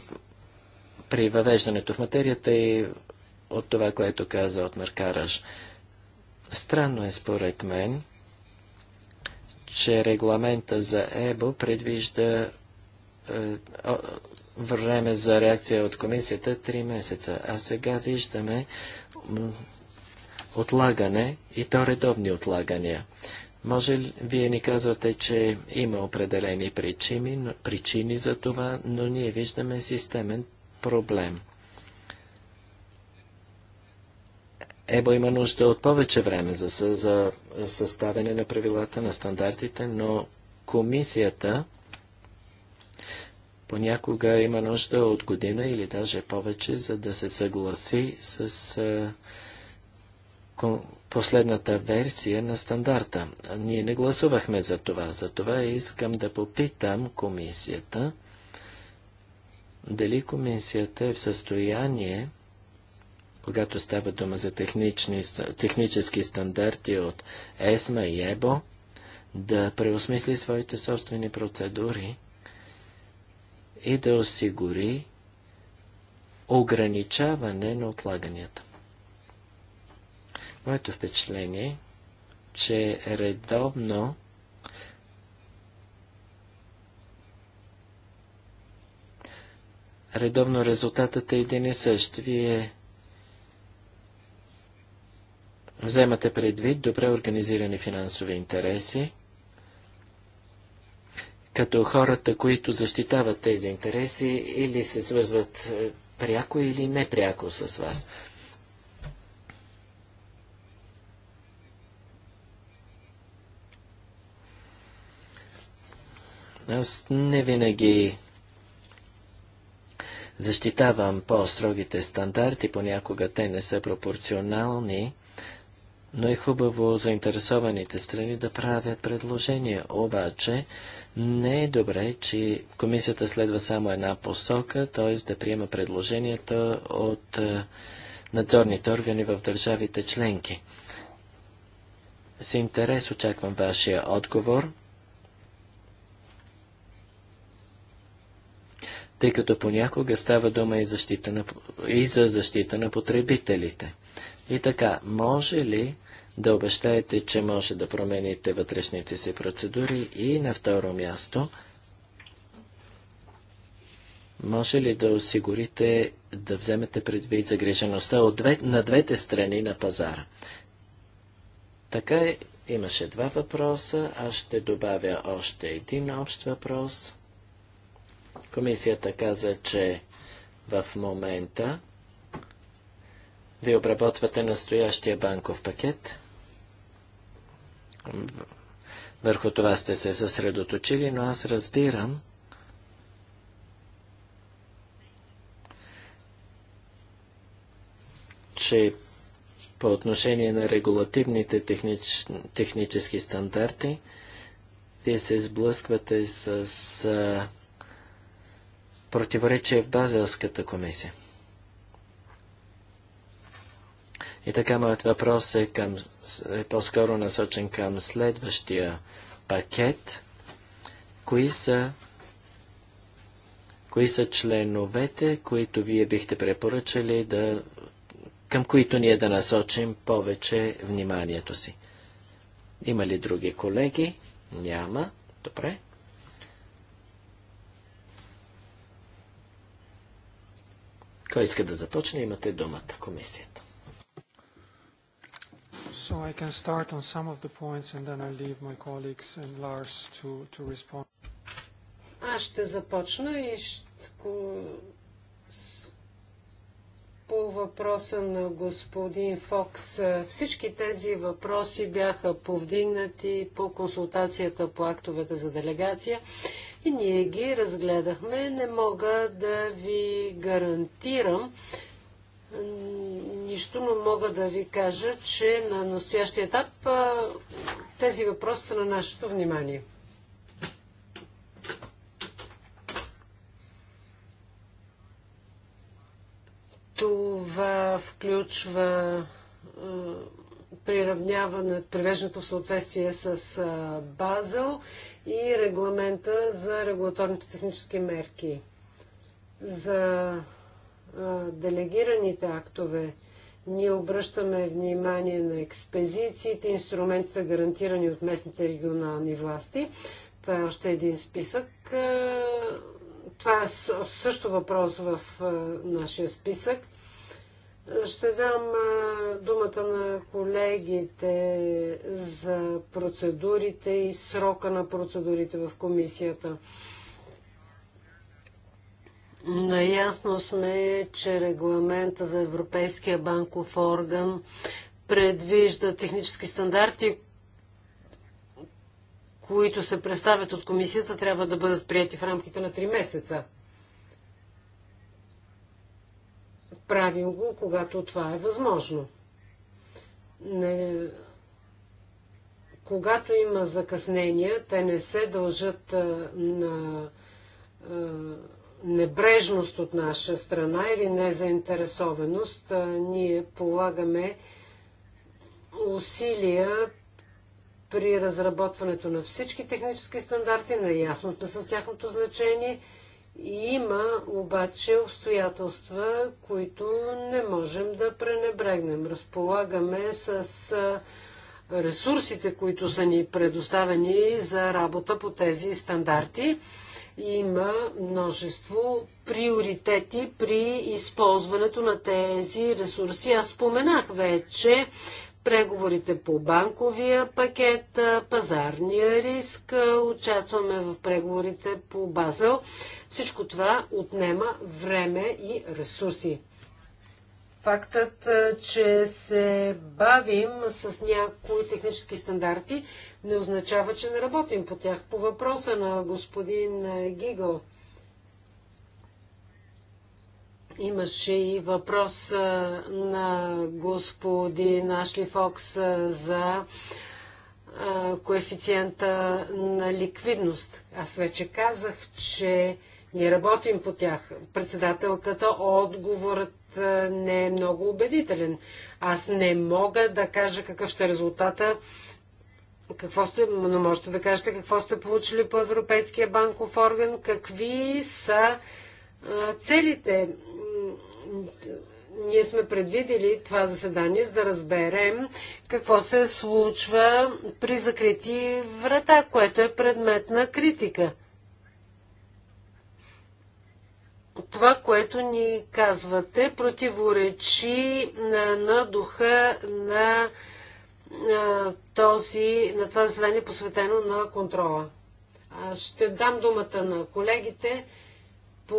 при въвеждането в материята и от това, което каза от Маркараш. Странно е според мен, че регламента за ЕБО предвижда е, време за реакция от комисията 3 месеца, а сега виждаме отлагане и то редовни отлагания. Може ли вие ни казвате, че има определени причини, причини за това, но ние виждаме системен проблем. ЕБО има нужда от повече време за, за съставяне на правилата, на стандартите, но комисията понякога има нужда от година или даже повече, за да се съгласи с а, последната версия на стандарта. Ние не гласувахме за това. За това искам да попитам комисията дали комисията е в състояние когато става дума за технични, технически стандарти от ЕСМА и ЕБО, да преосмисли своите собствени процедури и да осигури ограничаване на отлаганията. Моето впечатление, е, че редовно редовно резултатът е един и същ. Вие Вземате предвид добре организирани финансови интереси, като хората, които защитават тези интереси или се свързват е, пряко или непряко с вас. Аз не винаги защитавам по-строгите стандарти, понякога те не са пропорционални но е хубаво заинтересованите страни да правят предложения. Обаче не е добре, че комисията следва само една посока, т.е. да приема предложенията от е, надзорните органи в държавите членки. С интерес очаквам вашия отговор, тъй като понякога става дума и, защита на, и за защита на потребителите. И така, може ли да обещаете, че може да промените вътрешните си процедури и на второ място, може ли да осигурите да вземете предвид загрижеността от две, на двете страни на пазара? Така е, имаше два въпроса, аз ще добавя още един общ въпрос. Комисията каза, че в момента ви обработвате настоящия банков пакет върху това сте се съсредоточили, но аз разбирам, че по отношение на регулативните технич... технически стандарти, вие се сблъсквате с, а... противоречие в Базелската комисия. И така, моят въпрос е към е по-скоро насочен към следващия пакет. Кои са, кои са членовете, които вие бихте препоръчали да, към които ние да насочим повече вниманието си? Има ли други колеги? Няма. Добре. Кой иска да започне, имате думата, комисията. So I can start on some of the points and then I leave my colleagues and Lars to, to respond. Аз ще започна и ще... по въпроса на господин Фокс. Всички тези въпроси бяха повдигнати по консултацията по актовете за делегация и ние ги разгледахме. Не мога да ви гарантирам нищо, но мога да ви кажа, че на настоящия етап тези въпроси са на нашето внимание. Това включва приравняване, привеждането в съответствие с Базел и регламента за регулаторните технически мерки. За делегираните актове ние обръщаме внимание на експозициите, инструментите гарантирани от местните регионални власти. Това е още един списък. Е, това е също въпрос в е, нашия списък. Ще дам е, думата на колегите за процедурите и срока на процедурите в комисията. Наясно сме, че регламента за Европейския банков орган предвижда технически стандарти, които се представят от комисията, трябва да бъдат прияти в рамките на 3 месеца. Правим го, когато това е възможно. Не... Когато има закъснения, те не се дължат на а, небрежност от наша страна или незаинтересованост. Ние полагаме усилия при разработването на всички технически стандарти, наясно сме с тяхното значение. и Има обаче обстоятелства, които не можем да пренебрегнем. Разполагаме с ресурсите, които са ни предоставени за работа по тези стандарти има множество приоритети при използването на тези ресурси. Аз споменах вече преговорите по банковия пакет, пазарния риск, участваме в преговорите по Базел. Всичко това отнема време и ресурси. Фактът, че се бавим с някои технически стандарти, не означава, че не работим по тях. По въпроса на господин е, Гигъл имаше и въпрос е, на господин Ашли Фокс е, за коефициента на ликвидност. Аз вече казах, че ние работим по тях. Председателката, отговорът не е много убедителен. Аз не мога да кажа какъв ще е резултата какво сте, но можете да кажете какво сте получили по Европейския банков орган, какви са а, целите. Ние сме предвидели това заседание, за да разберем какво се случва при закрити врата, което е предмет на критика. Това, което ни казвате, противоречи на, на духа на е, този, на това заседание посветено на контрола. Ще дам думата на колегите по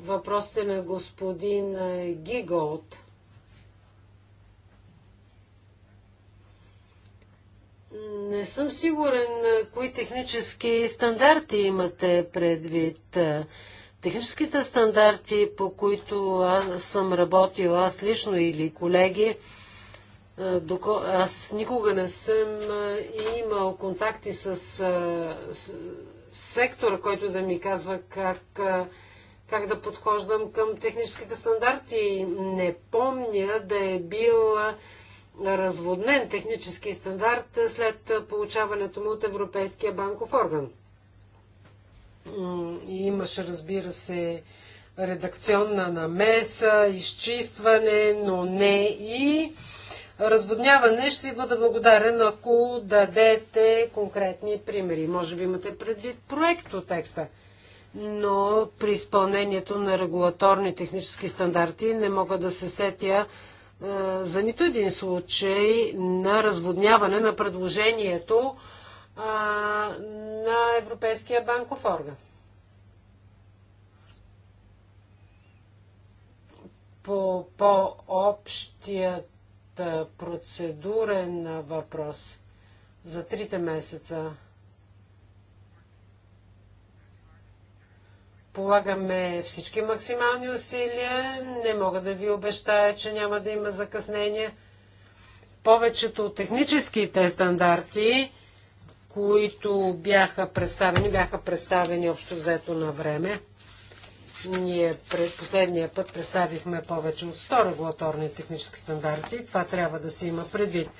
въпросите на господин е, Гиголт. Не съм сигурен е, кои технически стандарти имате предвид. Техническите стандарти, по които аз съм работил аз лично или колеги, е, доко... Аз никога не съм е, имал контакти с, е, с сектора, който да ми казва как, как да подхождам към техническите стандарти. Не помня да е бил разводнен технически стандарт след получаването му от Европейския банков орган. И имаше, разбира се, редакционна намеса, изчистване, но не и разводняване, ще ви бъда благодарен, ако дадете конкретни примери. Може би имате предвид проект от текста, но при изпълнението на регулаторни технически стандарти не мога да се сетя е, за нито един случай на разводняване на предложението а, е, на Европейския банков орган. По по-общият процедурен въпрос за трите месеца. Полагаме всички максимални усилия. Не мога да ви обещая, че няма да има закъснение. Повечето от техническите стандарти, които бяха представени, бяха представени общо взето на време. Ние пред последния път представихме повече от 100 регулаторни технически стандарти и това трябва да се има предвид.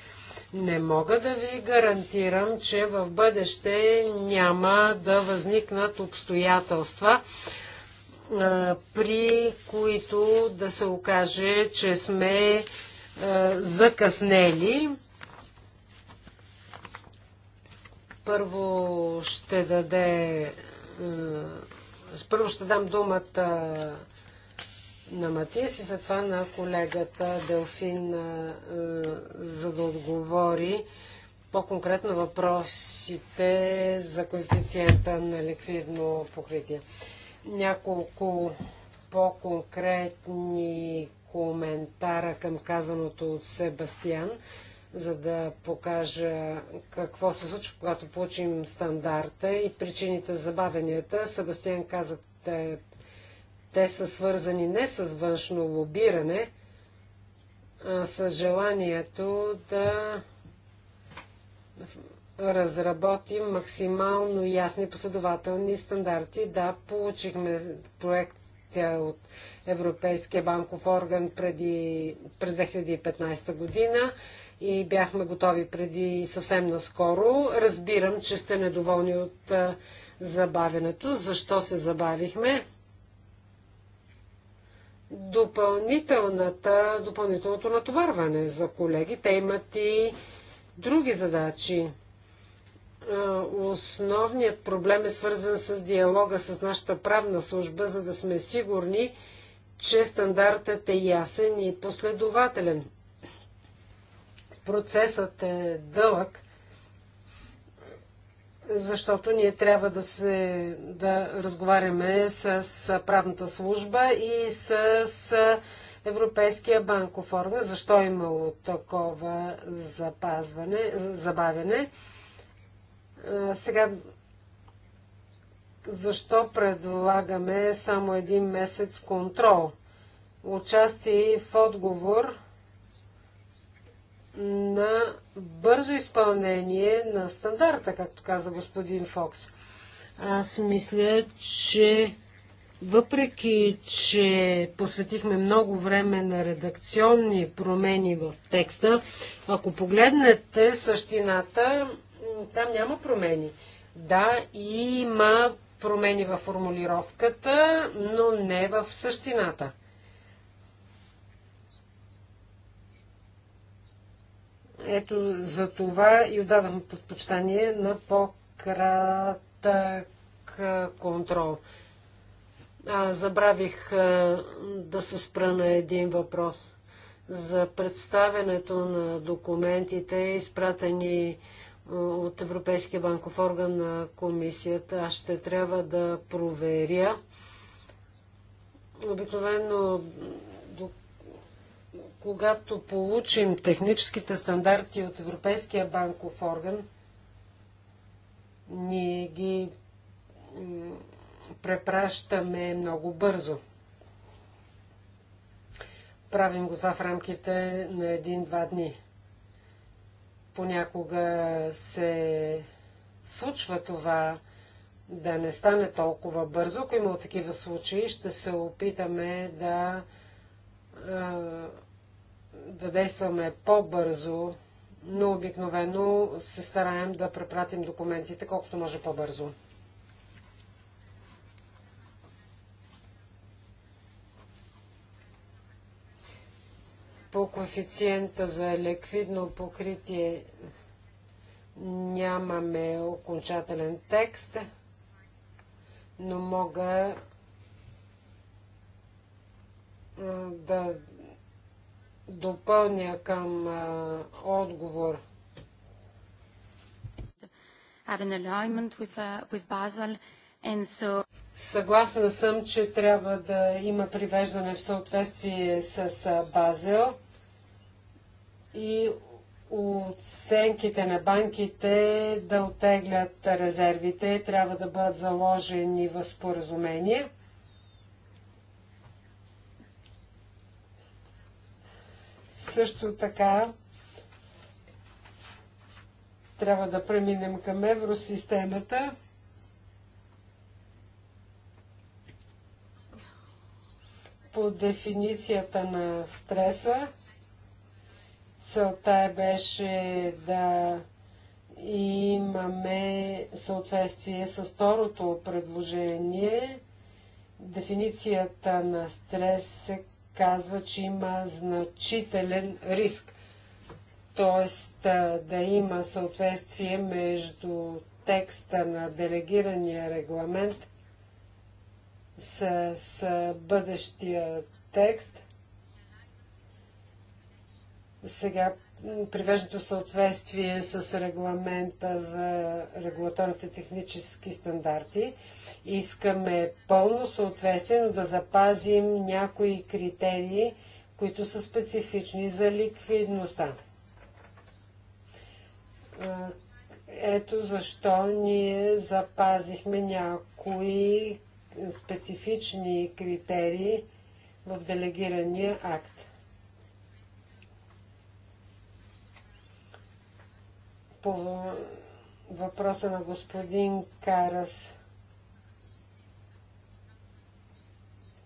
Не мога да ви гарантирам, че в бъдеще няма да възникнат обстоятелства, при които да се окаже, че сме закъснели. Първо ще даде първо ще дам думата на Матис и затова това на колегата Делфин, за да отговори по-конкретно въпросите за коефициента на ликвидно покритие. Няколко по-конкретни коментара към казаното от Себастиан за да покажа какво се случва, когато получим стандарта и причините за забавенията. Себастиан каза, те, те са свързани не с външно лобиране, а с желанието да разработим максимално ясни последователни стандарти. Да, получихме проект от Европейския банков орган преди, през 2015 година и бяхме готови преди съвсем наскоро. Разбирам, че сте недоволни от забавянето. Защо се забавихме? Допълнителната, допълнителното натоварване за колеги. Те имат и други задачи. Основният проблем е свързан с диалога с нашата правна служба, за да сме сигурни, че стандартът е ясен и последователен. Процесът е дълъг, защото ние трябва да, се, да разговаряме с, правната служба и с, Европейския банков орган. Защо е имало такова запазване, забавяне? Сега, защо предлагаме само един месец контрол? участие в отговор на бързо изпълнение на стандарта, както каза господин Фокс. Аз мисля, че въпреки, че посветихме много време на редакционни промени в текста, ако погледнете същината, там няма промени. Да, има промени в формулировката, но не в същината. Ето за това и отдавам предпочитание на по-кратък контрол. А, забравих а, да се спра на един въпрос. За представянето на документите, изпратени от Европейския банков орган на комисията, аз ще трябва да проверя. Обикновено когато получим техническите стандарти от Европейския банков орган, ние ги препращаме много бързо. Правим го това в рамките на един-два дни. Понякога се случва това да не стане толкова бързо. Ако има такива случаи, ще се опитаме да да действаме по-бързо, но обикновено се стараем да препратим документите колкото може по-бързо. По коефициента за ликвидно покритие нямаме окончателен текст, но мога да допълня към а, отговор. With, uh, with so... Съгласна съм, че трябва да има привеждане в съответствие с Базел и оценките на банките да отеглят резервите трябва да бъдат заложени в споразумение Също така трябва да преминем към евросистемата. По дефиницията на стреса, целта е беше да имаме съответствие с второто предложение. Дефиницията на стрес се казва, че има значителен риск. Тоест да има съответствие между текста на делегирания регламент с, с бъдещия текст. Сега привеждат в съответствие с регламента за регулаторните технически стандарти. Искаме пълно съответствие, но да запазим някои критерии, които са специфични за ликвидността. Ето защо ние запазихме някои специфични критерии в делегирания акт. по въпроса на господин Карас.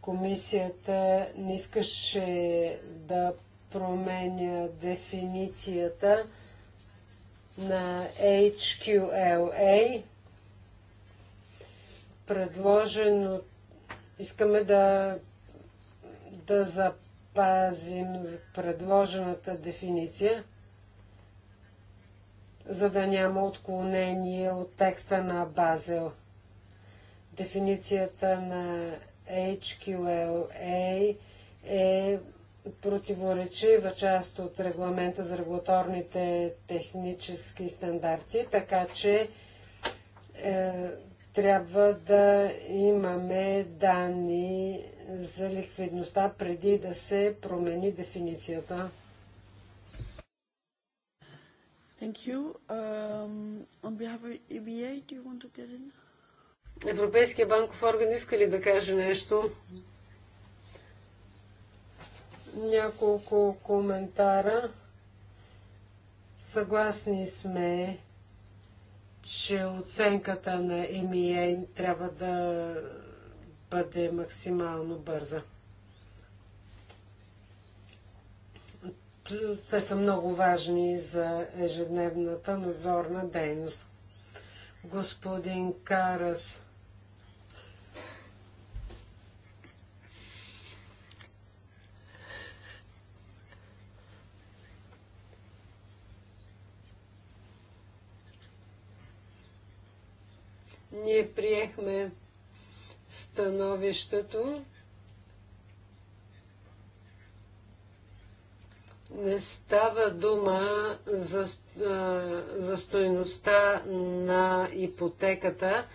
Комисията не искаше да променя дефиницията на HQLA. Предложено искаме да, да запазим предложената дефиниция за да няма отклонение от текста на Базел. Дефиницията на HQLA е противоречива част от регламента за регулаторните технически стандарти, така че е, трябва да имаме данни за ликвидността преди да се промени дефиницията. Thank you. Um, on behalf of EBA, do you want to get in? Европейския банков орган иска ли да каже нещо? Няколко коментара. Съгласни сме, че оценката на EMEA трябва да бъде максимално бърза. те са много важни за ежедневната надзорна дейност. Господин Карас. Ние приехме становището Не става дума за, за стоеността на ипотеката,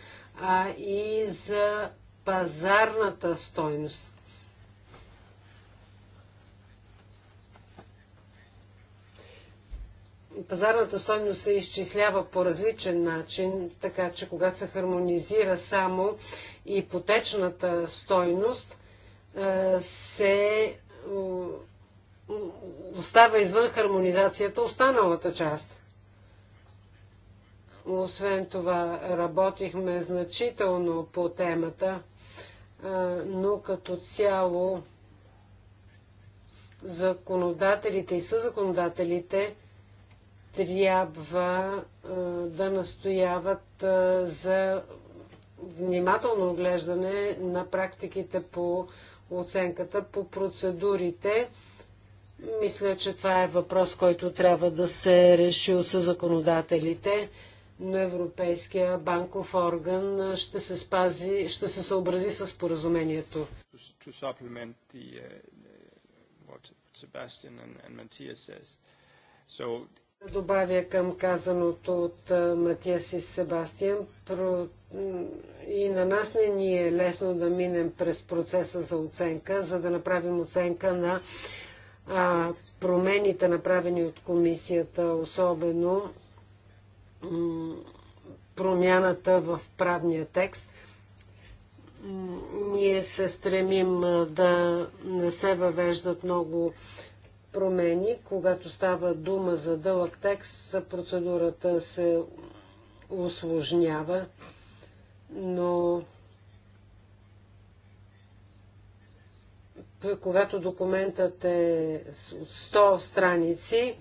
а и за пазарната стойност. Пазарната стойност се изчислява по различен начин, така че когато се хармонизира само ипотечната стойност, се остава извън хармонизацията останалата част. Освен това, работихме значително по темата, но като цяло законодателите и съзаконодателите трябва да настояват за внимателно оглеждане на практиките по оценката, по процедурите мисля, че това е въпрос, който трябва да се реши от законодателите, но Европейския банков орган ще се, спази, ще се съобрази с поразумението. Добавя към казаното от Матиас и Себастиан. И на нас не ни е лесно да минем през процеса за оценка, за да направим оценка на а, промените, направени от комисията, особено промяната в правния текст. Ние се стремим да не се въвеждат много промени. Когато става дума за дълъг текст, процедурата се усложнява, но когато документът е от 100 страници,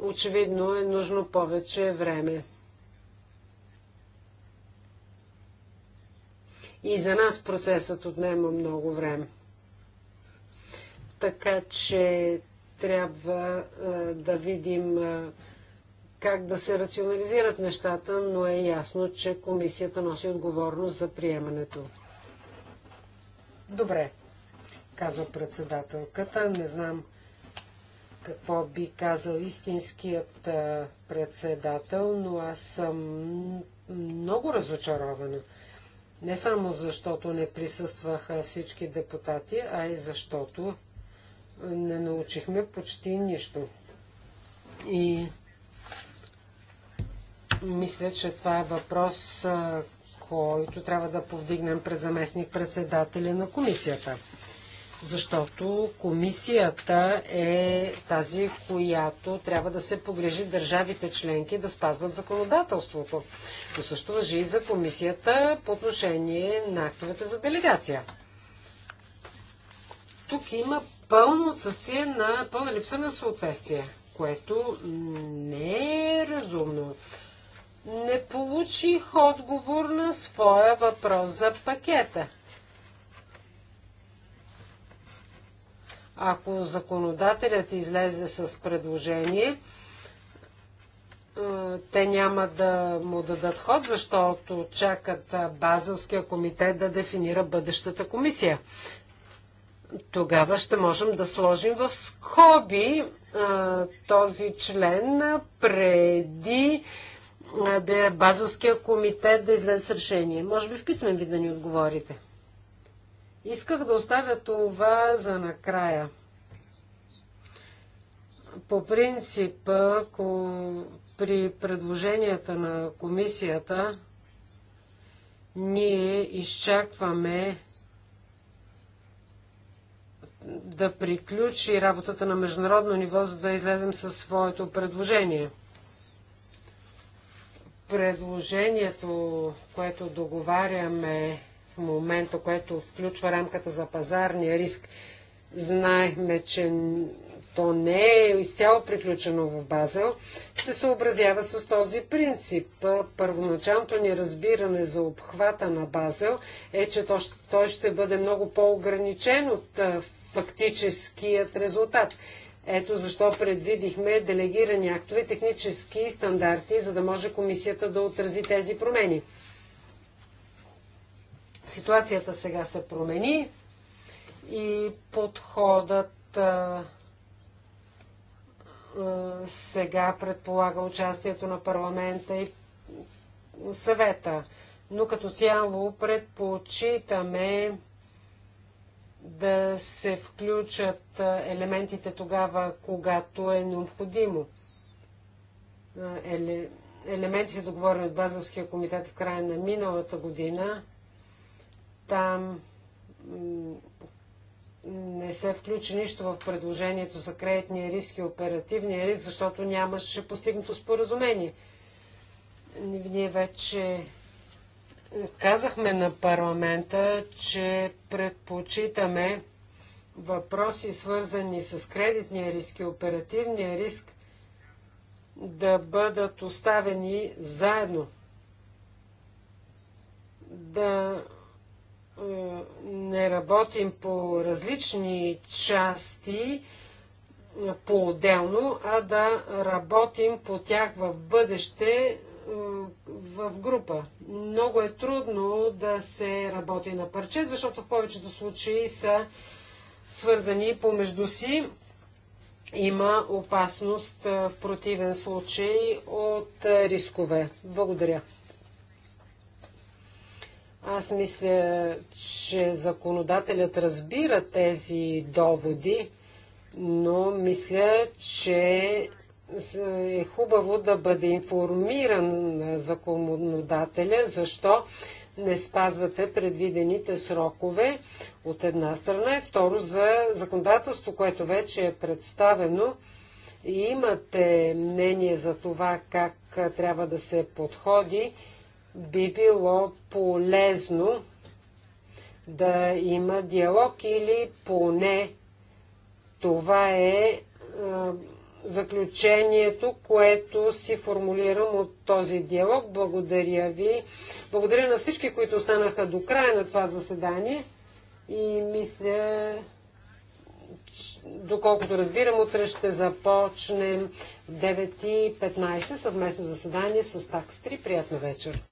очевидно е нужно повече време. И за нас процесът отнема много време. Така че трябва а, да видим а, как да се рационализират нещата, но е ясно, че комисията носи отговорност за приемането. Добре казва председателката. Не знам какво би казал истинският председател, но аз съм много разочарована. Не само защото не присъстваха всички депутати, а и защото не научихме почти нищо. И мисля, че това е въпрос, който трябва да повдигнем пред заместник председателя на комисията защото комисията е тази, която трябва да се погрежи държавите членки да спазват законодателството. Но също въжи и за комисията по отношение на актовете за делегация. Тук има пълно отсъствие на пълна липса на съответствие, което не е разумно. Не получих отговор на своя въпрос за пакета. Ако законодателят излезе с предложение, е, те няма да му дадат ход, защото чакат Базовския комитет да дефинира бъдещата комисия. Тогава ще можем да сложим в скоби а, този член преди а, да е базовския комитет да излезе с решение. Може би в писмен ви да ни отговорите. Исках да оставя това за накрая. По принцип, ако при предложенията на комисията ние изчакваме да приключи работата на международно ниво, за да излезем със своето предложение. Предложението, което договаряме момента, което включва рамката за пазарния риск. Знаехме, че то не е изцяло приключено в Базел, се съобразява с този принцип. Първоначалното ни разбиране за обхвата на Базел е, че той ще бъде много по-ограничен от фактическият резултат. Ето защо предвидихме делегирани актове, технически стандарти, за да може комисията да отрази тези промени. Ситуацията сега се промени и подходът а, сега предполага участието на парламента и съвета. Но като цяло предпочитаме да се включат елементите тогава, когато е необходимо. Елементите, договорени от Базовския комитет в края на миналата година, там не се включи нищо в предложението за кредитния риск и оперативния риск, защото нямаше постигнато споразумение. Ние вече казахме на парламента, че предпочитаме въпроси, свързани с кредитния риск и оперативния риск, да бъдат оставени заедно. Да не работим по различни части по-отделно, а да работим по тях в бъдеще в група. Много е трудно да се работи на парче, защото в повечето случаи са свързани помежду си. Има опасност в противен случай от рискове. Благодаря. Аз мисля, че законодателят разбира тези доводи, но мисля, че е хубаво да бъде информиран на законодателя, защо не спазвате предвидените срокове от една страна и второ за законодателство, което вече е представено и имате мнение за това как трябва да се подходи би било полезно да има диалог или поне това е заключението, което си формулирам от този диалог. Благодаря ви. Благодаря на всички, които останаха до края на това заседание. И мисля, доколкото разбирам, утре ще започнем в 9.15 съвместно заседание с такстри, Приятна вечер!